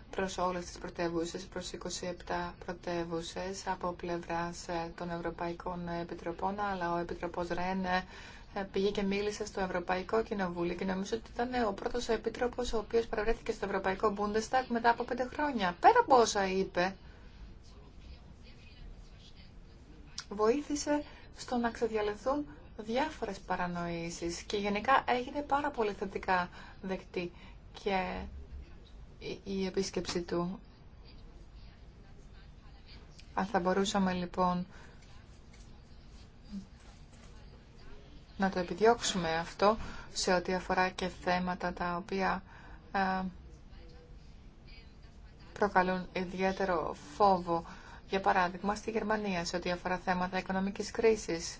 προς όλες τις πρωτεύουσες, προς 27 πρωτεύουσες από πλευράς ε, των Ευρωπαϊκών Επιτροπών, αλλά ο Επιτροπός ΡΕΝ ε, ε, πήγε και μίλησε στο Ευρωπαϊκό Κοινοβούλιο και νομίζω ότι ήταν ο πρώτος επίτροπος ο οποίος παρευρέθηκε στο Ευρωπαϊκό Bundestag μετά από πέντε χρόνια. Πέρα από όσα είπε, βοήθησε στο να ξεδιαλυθούν διάφορες παρανοήσεις και γενικά έγινε πάρα πολύ θετικά δεκτή και η επίσκεψη του. Αν θα μπορούσαμε λοιπόν να το επιδιώξουμε αυτό σε ό,τι αφορά και θέματα τα οποία ε, προκαλούν ιδιαίτερο φόβο. Για παράδειγμα, στη Γερμανία, σε ό,τι αφορά θέματα οικονομικής κρίσης,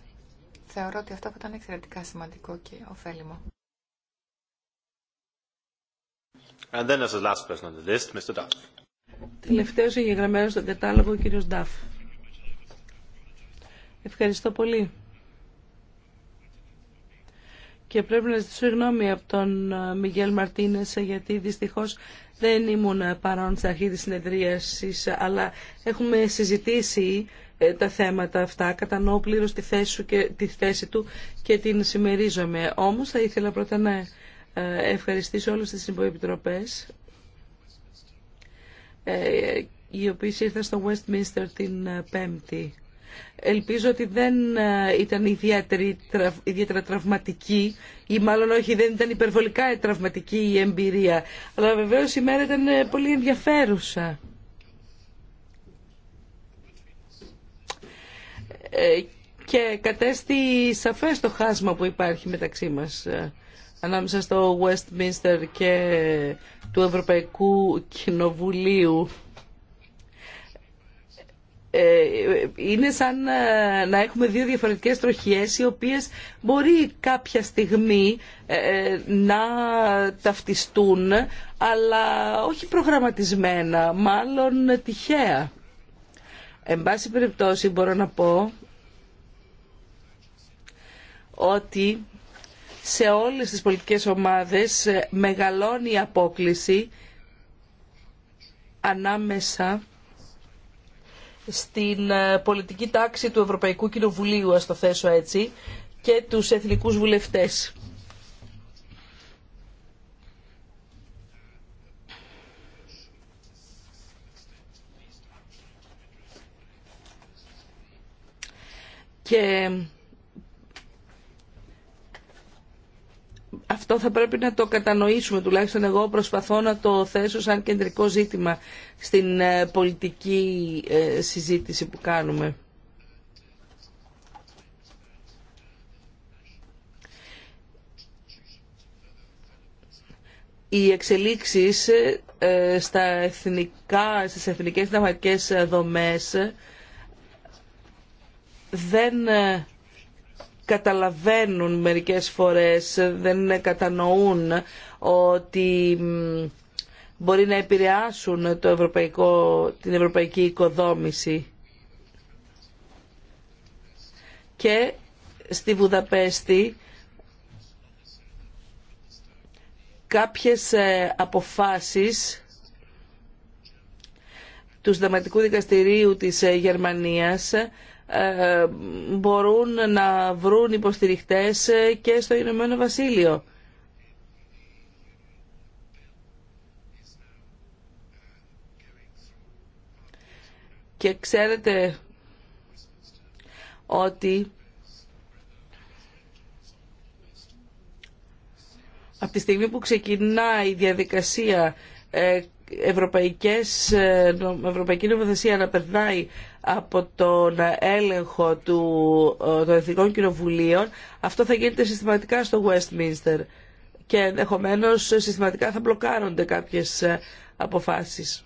θεωρώ ότι αυτό θα ήταν εξαιρετικά σημαντικό και ωφέλιμο. And then the last on the list, Mr. στον κατάλογο, ο κύριος Νταφ. Ευχαριστώ πολύ και πρέπει να ζητήσω γνώμη από τον ε, Μιγέλ Μαρτίνες ε, γιατί δυστυχώς δεν ήμουν ε, παρόν στην αρχή της συνεδρίασης αλλά έχουμε συζητήσει τα θέματα αυτά, κατανοώ πλήρως τη θέση, και, τη θέση του και την συμμερίζομαι. Όμως θα ήθελα πρώτα να ευχαριστήσω όλες τις υποεπιτροπές οι οποίες ήρθαν στο Westminster την Πέμπτη Ελπίζω ότι δεν ε, ήταν ιδιαίτερα τραυματική ή μάλλον όχι δεν ήταν υπερβολικά τραυματική η εμπειρία. Αλλά βεβαίως η μέρα ήταν ε, πολύ ενδιαφέρουσα. Ε, και κατέστη σαφές το χάσμα που υπάρχει μεταξύ μας ανάμεσα στο Westminster και του Ευρωπαϊκού Κοινοβουλίου. Ε, είναι σαν ε, να έχουμε δύο διαφορετικές τροχιές οι οποίες μπορεί κάποια στιγμή ε, να ταυτιστούν αλλά όχι προγραμματισμένα, μάλλον τυχαία. Εν πάση περιπτώσει μπορώ να πω ότι σε όλες τις πολιτικές ομάδες μεγαλώνει η απόκληση ανάμεσα στην ε, πολιτική τάξη του Ευρωπαϊκού Κοινοβουλίου, ας το θέσω έτσι, και τους εθνικούς βουλευτές. Και αυτό θα πρέπει να το κατανοήσουμε, τουλάχιστον εγώ προσπαθώ να το θέσω σαν κεντρικό ζήτημα στην ε, πολιτική ε, συζήτηση που κάνουμε. οι εξελίξεις ε, στα εθνικά, στις εθνικές δομές δεν καταλαβαίνουν μερικές φορές, δεν κατανοούν ότι μπορεί να επηρεάσουν το ευρωπαϊκό, την ευρωπαϊκή οικοδόμηση. Και στη Βουδαπέστη κάποιες ε, αποφάσεις του Συνταγματικού Δικαστηρίου της ε, Γερμανίας ε, μπορούν να βρουν υποστηριχτές ε, και στο Ηνωμένο Βασίλειο. Και ξέρετε ότι από τη στιγμή που ξεκινά η διαδικασία ε, ευρωπαϊκή νομοθεσία να περνάει από τον έλεγχο του, ε, των Εθνικών Κοινοβουλίων. Αυτό θα γίνεται συστηματικά στο Westminster και ενδεχομένω ε, συστηματικά θα μπλοκάρονται κάποιες ε, αποφάσεις.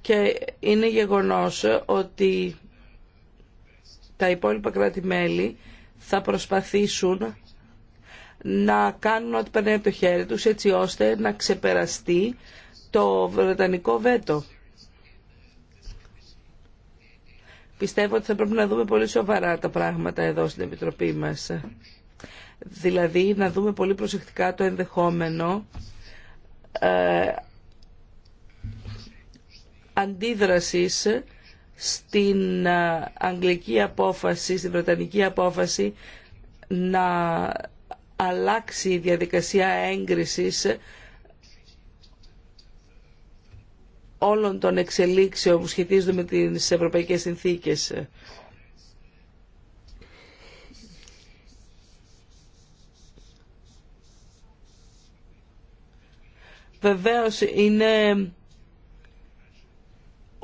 Και είναι γεγονός ότι τα υπόλοιπα κράτη-μέλη θα προσπαθήσουν να κάνουν ό,τι περνάει από το χέρι τους έτσι ώστε να ξεπεραστεί το βρετανικό βέτο. Πιστεύω ότι θα πρέπει να δούμε πολύ σοβαρά τα πράγματα εδώ στην Επιτροπή μας. Δηλαδή να δούμε πολύ προσεκτικά το ενδεχόμενο ε, αντίδρασης στην ε, αγγλική απόφαση, στην βρετανική απόφαση να αλλάξει η διαδικασία έγκρισης όλων των εξελίξεων που σχετίζονται με τις ευρωπαϊκές συνθήκες. Βεβαίως είναι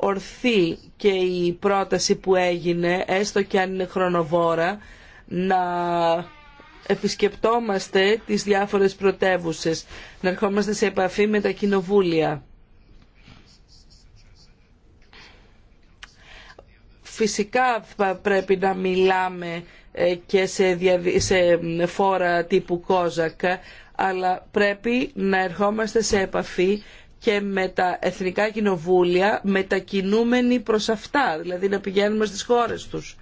ορθή και η πρόταση που έγινε, έστω και αν είναι χρονοβόρα, να επισκεπτόμαστε τις διάφορες πρωτεύουσες, να ερχόμαστε σε επαφή με τα κοινοβούλια. Φυσικά πρέπει να μιλάμε ε, και σε, σε φόρα τύπου Κόζακ, αλλά πρέπει να ερχόμαστε σε επαφή και με τα εθνικά κοινοβούλια μετακινούμενοι προς αυτά, δηλαδή να πηγαίνουμε στις χώρες τους.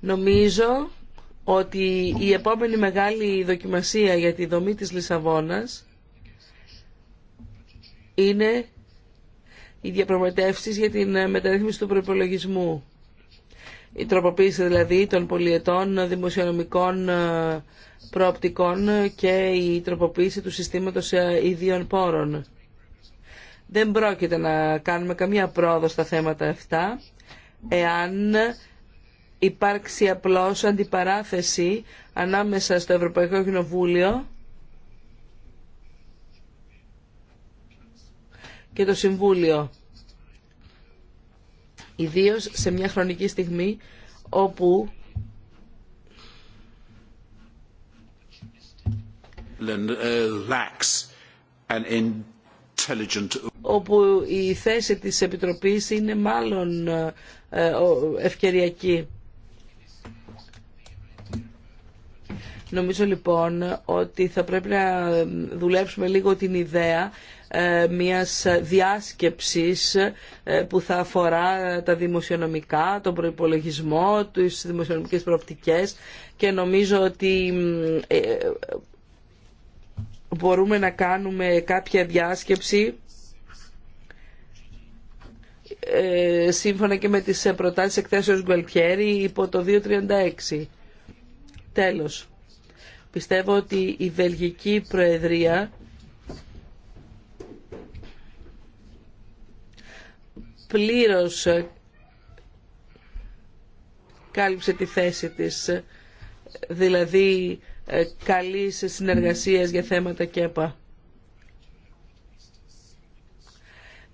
Νομίζω ότι η επόμενη μεγάλη δοκιμασία για τη δομή της Λισαβόνας είναι οι διαπραγματεύσεις για την μεταρρύθμιση του προπολογισμού. Η τροποποίηση δηλαδή των πολιετών δημοσιονομικών ε, προοπτικών και η τροποποίηση του συστήματος ε, ιδίων πόρων. Δεν πρόκειται να κάνουμε καμία πρόοδο στα θέματα αυτά, εάν υπάρξει απλώς αντιπαράθεση ανάμεσα στο Ευρωπαϊκό Κοινοβούλιο και το Συμβούλιο. Ιδίως σε μια χρονική στιγμή όπου Uh, όπου η θέση της Επιτροπής είναι μάλλον ε, ευκαιριακή. Νομίζω λοιπόν ότι θα πρέπει να δουλέψουμε λίγο την ιδέα ε, μιας διάσκεψης ε, που θα αφορά τα δημοσιονομικά, τον προϋπολογισμό, τις δημοσιονομικές προοπτικές και νομίζω ότι μπορούμε να κάνουμε κάποια διάσκεψη ε, σύμφωνα και με τις προτάσεις εκθέσεως Γκουελπιέρη υπό το 2.36. Τέλος, πιστεύω ότι η Βελγική Προεδρία πλήρως κάλυψε τη θέση της, δηλαδή ε, καλής συνεργασίας για θέματα ΚΕΠΑ.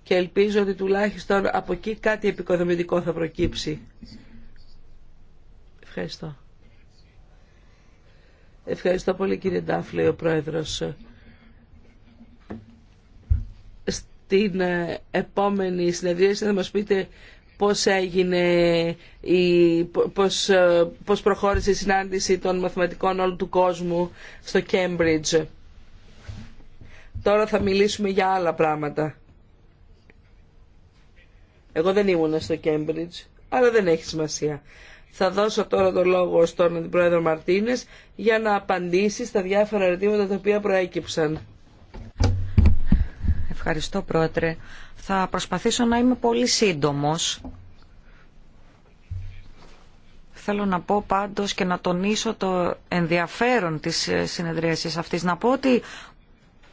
Και ελπίζω ότι τουλάχιστον από εκεί κάτι επικοδομητικό θα προκύψει. Ευχαριστώ. Ευχαριστώ πολύ κύριε Ντάφλε, ο Πρόεδρος. Στην ε, επόμενη συνεδρίαση θα μας πείτε πώς έγινε η, πώς, πώς προχώρησε η συνάντηση των μαθηματικών όλου του κόσμου στο Κέμπριτζ. Τώρα θα μιλήσουμε για άλλα πράγματα. Εγώ δεν ήμουν στο Κέμπριτζ, αλλά δεν έχει σημασία. Θα δώσω τώρα το λόγο στον Αντιπρόεδρο Μαρτίνες για να απαντήσει στα διάφορα ερωτήματα τα οποία προέκυψαν. Ευχαριστώ Πρόεδρε. Θα προσπαθήσω να είμαι πολύ σύντομος. Θέλω να πω πάντως και να τονίσω το ενδιαφέρον της συνεδρίασης αυτής. Να πω ότι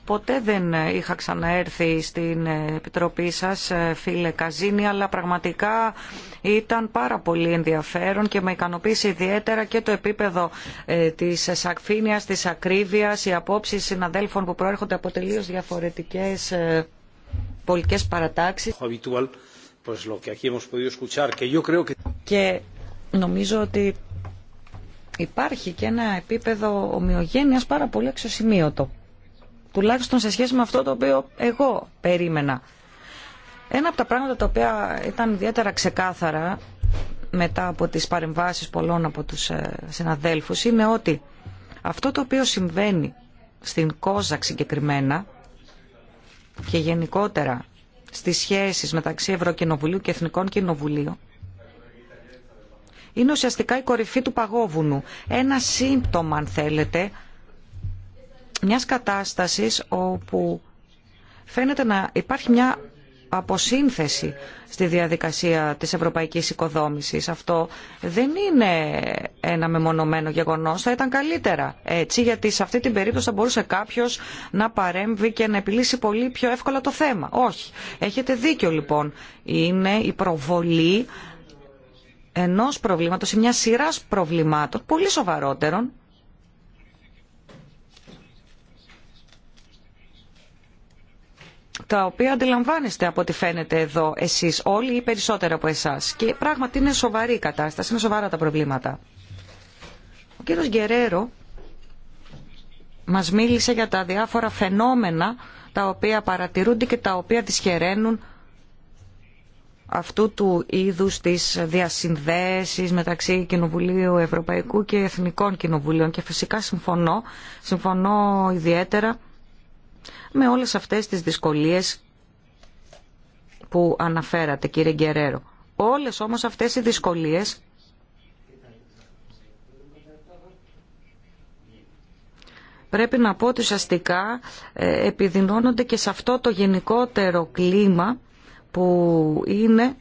Ποτέ δεν είχα ξαναέρθει στην επιτροπή σας, φίλε Καζίνη, αλλά πραγματικά ήταν πάρα πολύ ενδιαφέρον και με ικανοποίησε ιδιαίτερα και το επίπεδο ε, της σακφήνειας, της ακρίβειας, οι απόψει συναδέλφων που προέρχονται από τελείω διαφορετικές ε, πολιτικές παρατάξεις. Και νομίζω ότι υπάρχει και ένα επίπεδο ομοιογένειας πάρα πολύ αξιοσημείωτο τουλάχιστον σε σχέση με αυτό το οποίο εγώ περίμενα. Ένα από τα πράγματα τα οποία ήταν ιδιαίτερα ξεκάθαρα μετά από τις παρεμβάσεις πολλών από τους ε, συναδέλφους είναι ότι αυτό το οποίο συμβαίνει στην Κόζα συγκεκριμένα και γενικότερα στις σχέσεις μεταξύ Ευρωκοινοβουλίου και Εθνικών Κοινοβουλίων είναι ουσιαστικά η κορυφή του παγόβουνου. Ένα σύμπτωμα, αν θέλετε, μιας κατάστασης όπου φαίνεται να υπάρχει μια αποσύνθεση στη διαδικασία της ευρωπαϊκής οικοδόμησης. Αυτό δεν είναι ένα μεμονωμένο γεγονός, θα ήταν καλύτερα έτσι, γιατί σε αυτή την περίπτωση θα μπορούσε κάποιος να παρέμβει και να επιλύσει πολύ πιο εύκολα το θέμα. Όχι. Έχετε δίκιο λοιπόν. Είναι η προβολή ενός προβλήματος ή μια σειράς προβλημάτων πολύ σοβαρότερων τα οποία αντιλαμβάνεστε από ό,τι φαίνεται εδώ εσείς όλοι ή περισσότερο από εσάς. Και πράγματι είναι σοβαρή η κατάσταση, είναι σοβαρά τα προβλήματα. Ο κύριος Γκερέρο μας μίλησε για τα διάφορα φαινόμενα τα οποία παρατηρούνται και τα οποία δυσχεραίνουν αυτού του είδους της διασυνδέσεις μεταξύ Κοινοβουλίου Ευρωπαϊκού και Εθνικών Κοινοβουλίων. Και φυσικά συμφωνώ, συμφωνώ ιδιαίτερα με όλες αυτές τις δυσκολίες που αναφέρατε κύριε Γκερέρο. Όλες όμως αυτές οι δυσκολίες πρέπει να πω ότι ουσιαστικά ε, επιδεινώνονται και σε αυτό το γενικότερο κλίμα που είναι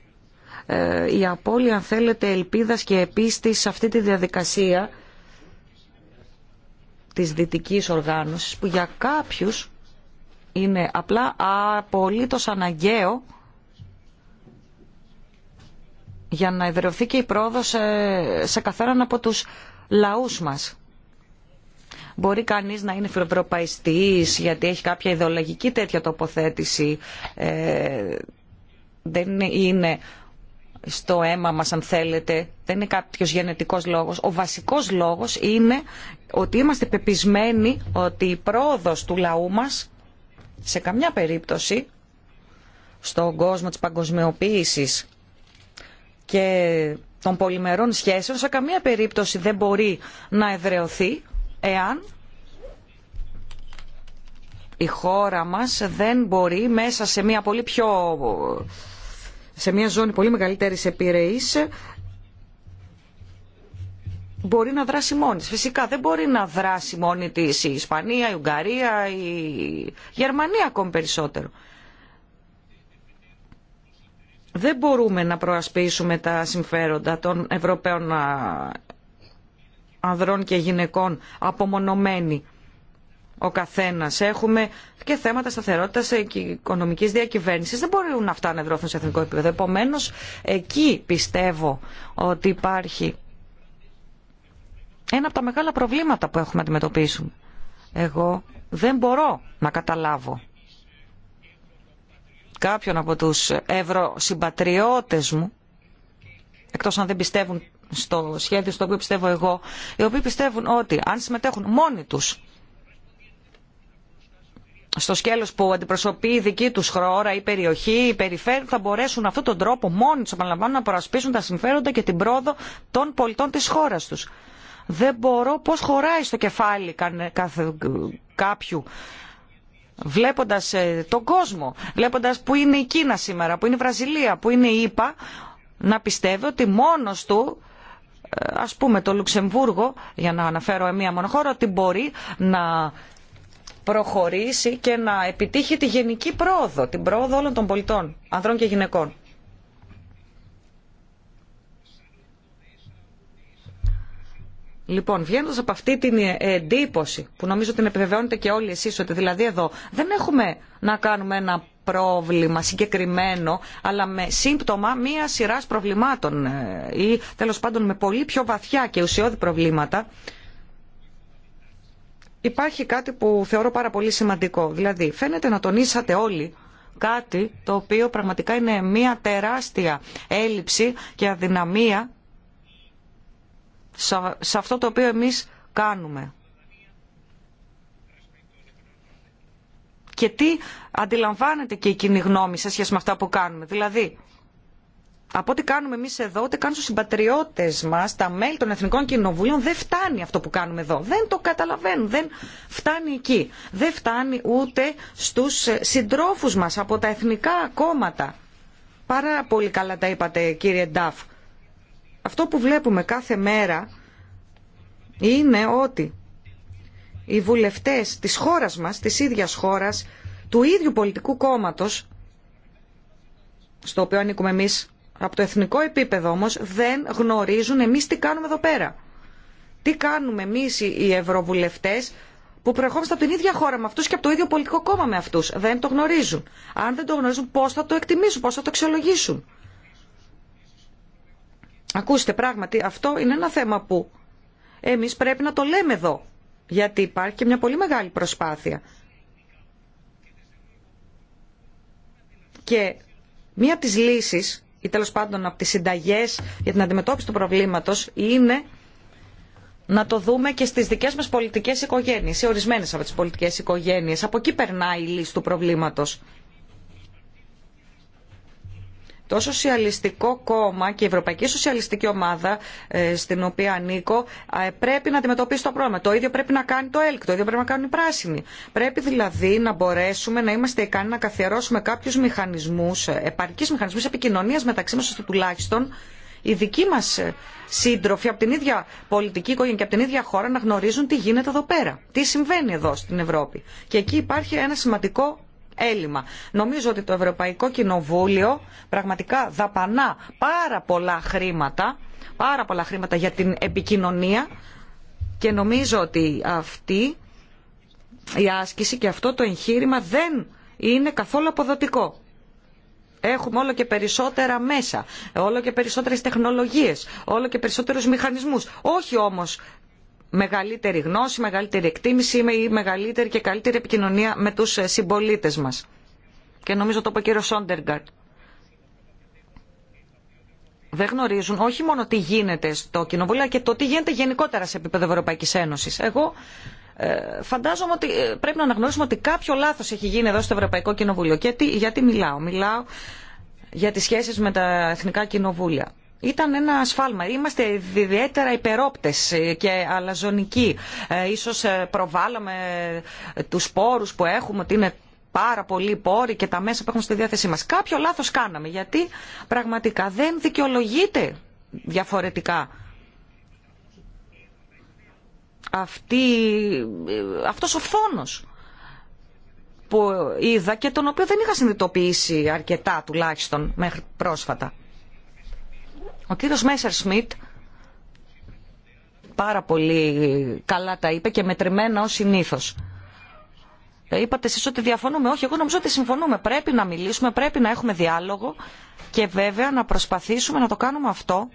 ε, η απώλεια αν θέλετε ελπίδας και επίστης σε αυτή τη διαδικασία της δυτικής οργάνωσης που για κάποιους είναι απλά απολύτως αναγκαίο για να ιδρυωθεί και η πρόοδος σε καθέναν από τους λαούς μας. Μπορεί κανείς να είναι φιλοευρωπαϊστής γιατί έχει κάποια ιδεολογική τέτοια τοποθέτηση. Ε, δεν είναι στο αίμα μας αν θέλετε, δεν είναι κάποιος γενετικός λόγος. Ο βασικός λόγος είναι ότι είμαστε πεπισμένοι ότι η πρόοδος του λαού μας σε καμιά περίπτωση στον κόσμο της παγκοσμιοποίησης και των πολυμερών σχέσεων σε καμία περίπτωση δεν μπορεί να εδρεωθεί εάν η χώρα μας δεν μπορεί μέσα σε μια πολύ πιο σε μια ζώνη πολύ μεγαλύτερης επιρροής μπορεί να δράσει μόνη Φυσικά δεν μπορεί να δράσει μόνη της η Ισπανία, η Ουγγαρία, η Γερμανία ακόμη περισσότερο. Δεν μπορούμε να προασπίσουμε τα συμφέροντα των Ευρωπαίων ανδρών και γυναικών απομονωμένοι ο καθένας. Έχουμε και θέματα σταθερότητας και οικονομικής διακυβέρνησης. Δεν μπορούν αυτά να ευρώθουν σε εθνικό επίπεδο. Επομένως, εκεί πιστεύω ότι υπάρχει ένα από τα μεγάλα προβλήματα που έχουμε να αντιμετωπίσουμε. Εγώ δεν μπορώ να καταλάβω κάποιον από τους ευρωσυμπατριώτες μου, εκτός αν δεν πιστεύουν στο σχέδιο στο οποίο πιστεύω εγώ, οι οποίοι πιστεύουν ότι αν συμμετέχουν μόνοι τους στο σκέλος που αντιπροσωπεί η δική τους χώρα, η περιοχή, η περιφέρεια, θα μπορέσουν αυτόν τον τρόπο μόνοι τους, να προασπίσουν τα συμφέροντα και την πρόοδο των πολιτών της χώρας τους. Δεν μπορώ πώς χωράει στο κεφάλι κάποιου βλέποντας ε, τον κόσμο, βλέποντας που είναι η Κίνα σήμερα, που είναι η Βραζιλία, που είναι η ΙΠΑ, να πιστεύει ότι μόνος του ε, ας πούμε το Λουξεμβούργο, για να αναφέρω μία μόνο χώρα, ότι μπορεί να προχωρήσει και να επιτύχει τη γενική πρόοδο, την πρόοδο όλων των πολιτών, ανδρών και γυναικών. Λοιπόν, βγαίνοντα από αυτή την εντύπωση που νομίζω την επιβεβαιώνετε και όλοι εσείς ότι δηλαδή εδώ δεν έχουμε να κάνουμε ένα πρόβλημα συγκεκριμένο αλλά με σύμπτωμα μία σειράς προβλημάτων ε, ή τέλος πάντων με πολύ πιο βαθιά και ουσιώδη προβλήματα υπάρχει κάτι που θεωρώ πάρα πολύ σημαντικό. Δηλαδή φαίνεται να τονίσατε όλοι κάτι το οποίο πραγματικά είναι μία τεράστια έλλειψη και αδυναμία σε αυτό το οποίο εμείς κάνουμε. Και τι αντιλαμβάνεται και η κοινή γνώμη σε σχέση με αυτά που κάνουμε. Δηλαδή, από ό,τι κάνουμε εμείς εδώ, ούτε κάνουν στους συμπατριώτες μας, τα μέλη των Εθνικών Κοινοβουλίων, δεν φτάνει αυτό που κάνουμε εδώ. Δεν το καταλαβαίνουν, δεν φτάνει εκεί. Δεν φτάνει ούτε στους συντρόφους μας από τα εθνικά κόμματα. Πάρα πολύ καλά τα είπατε κύριε Νταφ αυτό που βλέπουμε κάθε μέρα είναι ότι οι βουλευτές της χώρας μας, της ίδιας χώρας, του ίδιου πολιτικού κόμματος, στο οποίο ανήκουμε εμείς από το εθνικό επίπεδο όμως, δεν γνωρίζουν εμείς τι κάνουμε εδώ πέρα. Τι κάνουμε εμείς οι ευρωβουλευτές που προερχόμαστε από την ίδια χώρα με αυτούς και από το ίδιο πολιτικό κόμμα με αυτούς. Δεν το γνωρίζουν. Αν δεν το γνωρίζουν πώς θα το εκτιμήσουν, πώς θα το αξιολογήσουν. Ακούστε πράγματι, αυτό είναι ένα θέμα που εμείς πρέπει να το λέμε εδώ, γιατί υπάρχει και μια πολύ μεγάλη προσπάθεια. Και μία από τις λύσεις, ή τέλο πάντων από τις συνταγές για την αντιμετώπιση του προβλήματος, είναι να το δούμε και στις δικές μας πολιτικές οικογένειες, ή ορισμένες από τις πολιτικές οικογένειες. Από εκεί περνάει η λύση του προβλήματος. Το Σοσιαλιστικό Κόμμα και η Ευρωπαϊκή Σοσιαλιστική Ομάδα ε, στην οποία ανήκω πρέπει να αντιμετωπίσει το πρόβλημα. Το ίδιο πρέπει να κάνει το ΕΛΚ, το ίδιο πρέπει να κάνουν οι πράσινοι. Πρέπει δηλαδή να μπορέσουμε να είμαστε ικανοί να καθιερώσουμε κάποιου μηχανισμού, ε, επαρκεί μηχανισμού επικοινωνία μεταξύ μα ώστε τουλάχιστον οι δικοί μα ε, σύντροφοι από την ίδια πολιτική οικογένεια και από την ίδια χώρα να γνωρίζουν τι γίνεται εδώ πέρα, τι συμβαίνει εδώ στην Ευρώπη. Και εκεί υπάρχει ένα σημαντικό έλλειμμα. Νομίζω ότι το Ευρωπαϊκό Κοινοβούλιο πραγματικά δαπανά πάρα πολλά χρήματα, πάρα πολλά χρήματα για την επικοινωνία και νομίζω ότι αυτή η άσκηση και αυτό το εγχείρημα δεν είναι καθόλου αποδοτικό. Έχουμε όλο και περισσότερα μέσα, όλο και περισσότερες τεχνολογίες, όλο και περισσότερους μηχανισμούς. Όχι όμως μεγαλύτερη γνώση, μεγαλύτερη εκτίμηση ή μεγαλύτερη και καλύτερη επικοινωνία με τους ε, συμπολίτε μας. Και νομίζω το είπε ο κύριος Σόντεργαρτ. Δεν γνωρίζουν όχι μόνο τι γίνεται στο κοινοβούλιο, αλλά και το τι γίνεται γενικότερα σε επίπεδο Ευρωπαϊκής Ένωσης. Εγώ ε, φαντάζομαι ότι ε, πρέπει να αναγνωρίσουμε ότι κάποιο λάθος έχει γίνει εδώ στο Ευρωπαϊκό Κοινοβούλιο. Και γιατί μιλάω. Μιλάω για τις σχέσεις με τα εθνικά κοινοβούλια ήταν ένα ασφάλμα. Είμαστε ιδιαίτερα υπερόπτε και αλαζονικοί. Ε, ίσως ε, προβάλαμε τους πόρου που έχουμε, ότι είναι πάρα πολλοί πόροι και τα μέσα που έχουν στη διάθεσή μα. Κάποιο λάθος κάναμε, γιατί πραγματικά δεν δικαιολογείται διαφορετικά αυτή, ε, αυτός ο φόνος που είδα και τον οποίο δεν είχα συνειδητοποιήσει αρκετά τουλάχιστον μέχρι πρόσφατα. Ο κύριος Μέσερ Σμιτ πάρα πολύ καλά τα είπε και μετρημένα ως συνήθως. Ε, είπατε εσείς ότι διαφωνούμε. Όχι, εγώ νομίζω ότι συμφωνούμε. Πρέπει να μιλήσουμε, πρέπει να έχουμε διάλογο και βέβαια να προσπαθήσουμε να το κάνουμε αυτό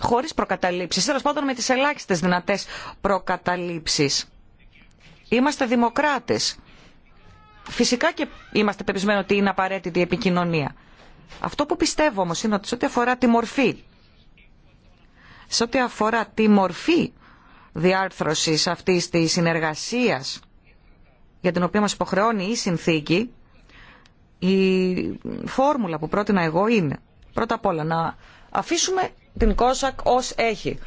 χωρίς προκαταλήψεις. Τέλο πάντων με τις ελάχιστες δυνατές προκαταλήψεις. Είμαστε δημοκράτες. Φυσικά και είμαστε πεπισμένοι ότι είναι απαραίτητη η επικοινωνία. Αυτό που πιστεύω όμω είναι ότι σε ό,τι αφορά τη μορφή, σε ό,τι αφορά τη μορφή διάρθρωσης αυτή της συνεργασίας για την οποία μας υποχρεώνει η συνθήκη, η φόρμουλα που πρότεινα εγώ είναι πρώτα απ' όλα να αφήσουμε την ΚΟΣΑΚ ως έχει,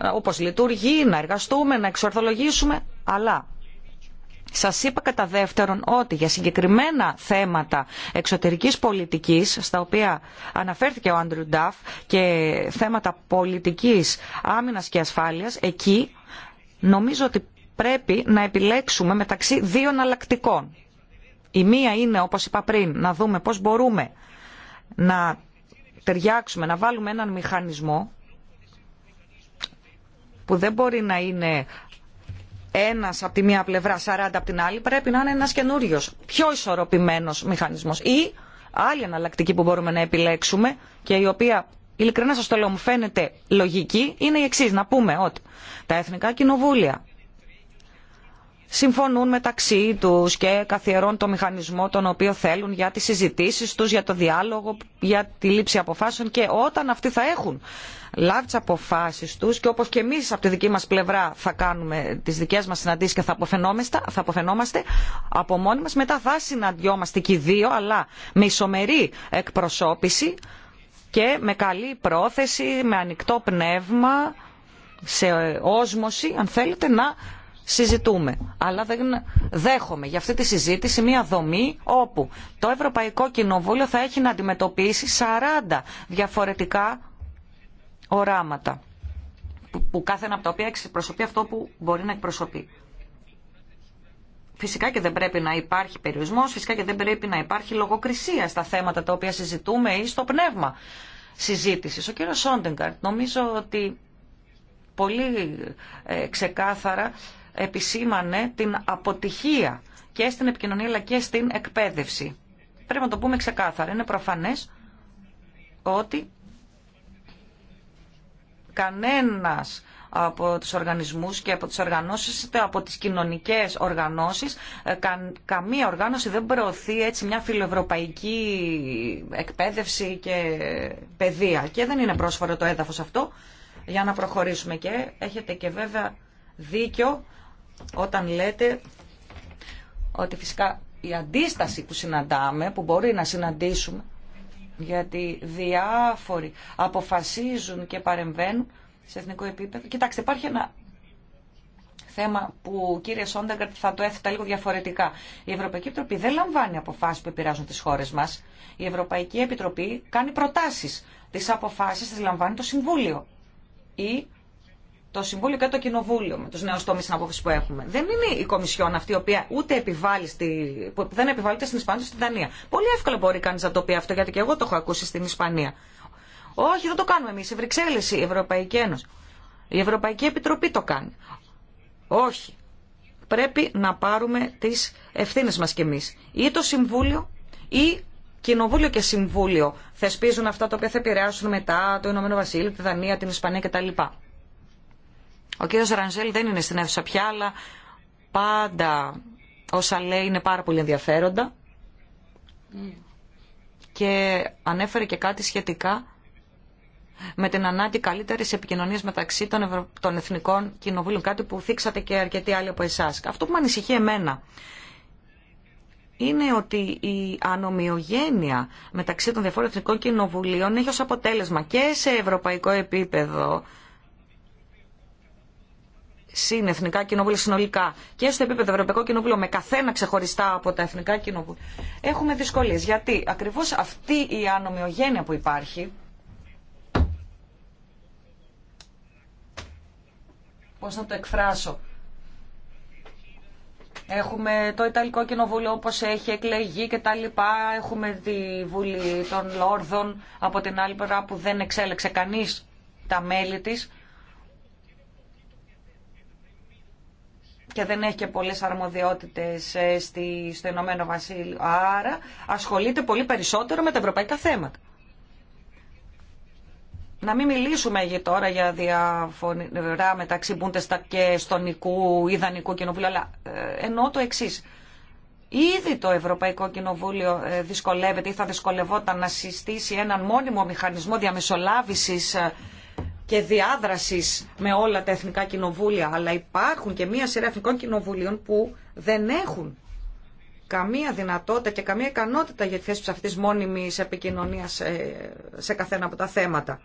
ε, όπως λειτουργεί, να εργαστούμε, να εξορθολογήσουμε, αλλά σας είπα κατά δεύτερον ότι για συγκεκριμένα θέματα εξωτερικής πολιτικής, στα οποία αναφέρθηκε ο Άντριου Νταφ, και θέματα πολιτικής άμυνας και ασφάλειας, εκεί νομίζω ότι πρέπει να επιλέξουμε μεταξύ δύο εναλλακτικών. Η μία είναι, όπως είπα πριν, να δούμε πώς μπορούμε να ταιριάξουμε, να βάλουμε έναν μηχανισμό που δεν μπορεί να είναι ένας από τη μία πλευρά, 40 από την άλλη, πρέπει να είναι ένας καινούριο, πιο ισορροπημένος μηχανισμός. Ή άλλη αναλλακτική που μπορούμε να επιλέξουμε και η οποία ειλικρινά σας το λέω μου φαίνεται λογική, είναι η εξή να πούμε ότι τα εθνικά κοινοβούλια συμφωνούν μεταξύ τους και καθιερώνουν το μηχανισμό τον οποίο θέλουν για τις συζητήσεις τους, για το διάλογο, για τη λήψη αποφάσεων και όταν αυτοί θα έχουν λάβει τις αποφάσεις τους και όπως και εμείς από τη δική μας πλευρά θα κάνουμε τις δικές μας συναντήσεις και θα, θα αποφαινόμαστε από μόνοι μας, μετά θα συναντιόμαστε και οι δύο αλλά με ισομερή εκπροσώπηση και με καλή πρόθεση, με ανοιχτό πνεύμα, σε όσμωση, αν θέλετε, να συζητούμε. Αλλά δεν δέχομαι για αυτή τη συζήτηση μια δομή όπου το Ευρωπαϊκό Κοινοβούλιο θα έχει να αντιμετωπίσει 40 διαφορετικά οράματα που κάθε ένα από τα οποία εκπροσωπεί αυτό που μπορεί να εκπροσωπεί. Φυσικά και δεν πρέπει να υπάρχει περιορισμός, φυσικά και δεν πρέπει να υπάρχει λογοκρισία στα θέματα τα οποία συζητούμε ή στο πνεύμα συζήτησης. Ο κύριο Σόντεγκαρτ νομίζω ότι πολύ ε, ξεκάθαρα επισήμανε την αποτυχία και στην επικοινωνία αλλά και στην εκπαίδευση. Πρέπει να το πούμε ξεκάθαρα. Είναι προφανές ότι κανένας από τους οργανισμούς και από τις οργανώσεις, από τις κοινωνικές οργανώσεις. Ε, καμία οργάνωση δεν προωθεί έτσι μια φιλοευρωπαϊκή εκπαίδευση και παιδεία. Και δεν είναι πρόσφορο το έδαφος αυτό για να προχωρήσουμε. Και έχετε και βέβαια δίκιο όταν λέτε ότι φυσικά η αντίσταση που συναντάμε, που μπορεί να συναντήσουμε, γιατί διάφοροι αποφασίζουν και παρεμβαίνουν σε εθνικό επίπεδο. Κοιτάξτε, υπάρχει ένα θέμα που ο κύριε Σόντεγκαρτ θα το έθετα λίγο διαφορετικά. Η Ευρωπαϊκή Επιτροπή δεν λαμβάνει αποφάσει που επηρεάζουν τι χώρε μα. Η Ευρωπαϊκή Επιτροπή κάνει προτάσει. Τι αποφάσει τι λαμβάνει το Συμβούλιο ή το Συμβούλιο και το Κοινοβούλιο με του νέου τόμει απόφαση που έχουμε. Δεν είναι η Κομισιόν αυτή η οποία ούτε επιβάλλει στη, που δεν επιβάλλεται στην Ισπανία, στην Δανία. Πολύ εύκολα μπορεί κανεί να το πει αυτό, γιατί και εγώ το έχω ακούσει στην Ισπανία. Όχι, δεν το κάνουμε εμεί. Η Βρυξέλλε, η Ευρωπαϊκή Ένωση. Η Ευρωπαϊκή Επιτροπή το κάνει. Όχι. Πρέπει να πάρουμε τι ευθύνε μα κι εμεί. Ή το Συμβούλιο ή Κοινοβούλιο και Συμβούλιο θεσπίζουν αυτά τα οποία θα επηρεάσουν μετά το Ηνωμένο Βασίλειο, τη Δανία, την Ισπανία κτλ. Ο κύριος Ρανζέλ δεν είναι στην αίθουσα πια, αλλά πάντα όσα λέει είναι πάρα πολύ ενδιαφέροντα. Και ανέφερε και κάτι σχετικά με την ανάγκη καλύτερης επικοινωνίας μεταξύ των, Ευρω... των Εθνικών Κοινοβούλων, κάτι που θίξατε και αρκετοί άλλοι από εσάς. Αυτό που με ανησυχεί εμένα είναι ότι η ανομοιογένεια μεταξύ των διαφόρων Εθνικών Κοινοβουλίων έχει ως αποτέλεσμα και σε ευρωπαϊκό επίπεδο συνεθνικά κοινοβούλια συνολικά και στο επίπεδο Ευρωπαϊκό Κοινοβούλιο με καθένα ξεχωριστά από τα εθνικά κοινοβούλια, έχουμε δυσκολίε. Γιατί ακριβώ αυτή η ανομοιογένεια που υπάρχει. Πώ να το εκφράσω. Έχουμε το Ιταλικό Κοινοβούλιο όπως έχει εκλεγεί και τα λοιπά. Έχουμε τη Βουλή των Λόρδων από την άλλη πλευρά που δεν εξέλεξε κανείς τα μέλη της. και δεν έχει και πολλές αρμοδιότητες ε, στη, στο Ηνωμένο Βασίλειο. Άρα ασχολείται πολύ περισσότερο με τα ευρωπαϊκά θέματα. Να μην μιλήσουμε για τώρα για διαφορά μεταξύ Μπούντεστα και Στονικού ή Δανικού Κοινοβουλίου, αλλά ε, εννοώ το εξή. Ήδη το Ευρωπαϊκό Κοινοβούλιο ε, δυσκολεύεται ή θα δυσκολευόταν να συστήσει έναν μόνιμο μηχανισμό διαμεσολάβησης και διάδραση με όλα τα εθνικά κοινοβούλια, αλλά υπάρχουν και μία σειρά εθνικών κοινοβουλίων που δεν έχουν καμία δυνατότητα και καμία ικανότητα για τη θέση αυτή μόνιμη επικοινωνία ε, σε καθένα από τα θέματα.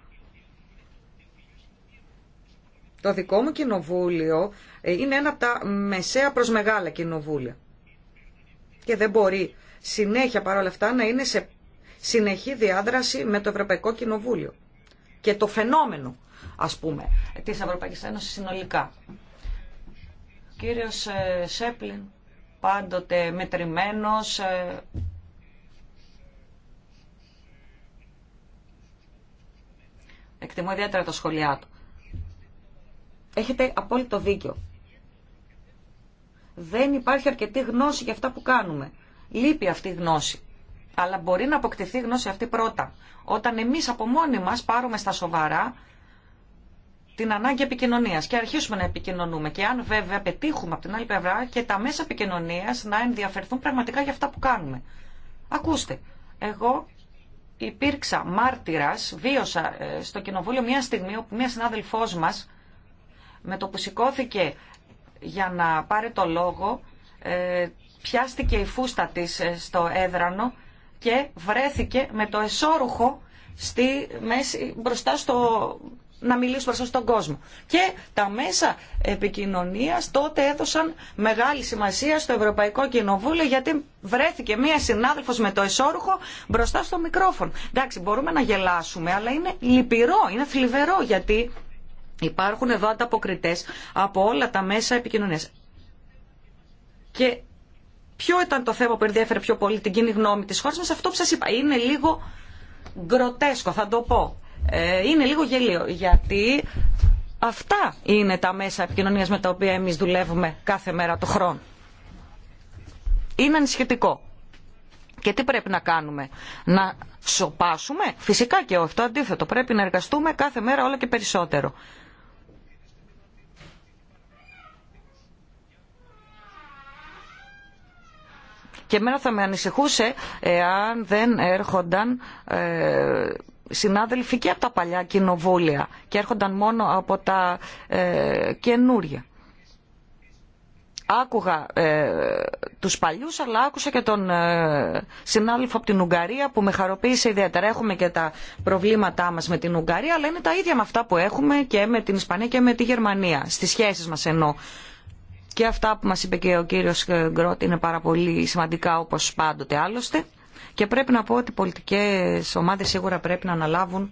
Το δικό μου κοινοβούλιο ε, είναι ένα από τα μεσαία προς μεγάλα κοινοβούλια. Και δεν μπορεί συνέχεια παρόλα αυτά να είναι σε συνεχή διάδραση με το Ευρωπαϊκό Κοινοβούλιο. Και το φαινόμενο ας πούμε, της Ευρωπαϊκής Ένωσης συνολικά. Κύριος ε, Σέπλιν, πάντοτε μετρημένος, ε, εκτιμώ ιδιαίτερα τα σχολιά του. Έχετε απόλυτο δίκιο. Δεν υπάρχει αρκετή γνώση για αυτά που κάνουμε. Λείπει αυτή η γνώση. Αλλά μπορεί να αποκτηθεί γνώση αυτή πρώτα. Όταν εμείς από μόνοι μας πάρουμε στα σοβαρά την ανάγκη επικοινωνία και αρχίσουμε να επικοινωνούμε και αν βέβαια πετύχουμε από την άλλη πλευρά και τα μέσα επικοινωνία να ενδιαφερθούν πραγματικά για αυτά που κάνουμε. Ακούστε, εγώ υπήρξα μάρτυρας, βίωσα ε, στο κοινοβούλιο μια στιγμή όπου μια συνάδελφός μας με το που σηκώθηκε για να πάρει το λόγο ε, πιάστηκε η φούστα της ε, στο έδρανο και βρέθηκε με το εσώρουχο στη μέση, μπροστά στο να μιλήσουν προς στον κόσμο. Και τα μέσα επικοινωνίας τότε έδωσαν μεγάλη σημασία στο Ευρωπαϊκό Κοινοβούλιο γιατί βρέθηκε μία συνάδελφος με το εσώρουχο μπροστά στο μικρόφωνο. Εντάξει, μπορούμε να γελάσουμε, αλλά είναι λυπηρό, είναι θλιβερό γιατί υπάρχουν εδώ ανταποκριτέ από όλα τα μέσα επικοινωνίας Και ποιο ήταν το θέμα που ενδιέφερε πιο πολύ την κοινή γνώμη της χώρας μα, αυτό που σα είπα. Είναι λίγο γκροτέσκο, θα το πω. Ε, είναι λίγο γελίο γιατί αυτά είναι τα μέσα επικοινωνίας με τα οποία εμείς δουλεύουμε κάθε μέρα του χρόνου. Είναι ανησυχητικό. Και τι πρέπει να κάνουμε, να σοπάσουμε, φυσικά και όχι, το αντίθετο, πρέπει να εργαστούμε κάθε μέρα όλο και περισσότερο. Και εμένα θα με ανησυχούσε εάν δεν έρχονταν ε, συνάδελφοι και από τα παλιά κοινοβούλια και έρχονταν μόνο από τα ε, καινούρια. Άκουγα ε, τους παλιούς αλλά άκουσα και τον ε, συνάδελφο από την Ουγγαρία που με χαροποίησε ιδιαίτερα. Έχουμε και τα προβλήματά μας με την Ουγγαρία αλλά είναι τα ίδια με αυτά που έχουμε και με την Ισπανία και με τη Γερμανία. Στις σχέσεις μας εννοώ. Και αυτά που μας είπε και ο κύριος Γκρότ είναι πάρα πολύ σημαντικά όπως πάντοτε άλλωστε. Και πρέπει να πω ότι οι πολιτικές ομάδες σίγουρα πρέπει να αναλάβουν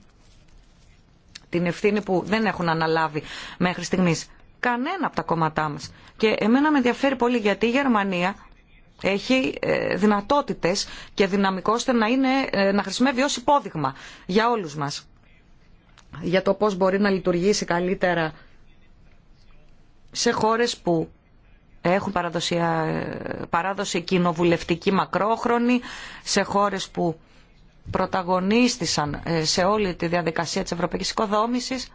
την ευθύνη που δεν έχουν αναλάβει μέχρι στιγμής. Κανένα από τα κόμματά μας. Και εμένα με ενδιαφέρει πολύ γιατί η Γερμανία έχει ε, δυνατότητες και δυναμικό ώστε να, είναι, ε, να χρησιμεύει ως υπόδειγμα για όλους μας. Για το πώς μπορεί να λειτουργήσει καλύτερα σε χώρες που έχουν παράδοση κοινοβουλευτική μακρόχρονη σε χώρες που πρωταγωνίστησαν ε, σε όλη τη διαδικασία της ευρωπαϊκής οικοδόμησης.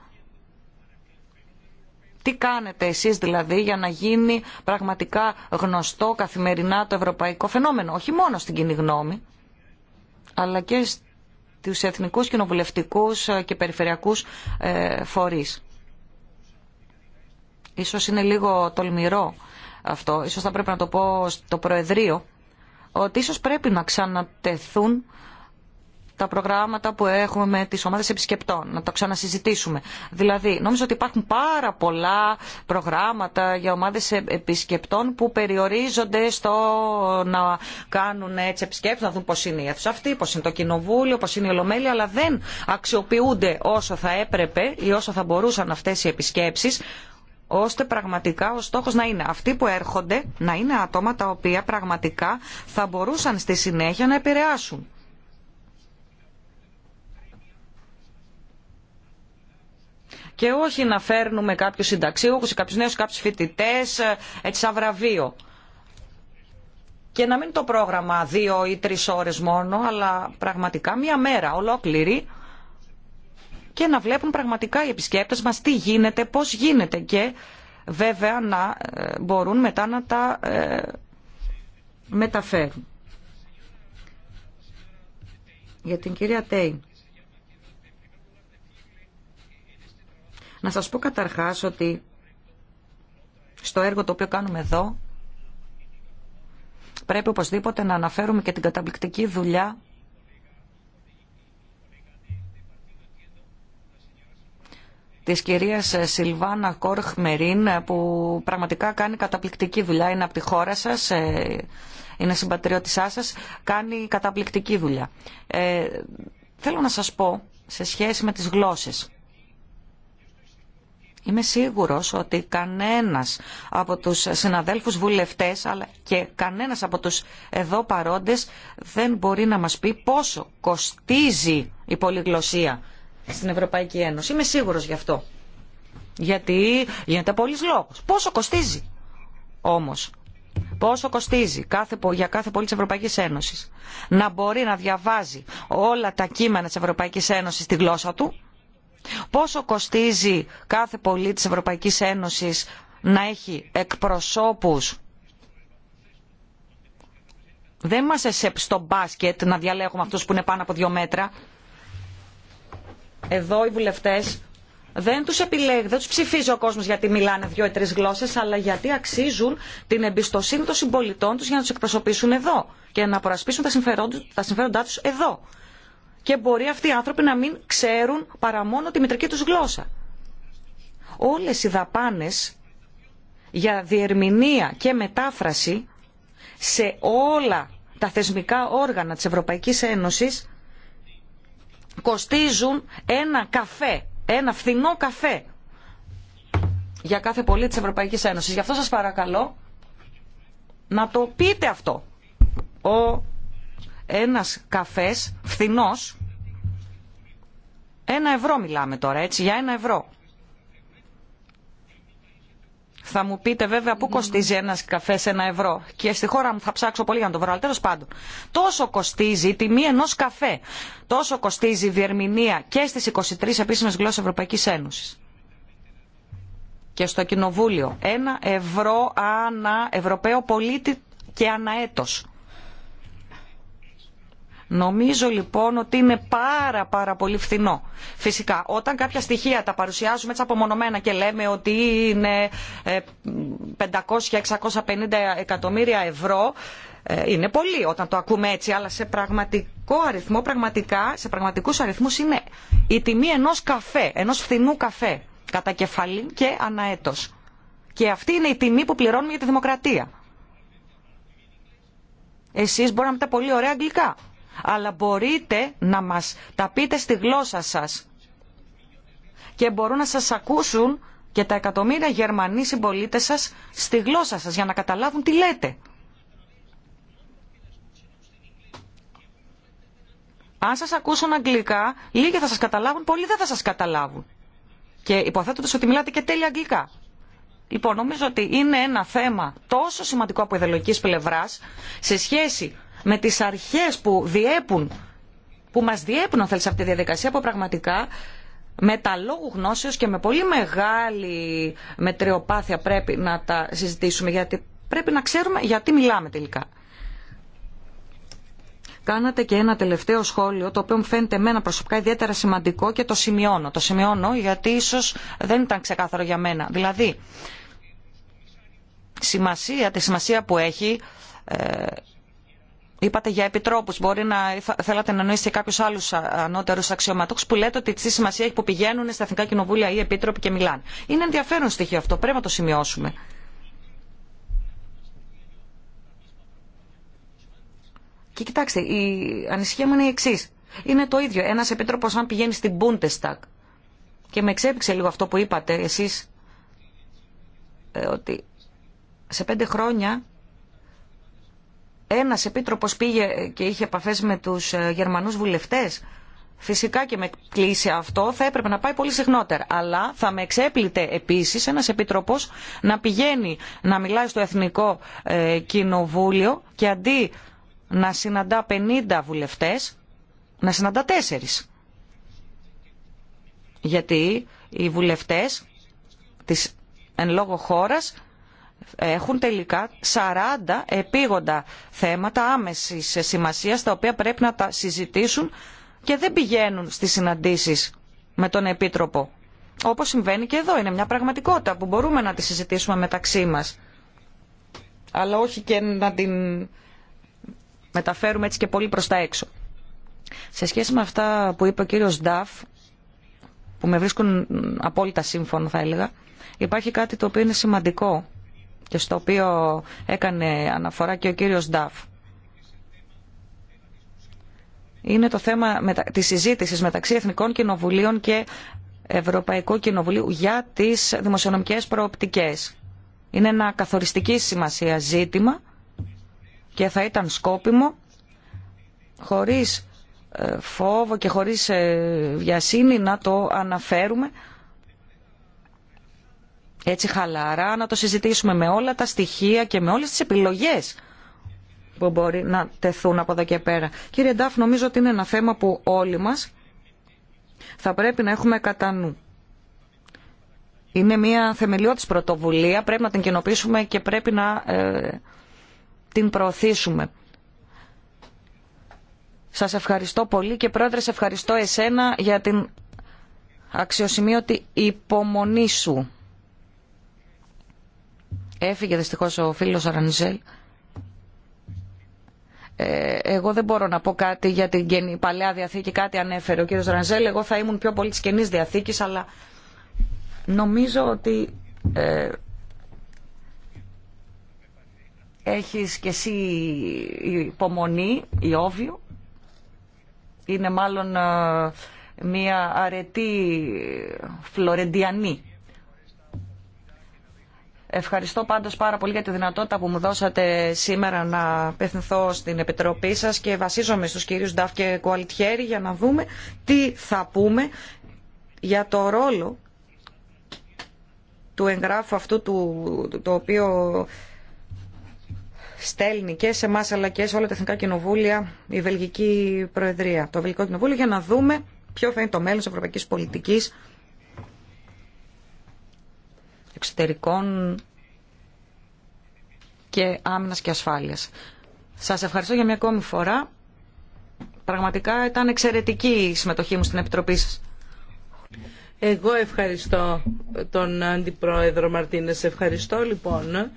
Τι κάνετε εσείς δηλαδή για να γίνει πραγματικά γνωστό καθημερινά το ευρωπαϊκό φαινόμενο, όχι μόνο στην κοινή γνώμη, αλλά και στους εθνικούς κοινοβουλευτικούς ε, και περιφερειακούς ε, φορείς. Ίσως είναι λίγο τολμηρό αυτό, ίσως θα πρέπει να το πω στο Προεδρείο, ότι ίσως πρέπει να ξανατεθούν τα προγράμματα που έχουμε με τις ομάδες επισκεπτών, να τα ξανασυζητήσουμε. Δηλαδή, νομίζω ότι υπάρχουν πάρα πολλά προγράμματα για ομάδες ε, επισκεπτών που περιορίζονται στο να κάνουν ε, έτσι επισκέψεις, να δουν πώς είναι η αίθουσα αυτή, πώς είναι το κοινοβούλιο, πώς είναι η ολομέλεια, αλλά δεν αξιοποιούνται όσο θα έπρεπε ή όσο θα μπορούσαν αυτές οι επισκέψεις ώστε πραγματικά ο στόχος να είναι αυτοί που έρχονται να είναι άτομα τα οποία πραγματικά θα μπορούσαν στη συνέχεια να επηρεάσουν. Και όχι να φέρνουμε κάποιους ή κάποιους νέους, κάποιους φοιτητές, ε, έτσι σαν βραβείο. Και να μην το πρόγραμμα δύο ή τρεις ώρες μόνο, αλλά πραγματικά μία μέρα ολόκληρη και να βλέπουν πραγματικά οι επισκέπτες μας τι γίνεται, πώς γίνεται και βέβαια να ε, μπορούν μετά να τα ε, μεταφέρουν. Για την κυρία Τέι, Να σας πω καταρχάς ότι στο έργο το οποίο κάνουμε εδώ πρέπει οπωσδήποτε να αναφέρουμε και την καταπληκτική δουλειά της κυρίας Σιλβάνα Κόρχ Μερίν που πραγματικά κάνει καταπληκτική δουλειά. Είναι από τη χώρα σας, ε, είναι συμπατριώτησά σας, κάνει καταπληκτική δουλειά. Ε, θέλω να σας πω σε σχέση με τις γλώσσες. Είμαι σίγουρος ότι κανένας από τους συναδέλφους βουλευτές αλλά και κανένας από τους εδώ παρόντες δεν μπορεί να μας πει πόσο κοστίζει η πολυγλωσία στην Ευρωπαϊκή Ένωση. Είμαι σίγουρο γι' αυτό. Γιατί γίνεται πολλή λόγο. Πόσο κοστίζει όμω, Πόσο κοστίζει κάθε, για κάθε πολίτη της Ευρωπαϊκής Ένωσης να μπορεί να διαβάζει όλα τα κείμενα της Ευρωπαϊκής Ένωσης στη γλώσσα του. Πόσο κοστίζει κάθε πολίτη της Ευρωπαϊκής Ένωσης να έχει εκπροσώπους δεν είμαστε στο μπάσκετ να διαλέγουμε αυτούς που είναι πάνω από δύο μέτρα. Εδώ οι βουλευτέ δεν τους επιλέγει, δεν τους ψηφίζει ο κόσμος γιατί μιλάνε δύο ή τρεις γλώσσες, αλλά γιατί αξίζουν την εμπιστοσύνη των συμπολιτών τους για να τους εκπροσωπήσουν εδώ και να προασπίσουν τα συμφέροντά του εδώ. Και μπορεί αυτοί οι άνθρωποι να μην ξέρουν παρά μόνο τη μητρική του γλώσσα. Όλες οι δαπάνε για διερμηνία και μετάφραση σε όλα τα θεσμικά όργανα της Ευρωπαϊκής Ένωσης κοστίζουν ένα καφέ, ένα φθηνό καφέ για κάθε πολίτη της Ευρωπαϊκής Ένωσης. Γι' αυτό σας παρακαλώ να το πείτε αυτό. Ο ένας καφές φθηνός, ένα ευρώ μιλάμε τώρα έτσι, για ένα ευρώ. Θα μου πείτε βέβαια πού κοστίζει ένα καφέ σε ένα ευρώ. Και στη χώρα μου θα ψάξω πολύ για να το βρω. Αλλά τέλο πάντων, τόσο κοστίζει η τιμή ενό καφέ. Τόσο κοστίζει η διερμηνία και στι 23 επίσημε γλώσσε Ευρωπαϊκή Ένωση. Και στο Κοινοβούλιο. Ένα ευρώ ανά Ευρωπαίο πολίτη και ανά έτος. Νομίζω λοιπόν ότι είναι πάρα πάρα πολύ φθηνό. Φυσικά, όταν κάποια στοιχεία τα παρουσιάζουμε έτσι απομονωμένα και λέμε ότι είναι 500-650 ε, εκατομμύρια ευρώ, ε, είναι πολύ όταν το ακούμε έτσι, αλλά σε πραγματικό αριθμό, πραγματικά, σε πραγματικούς αριθμούς είναι η τιμή ενός καφέ, ενός φθηνού καφέ, κατά κεφαλή και αναέτος. Και αυτή είναι η τιμή που πληρώνουμε για τη δημοκρατία. Εσείς μπορεί να πείτε πολύ ωραία αγγλικά αλλά μπορείτε να μας τα πείτε στη γλώσσα σας και μπορούν να σας ακούσουν και τα εκατομμύρια Γερμανοί συμπολίτε σας στη γλώσσα σας για να καταλάβουν τι λέτε. Αν σας ακούσουν αγγλικά, λίγοι θα σας καταλάβουν, πολλοί δεν θα σας καταλάβουν. Και υποθέτω ότι μιλάτε και τέλεια αγγλικά. Λοιπόν, νομίζω ότι είναι ένα θέμα τόσο σημαντικό από ιδεολογικής πλευρά σε σχέση με τις αρχές που διέπουν, που μας διέπουν θέλεις, αυτή τη διαδικασία που πραγματικά με τα λόγου γνώσεως και με πολύ μεγάλη μετριοπάθεια πρέπει να τα συζητήσουμε γιατί πρέπει να ξέρουμε γιατί μιλάμε τελικά. Κάνατε και ένα τελευταίο σχόλιο το οποίο μου φαίνεται εμένα προσωπικά ιδιαίτερα σημαντικό και το σημειώνω. Το σημειώνω γιατί ίσως δεν ήταν ξεκάθαρο για μένα. Δηλαδή, σημασία, τη σημασία που έχει ε, Είπατε για επιτρόπους, μπορεί να θέλατε να εννοήσετε κάποιους άλλους ανώτερους αξιωματούχους που λέτε ότι τι σημασία έχει που πηγαίνουν στα Εθνικά Κοινοβούλια ή επίτροποι και μιλάνε. Είναι ενδιαφέρον στοιχείο αυτό, πρέπει να το σημειώσουμε. Και κοιτάξτε, η ανησυχία μου είναι η εξή. Είναι το ίδιο. Ένα επίτροπο, αν πηγαίνει στην Bundestag, και με εξέπηξε λίγο αυτό που είπατε εσεί, ε, ότι σε πέντε χρόνια ένας επίτροπος πήγε και είχε επαφές με τους ε, Γερμανούς βουλευτές. Φυσικά και με κλείσει αυτό θα έπρεπε να πάει πολύ συχνότερα. Αλλά θα με εξέπλητε επίσης ένας επιτροπός να πηγαίνει να μιλάει στο Εθνικό ε, Κοινοβούλιο και αντί να συναντά 50 βουλευτές, να συναντά 4. Γιατί οι βουλευτές της εν λόγω χώρας έχουν τελικά 40 επίγοντα θέματα άμεσης σημασίας τα οποία πρέπει να τα συζητήσουν και δεν πηγαίνουν στις συναντήσεις με τον Επίτροπο. Όπως συμβαίνει και εδώ, είναι μια πραγματικότητα που μπορούμε να τη συζητήσουμε μεταξύ μας. Αλλά όχι και να την μεταφέρουμε έτσι και πολύ προς τα έξω. Σε σχέση με αυτά που είπε ο κύριος Νταφ, που με βρίσκουν απόλυτα σύμφωνο θα έλεγα, υπάρχει κάτι το οποίο είναι σημαντικό και στο οποίο έκανε αναφορά και ο κύριος Νταφ. Είναι το θέμα της συζήτησης μεταξύ Εθνικών Κοινοβουλίων και Ευρωπαϊκού Κοινοβουλίου για τις δημοσιονομικές προοπτικές. Είναι ένα καθοριστική σημασία ζήτημα και θα ήταν σκόπιμο χωρίς ε, φόβο και χωρίς ε, βιασύνη να το αναφέρουμε έτσι χαλαρά να το συζητήσουμε με όλα τα στοιχεία και με όλες τις επιλογές που μπορεί να τεθούν από εδώ και πέρα. Κύριε Ντάφ, νομίζω ότι είναι ένα θέμα που όλοι μας θα πρέπει να έχουμε κατά νου. Είναι μια θεμελιώδης πρωτοβουλία, πρέπει να την κοινοποιήσουμε και πρέπει να ε, την προωθήσουμε. Σας ευχαριστώ πολύ και πρόεδρε, σε ευχαριστώ εσένα για την αξιοσημείωτη υπομονή σου. Έφυγε δυστυχώς ο φίλος Αρανιζέλ. Ε, εγώ δεν μπορώ να πω κάτι για την Παλαιά Διαθήκη, κάτι ανέφερε ο κύριο Ρανζέλ. Εγώ θα ήμουν πιο πολύ τη καινή διαθήκη, αλλά νομίζω ότι ε, έχεις και εσύ υπομονή, η όβιο. Είναι μάλλον ε, μια αρετή φλωρεντιανή Ευχαριστώ πάντως πάρα πολύ για τη δυνατότητα που μου δώσατε σήμερα να απευθυνθώ στην Επιτροπή σας και βασίζομαι στους κυρίους Νταφ και Κουαλτιέρη για να δούμε τι θα πούμε για το ρόλο του εγγράφου αυτού του, το οποίο στέλνει και σε εμά αλλά και σε όλα τα εθνικά κοινοβούλια η Βελγική Προεδρία, το Βελγικό Κοινοβούλιο, για να δούμε ποιο θα είναι το μέλλον τη ευρωπαϊκή πολιτική εξωτερικών και άμυνας και ασφάλειας. Σας ευχαριστώ για μια ακόμη φορά. Πραγματικά ήταν εξαιρετική η συμμετοχή μου στην Επιτροπή σας. Εγώ ευχαριστώ τον Αντιπρόεδρο Μαρτίνες. Ευχαριστώ λοιπόν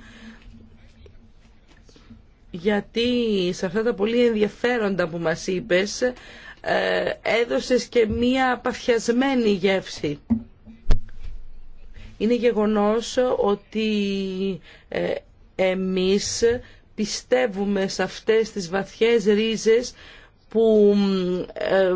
γιατί σε αυτά τα πολύ ενδιαφέροντα που μας είπες ε, έδωσες και μία παθιασμένη γεύση. Είναι γεγονός ότι ε, εμείς πιστεύουμε σε αυτές τις βαθιές ρίζες που ε,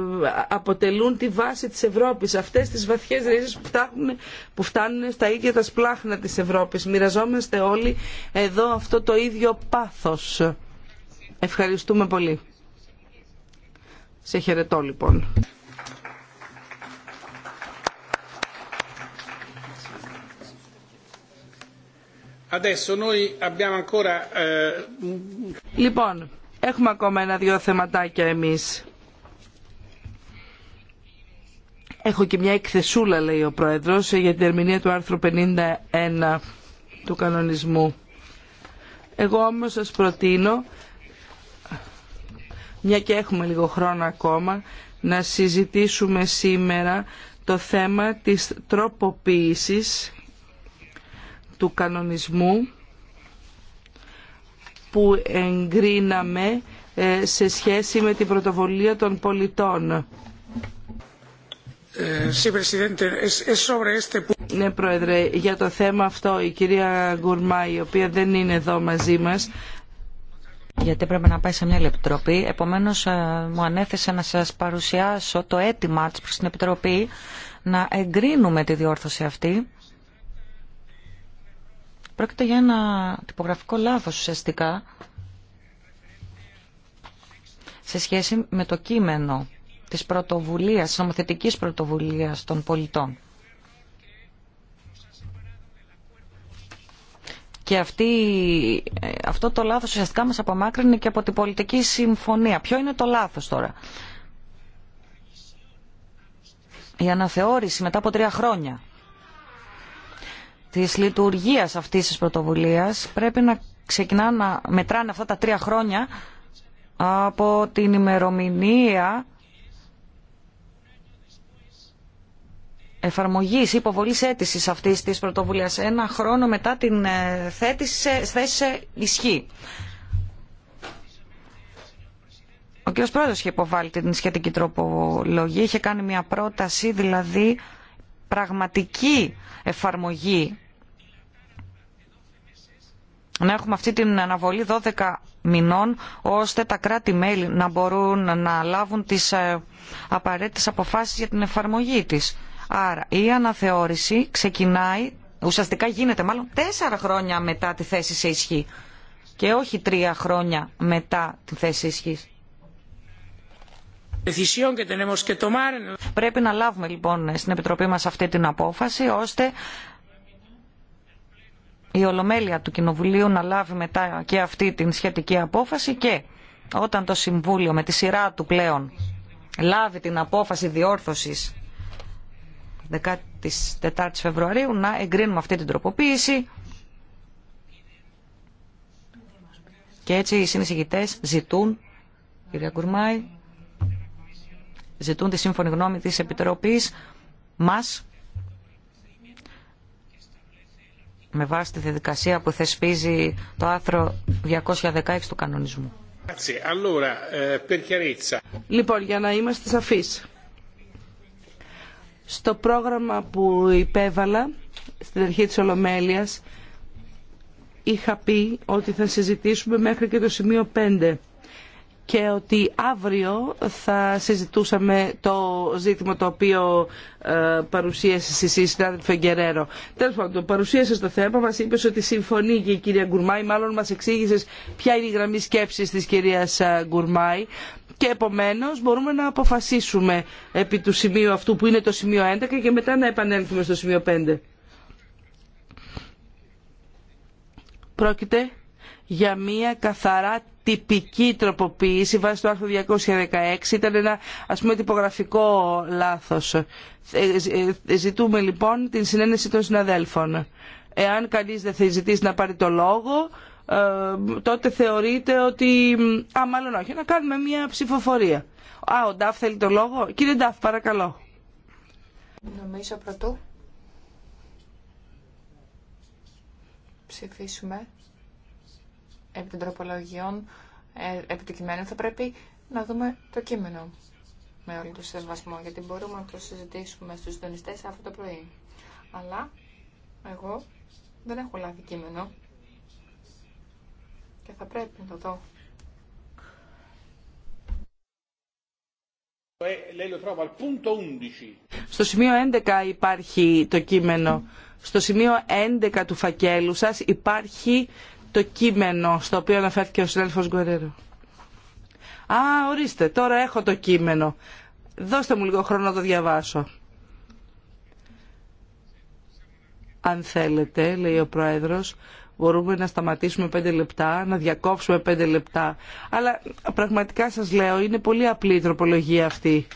αποτελούν τη βάση της Ευρώπης. Αυτές τις βαθιές ρίζες που φτάνουν, που φτάνουν στα ίδια τα σπλάχνα της Ευρώπης. Μοιραζόμαστε όλοι εδώ αυτό το ίδιο πάθος. Ευχαριστούμε πολύ. Σε χαιρετώ λοιπόν. Eh, λοιπόν, έχουμε ακόμα ένα-δυο θεματάκια εμείς. Έχω και μια εκθεσούλα, λέει ο Πρόεδρος, για την ερμηνεία του άρθρου 51 του κανονισμού. Εγώ όμως σας προτείνω, μια και έχουμε λίγο χρόνο ακόμα, να συζητήσουμε σήμερα το θέμα της τροποποίησης του κανονισμού που εγκρίναμε ε, σε σχέση με την πρωτοβολία των πολιτών. Ε, ναι, Πρόεδρε, για το θέμα αυτό η κυρία Γκουρμά, η οποία δεν είναι εδώ μαζί μας, γιατί έπρεπε να πάει σε μια επιτροπή. Επομένως, ε, μου ανέθεσε να σας παρουσιάσω το αίτημα της προς την Επιτροπή να εγκρίνουμε τη διόρθωση αυτή Πρόκειται για ένα τυπογραφικό λάθος ουσιαστικά σε σχέση με το κείμενο της πρωτοβουλίας, της νομοθετικής πρωτοβουλίας των πολιτών. Και αυτό το λάθος ουσιαστικά μας απομάκρυνε και από την πολιτική συμφωνία. Ποιο είναι το λάθος τώρα. Η αναθεώρηση μετά από τρία χρόνια της λειτουργίας αυτής της πρωτοβουλίας πρέπει να ξεκινά να μετράνε αυτά τα τρία χρόνια από την ημερομηνία εφαρμογής υποβολής αίτησης αυτής της πρωτοβουλίας ένα χρόνο μετά την ε, θέση σε, σε ισχύ. Ο κ. Πρόεδρος είχε υποβάλει την σχετική τροπολογία, είχε κάνει μια πρόταση δηλαδή πραγματική εφαρμογή να έχουμε αυτή την αναβολή 12 μηνών ώστε τα κράτη-μέλη να μπορούν να λάβουν τις ε, απαραίτητες αποφάσεις για την εφαρμογή της. Άρα η αναθεώρηση ξεκινάει, ουσιαστικά γίνεται μάλλον τέσσερα χρόνια μετά τη θέση σε ισχύ και όχι τρία χρόνια μετά τη θέση ισχύς. Πρέπει να λάβουμε λοιπόν στην Επιτροπή μας αυτή την απόφαση ώστε η Ολομέλεια του Κοινοβουλίου να λάβει μετά και αυτή την σχετική απόφαση και όταν το Συμβούλιο με τη σειρά του πλέον λάβει την απόφαση διόρθωσης 14 Φεβρουαρίου να εγκρίνουμε αυτή την τροποποίηση και έτσι οι συνεισηγητές ζητούν, κυρία Κουρμάη, ζητούν τη σύμφωνη γνώμη της Επιτροπής μας με βάση τη διαδικασία που θεσπίζει το άρθρο 216 του κανονισμού. Ε, λοιπόν, για να είμαστε σαφείς. Στο πρόγραμμα που υπέβαλα στην αρχή της Ολομέλειας είχα πει ότι θα συζητήσουμε μέχρι και το σημείο 5 και ότι αύριο θα συζητούσαμε το ζήτημα το οποίο ε, παρουσίασε εσύ, συνάδελφε Γκερέρο. Τέλο πάντων, παρουσίασε το θέμα, μα είπε ότι συμφωνεί και η κυρία Γκουρμάη, μάλλον μα εξήγησε ποια είναι η γραμμή σκέψη τη κυρία ε, Γκουρμάη και επομένω μπορούμε να αποφασίσουμε επί του σημείου αυτού που είναι το σημείο 11 και μετά να επανέλθουμε στο σημείο 5. Πρόκειται για μία καθαρά τυπική τροποποίηση βάσει του άρθρου 216 ήταν ένα ας πούμε τυπογραφικό λάθος. Ε, ε, ζητούμε λοιπόν την συνένεση των συναδέλφων. Εάν κανείς δεν ζητήσει να πάρει το λόγο, ε, τότε θεωρείται ότι... Α, μάλλον όχι, να κάνουμε μια ψηφοφορία. Α, ο Νταφ θέλει το λόγο. Κύριε Νταφ, παρακαλώ. Νομίζω πρωτού ψηφίσουμε επί των τροπολογιών, ε, επί του κειμένου, θα πρέπει να δούμε το κείμενο με όλο το σεβασμό, γιατί μπορούμε να το συζητήσουμε στους συντονιστές αυτό το πρωί. Αλλά εγώ δεν έχω λάβει κείμενο και θα πρέπει να το δω. Ε, Στο σημείο 11 υπάρχει το κείμενο. Στο σημείο 11 του φακέλου σας υπάρχει το κείμενο στο οποίο αναφέρθηκε ο συνέλφος Γκορέρο. Α, ορίστε, τώρα έχω το κείμενο. Δώστε μου λίγο χρόνο να το διαβάσω. Αν θέλετε, λέει ο Πρόεδρος, μπορούμε να σταματήσουμε πέντε λεπτά, να διακόψουμε πέντε λεπτά. Αλλά πραγματικά σας λέω, είναι πολύ απλή η τροπολογία αυτή.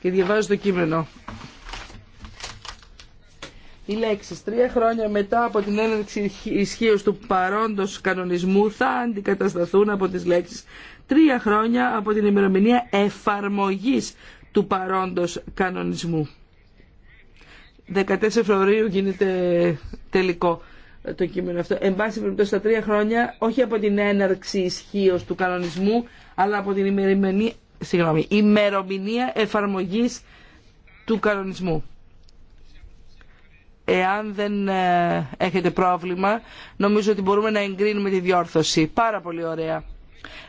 Και διαβάζω το κείμενο οι λέξεις «Τρία χρόνια μετά από την έναρξη ισχύω του παρόντος κανονισμού θα αντικατασταθούν από τις λέξεις «Τρία χρόνια από την ημερομηνία εφαρμογής του παρόντος κανονισμού». 14 Φεβρουαρίου γίνεται τελικό το κείμενο αυτό. Εν πάση περιπτώσει, τα τρία χρόνια, όχι από την έναρξη ισχύω του κανονισμού, αλλά από την ημερομηνία, ημερομηνία εφαρμογής του κανονισμού εάν δεν ε, έχετε πρόβλημα, νομίζω ότι μπορούμε να εγκρίνουμε τη διόρθωση. Πάρα πολύ ωραία.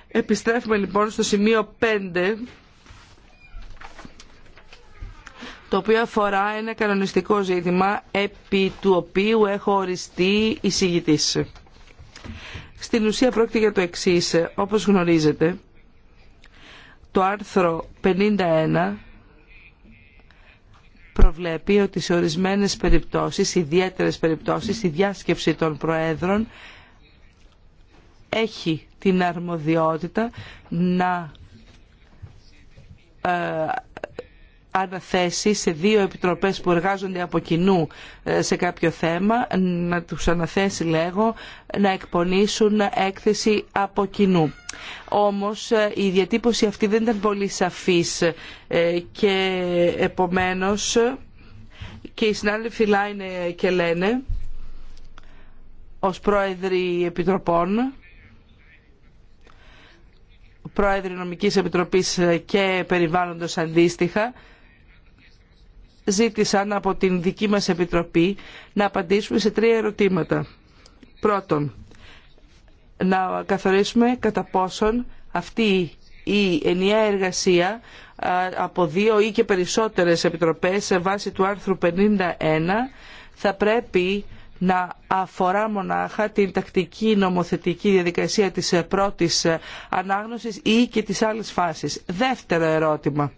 Επιστρέφουμε λοιπόν στο σημείο 5 το οποίο αφορά ένα κανονιστικό ζήτημα επί του οποίου έχω οριστεί εισηγητής. Στην ουσία πρόκειται για το εξής. Όπως γνωρίζετε, το άρθρο 51 προβλέπει ότι σε ορισμένες περιπτώσεις, ιδιαίτερες περιπτώσεις, η διάσκεψη των Προέδρων έχει την αρμοδιότητα να ε, θέση σε δύο επιτροπές που εργάζονται από κοινού ε, σε κάποιο θέμα, να τους αναθέσει λέγω, να εκπονήσουν έκθεση από κοινού. Όμως ε, η διατύπωση αυτή δεν ήταν πολύ σαφής ε, και επομένως και οι συνάδελφοι Λάινε και λένε ως πρόεδροι επιτροπών πρόεδροι νομικής επιτροπής και περιβάλλοντος αντίστοιχα ζήτησαν από την δική μας Επιτροπή να απαντήσουμε σε τρία ερωτήματα. Πρώτον, να καθορίσουμε κατά πόσον αυτή η ενιαία εργασία από δύο ή και περισσότερες επιτροπές σε βάση του άρθρου 51 θα πρέπει να αφορά μονάχα την τακτική νομοθετική διαδικασία της πρώτης ανάγνωσης ή και της άλλης φάσης. Δεύτερο ερώτημα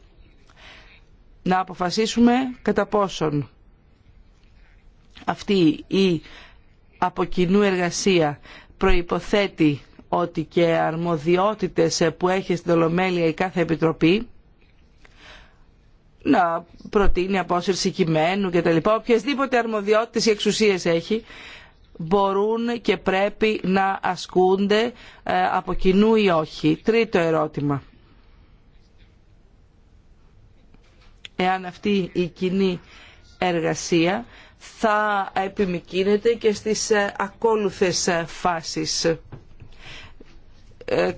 να αποφασίσουμε κατά πόσον αυτή η από εργασία προϋποθέτει ότι και αρμοδιότητες που έχει στην Ολομέλεια η κάθε Επιτροπή να προτείνει απόσυρση κειμένου κτλ. τα λοιπά, οποιασδήποτε αρμοδιότητες ή εξουσίες έχει, μπορούν και πρέπει να ασκούνται ε, από κοινού ή όχι. Τρίτο ερώτημα. εάν αυτή η κοινή εργασία θα επιμηκύνεται και στις ε, ακόλουθες ε, φάσεις ε,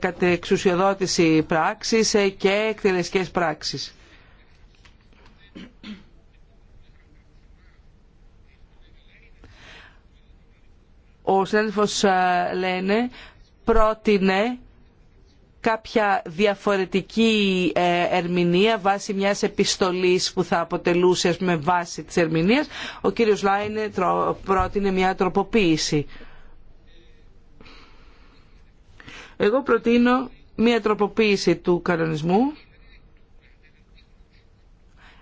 κατεξουσιοδότηση πράξης και εκτελεσκές πράξεις. Ο συνάδελφος Λένε πρότεινε κάποια διαφορετική ε, ερμηνεία βάσει μιας επιστολής που θα αποτελούσε με βάση της ερμηνείας. Ο κύριος Λάινε πρότεινε μια τροποποίηση. Εγώ προτείνω μια τροποποίηση του κανονισμού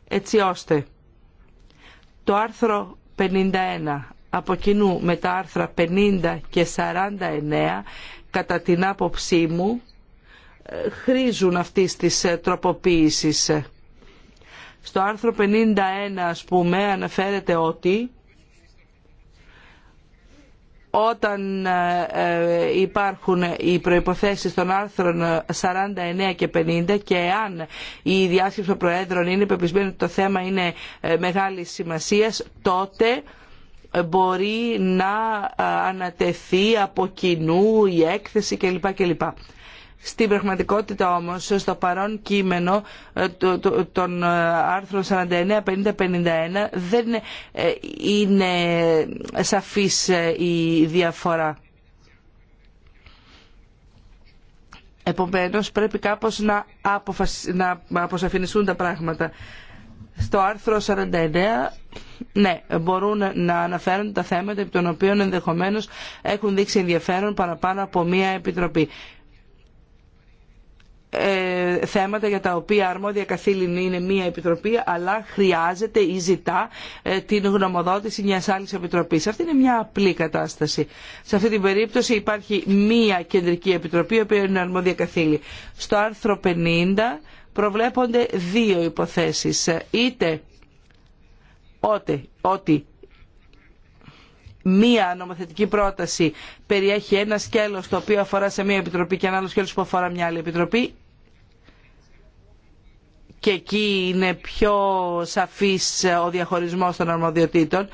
έτσι ώστε το άρθρο 51 από κοινού με τα άρθρα 50 και 49 κατά την άποψή μου χρήζουν αυτής της ε, τροποποίησης. Στο άρθρο 51 ας πούμε αναφέρεται ότι όταν ε, ε, υπάρχουν οι προϋποθέσεις των άρθρων 49 και 50 και εάν η διάσκεψη των Προέδρων είναι πεπισμένη ότι το θέμα είναι μεγάλης σημασίας, τότε μπορεί να ανατεθεί από κοινού η έκθεση κλπ. κλπ. Στην πραγματικότητα όμως, στο παρόν κείμενο των άρθρων 49, 50, 51 δεν ε, είναι σαφής ε, η διαφορά. Επομένως πρέπει κάπως να, αποφασι... να αποσαφινιστούν τα πράγματα. Στο άρθρο 49 ναι, μπορούν να αναφέρουν τα θέματα απο των οποίων ενδεχομένως έχουν δείξει ενδιαφέρον παραπάνω από μία επιτροπή ε, θέματα για τα οποία αρμόδια καθήλυνη είναι μία επιτροπή αλλά χρειάζεται ή ζητά ε, την γνωμοδότηση μια αλλη επιτροπη Αυτή είναι μια απλή κατάσταση. Σε αυτή την περίπτωση υπάρχει μία κεντρική επιτροπή η οποία είναι αρμόδια καθήλη. Στο άρθρο 50 προβλέπονται δύο υποθέσεις. Είτε ότι, ότι μία νομοθετική πρόταση περιέχει ένα σκέλος το οποίο αφορά σε μία επιτροπή και ένα άλλο σκέλος που αφορά μια κεντρικη επιτροπη η οποια ειναι αρμοδια καθηλυνη στο αρθρο 50 προβλεπονται δυο υποθεσεις ειτε οτι οτι μια νομοθετικη προταση επιτροπή και εκεί είναι πιο σαφής ο διαχωρισμός των αρμοδιοτήτων.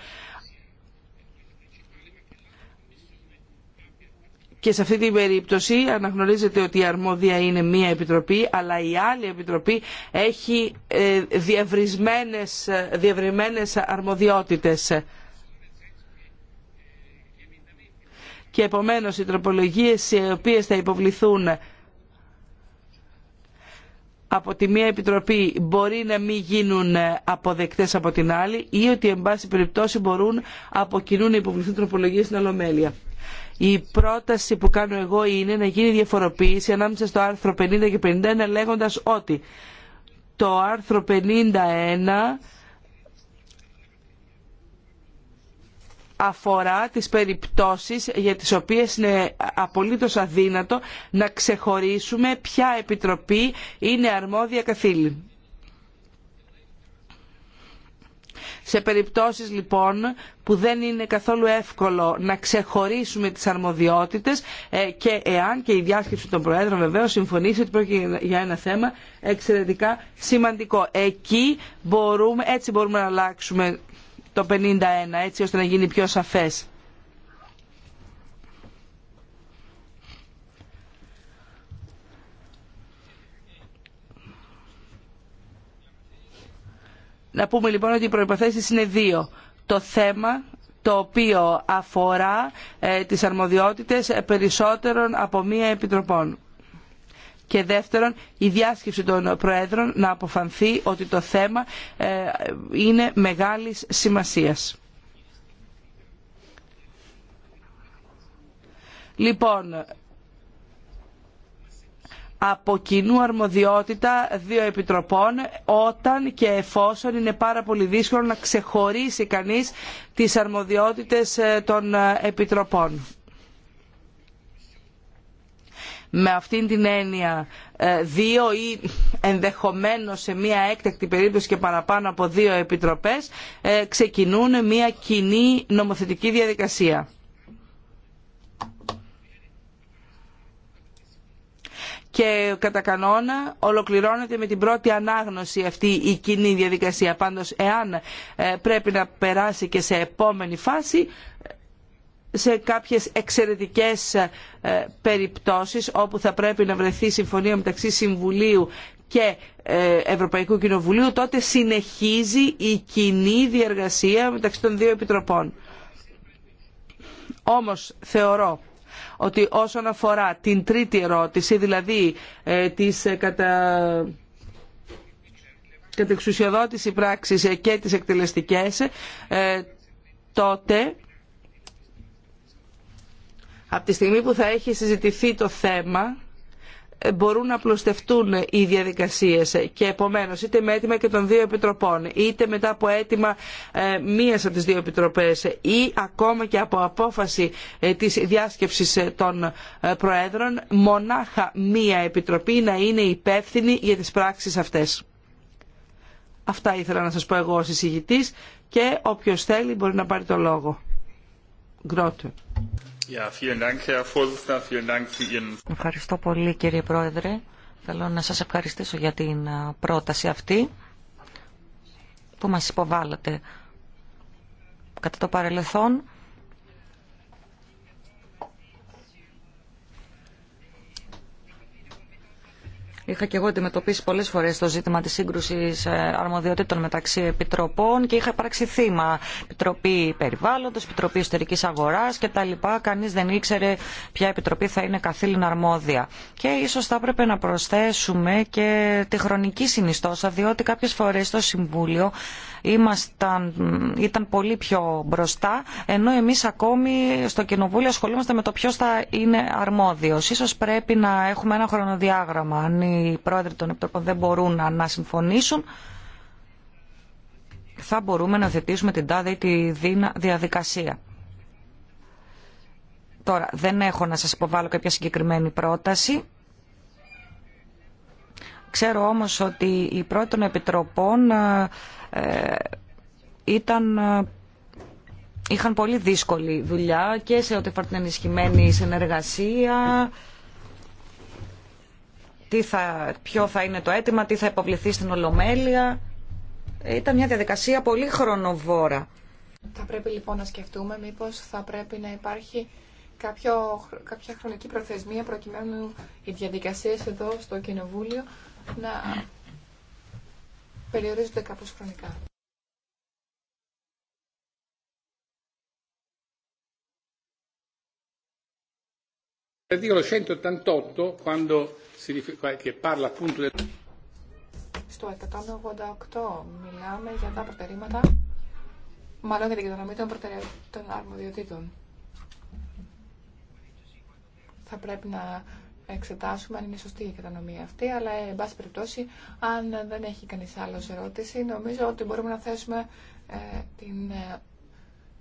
Και σε αυτή την περίπτωση αναγνωρίζεται ότι η αρμόδια είναι μία επιτροπή, αλλά η άλλη επιτροπή έχει ε, διευρυμένες, διευρυμένες αρμοδιότητες. Και επομένως οι τροπολογίες οι οποίες θα υποβληθούν από τη μία επιτροπή μπορεί να μην γίνουν ε, αποδεκτές από την άλλη ή ότι εν πάση περιπτώσει μπορούν από κοινού να υποβληθούν τροπολογίες στην Ολομέλεια. Η πρόταση που κάνω εγώ είναι να γίνει διαφοροποίηση ανάμεσα στο άρθρο 50 και 51 λέγοντας ότι το άρθρο 51 αφορά τις περιπτώσεις για τις οποίες είναι απολύτως αδύνατο να ξεχωρίσουμε ποια επιτροπή είναι αρμόδια καθήλυν. Σε περιπτώσεις λοιπόν που δεν είναι καθόλου εύκολο να ξεχωρίσουμε τις αρμοδιότητες ε, και εάν και η διάσκεψη των Προέδρων βεβαίω συμφωνήσει ότι πρόκειται για ένα θέμα εξαιρετικά σημαντικό. Εκεί μπορούμε, έτσι μπορούμε να αλλάξουμε το 51 έτσι ώστε να γίνει πιο σαφές. Να πούμε λοιπόν ότι οι προϋποθέσεις είναι δύο. Το θέμα το οποίο αφορά ε, τις αρμοδιότητες περισσότερων από μία επιτροπών και δεύτερον η διάσκεψη των Προέδρων να αποφανθεί ότι το θέμα ε, είναι μεγάλης σημασίας. Λοιπόν, από κοινού αρμοδιότητα δύο επιτροπών όταν και εφόσον είναι πάρα πολύ δύσκολο να ξεχωρίσει κανείς τις αρμοδιότητες ε, των ε, επιτροπών με αυτήν την έννοια ε, δύο ή ενδεχομένως σε μια έκτακτη περίπτωση και παραπάνω από δύο επιτροπές ε, ξεκινούν μια κοινή νομοθετική διαδικασία. και κατά κανόνα ολοκληρώνεται με την πρώτη ανάγνωση αυτή η κοινή διαδικασία. Πάντως εάν ε, πρέπει να περάσει και σε επόμενη φάση σε κάποιες εξαιρετικές ε, περιπτώσεις όπου θα πρέπει να βρεθεί συμφωνία μεταξύ Συμβουλίου και ε, Ευρωπαϊκού Κοινοβουλίου τότε συνεχίζει η κοινή διεργασία μεταξύ των δύο επιτροπών. Όμως θεωρώ ότι όσον αφορά την τρίτη ερώτηση, δηλαδή ε, της κατα κατεξουσιοδότηση πράξης και τις εκτελεστικές, τότε από τη στιγμή που θα έχει συζητηθεί το θέμα, ε, μπορούν να απλωστευτούν οι διαδικασίες και επομένως είτε με αίτημα και των δύο επιτροπών είτε μετά από αίτημα ε, μίας από τις δύο επιτροπές ή ακόμα και από απόφαση ε, της διάσκεψης των προέδρων μονάχα μία επιτροπή να είναι υπεύθυνη για τις πράξεις αυτές. Αυτά ήθελα να σας πω εγώ ως και όποιος θέλει μπορεί να πάρει το λόγο. Ευχαριστώ πολύ κύριε Πρόεδρε. Θέλω να σας ευχαριστήσω για την πρόταση αυτή που μας υποβάλλατε. Κατά το παρελθόν Είχα και εγώ αντιμετωπίσει πολλέ φορέ το ζήτημα τη σύγκρουση ε, αρμοδιοτήτων μεταξύ επιτροπών και είχα υπάρξει θύμα. Επιτροπή Περιβάλλοντο, Επιτροπή Ιστορική Αγορά κτλ. Κανεί δεν ήξερε ποια επιτροπή θα είναι καθήλυνα αρμόδια. Και ίσω θα έπρεπε να προσθέσουμε και τη χρονική συνιστόσα, διότι κάποιε φορέ στο Συμβούλιο ήμασταν, ήταν πολύ πιο μπροστά, ενώ εμεί ακόμη στο Κοινοβούλιο ασχολούμαστε με το ποιο θα είναι αρμόδιο. Σω πρέπει να έχουμε ένα χρονοδιάγραμμα οι πρόεδροι των επιτροπών δεν μπορούν να συμφωνήσουν, θα μπορούμε να θετήσουμε την τάδε ή τη δίνα διαδικασία. Τώρα, δεν έχω να σας υποβάλω κάποια συγκεκριμένη πρόταση. Ξέρω όμως ότι οι πρώτη των επιτροπών ε, ε ήταν, ε, είχαν πολύ δύσκολη δουλειά και σε ό,τι φορά την ενισχυμένη συνεργασία τι θα, ποιο θα είναι το αίτημα, τι θα υποβληθεί στην Ολομέλεια. Ήταν μια διαδικασία πολύ χρονοβόρα. Θα πρέπει λοιπόν να σκεφτούμε μήπως θα πρέπει να υπάρχει κάποιο, κάποια χρονική προθεσμία προκειμένου οι διαδικασίες εδώ στο Κοινοβούλιο να περιορίζονται κάπως χρονικά. Το 1988 quando στο 188 μιλάμε για τα προτερήματα, μάλλον για την κατανομή των, των αρμοδιοτήτων. Θα πρέπει να εξετάσουμε αν είναι σωστή η κατανομή αυτή, αλλά εν πάση περιπτώσει, αν δεν έχει κανείς άλλος ερώτηση, νομίζω ότι μπορούμε να θέσουμε ε, την ε,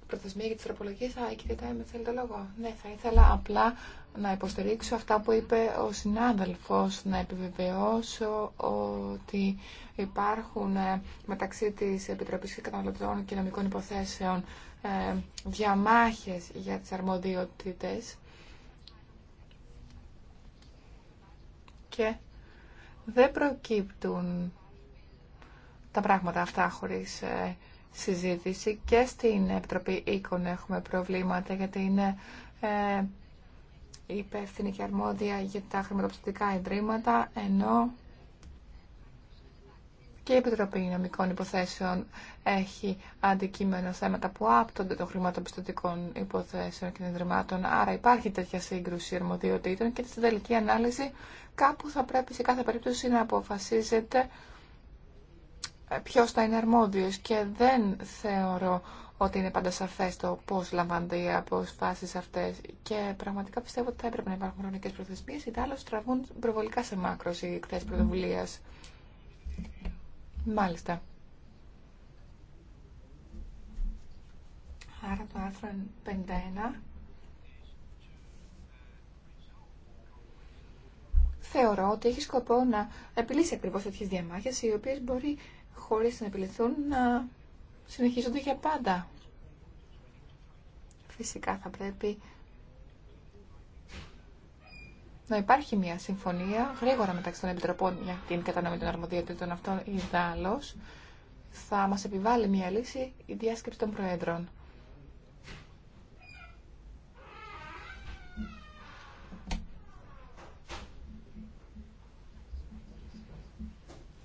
προθεσμία για τις τροπολογίες. Α, κυρία Τάιμε, θέλει το λόγο. Ναι, θα ήθελα απλά να υποστηρίξω αυτά που είπε ο συνάδελφος, να επιβεβαιώσω ότι υπάρχουν ε, μεταξύ της Επιτροπής Καταναλωτών και Νομικών Υποθέσεων ε, διαμάχες για τις αρμοδιότητες και δεν προκύπτουν τα πράγματα αυτά χωρίς ε, συζήτηση και στην Επιτροπή Οίκων έχουμε προβλήματα γιατί είναι υπεύθυνη και αρμόδια για τα χρηματοπιστωτικά ιδρύματα, ενώ και η Επιτροπή Νομικών Υποθέσεων έχει αντικείμενο θέματα που άπτονται των χρηματοπιστωτικών υποθέσεων και ιδρυμάτων. Άρα υπάρχει τέτοια σύγκρουση αρμοδιοτήτων και στην τελική ανάλυση κάπου θα πρέπει σε κάθε περίπτωση να αποφασίζεται ποιο θα είναι αρμόδιος και δεν θεωρώ ότι είναι πάντα σαφέ το πώ λαμβάνονται οι φάσεις αυτέ. Και πραγματικά πιστεύω ότι θα έπρεπε να υπάρχουν χρονικέ προθεσμίε, ή άλλω τραβούν προβολικά σε μάκρο οι εκθέσει πρωτοβουλία. Μάλιστα. Άρα το άρθρο 51 θεωρώ ότι έχει σκοπό να επιλύσει ακριβώς τέτοιες διαμάχες οι οποίες μπορεί χωρίς να επιληθούν να συνεχίζονται για πάντα. Φυσικά θα πρέπει να υπάρχει μια συμφωνία γρήγορα μεταξύ των επιτροπών για την κατανομή των αρμοδιοτήτων αυτών δάλος Θα μας επιβάλλει μια λύση η διάσκεψη των Προέδρων.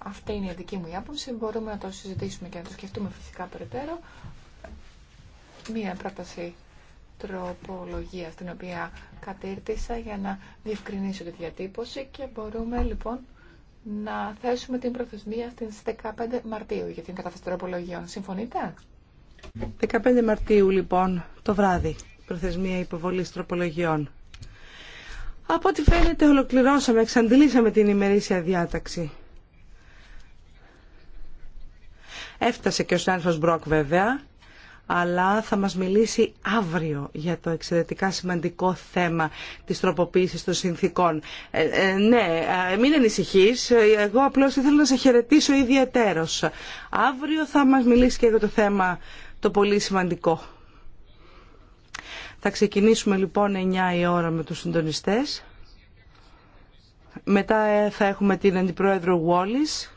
Αυτή είναι η δική μου άποψη. Μπορούμε να το συζητήσουμε και να το σκεφτούμε φυσικά περαιτέρω. Μία πρόταση τροπολογία την οποία κατήρτισα για να διευκρινίσω τη διατύπωση και μπορούμε λοιπόν να θέσουμε την προθεσμία στις 15 Μαρτίου για την κατάθεση τροπολογιών. Συμφωνείτε? 15 Μαρτίου λοιπόν το βράδυ προθεσμία υποβολής τροπολογιών. Από ό,τι φαίνεται ολοκληρώσαμε, εξαντλήσαμε την ημερήσια διάταξη. Έφτασε και ο συνάδελφος Μπροκ βέβαια, αλλά θα μας μιλήσει αύριο για το εξαιρετικά σημαντικό θέμα της τροποποίησης των συνθήκων. Ε, ε, ναι, ε, μην ανησυχείς, εγώ απλώς ήθελα να σε χαιρετήσω ιδιαίτερος. Αύριο θα μας μιλήσει και για το θέμα το πολύ σημαντικό. Θα ξεκινήσουμε λοιπόν 9 η ώρα με τους συντονιστές. Μετά θα έχουμε την Αντιπρόεδρο Wallis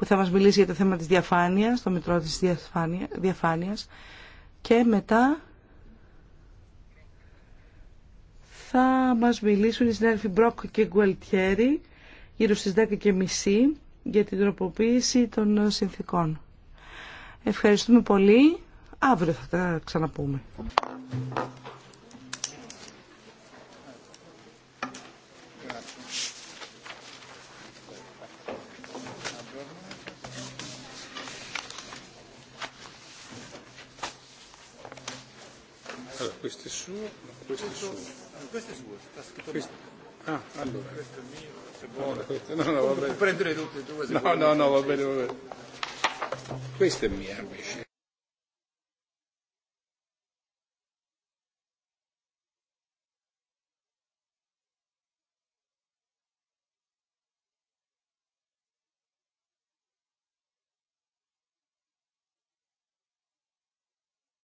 που θα μας μιλήσει για το θέμα της διαφάνειας, το μητρό της διαφάνεια, διαφάνειας και μετά θα μας μιλήσουν οι συνάδελφοι Μπρόκ και Γκουελτιέρη γύρω στις 10 και μισή για την τροποποίηση των συνθήκων. Ευχαριστούμε πολύ. Αύριο θα τα ξαναπούμε. suo, questo è suo. Questo è suo, sta scritto questo. Ah, allora. Questo è mio, se vuole. no, no, va bene. Prendere tutte e due. No, no, no, va bene, va bene. Questa è mia invece.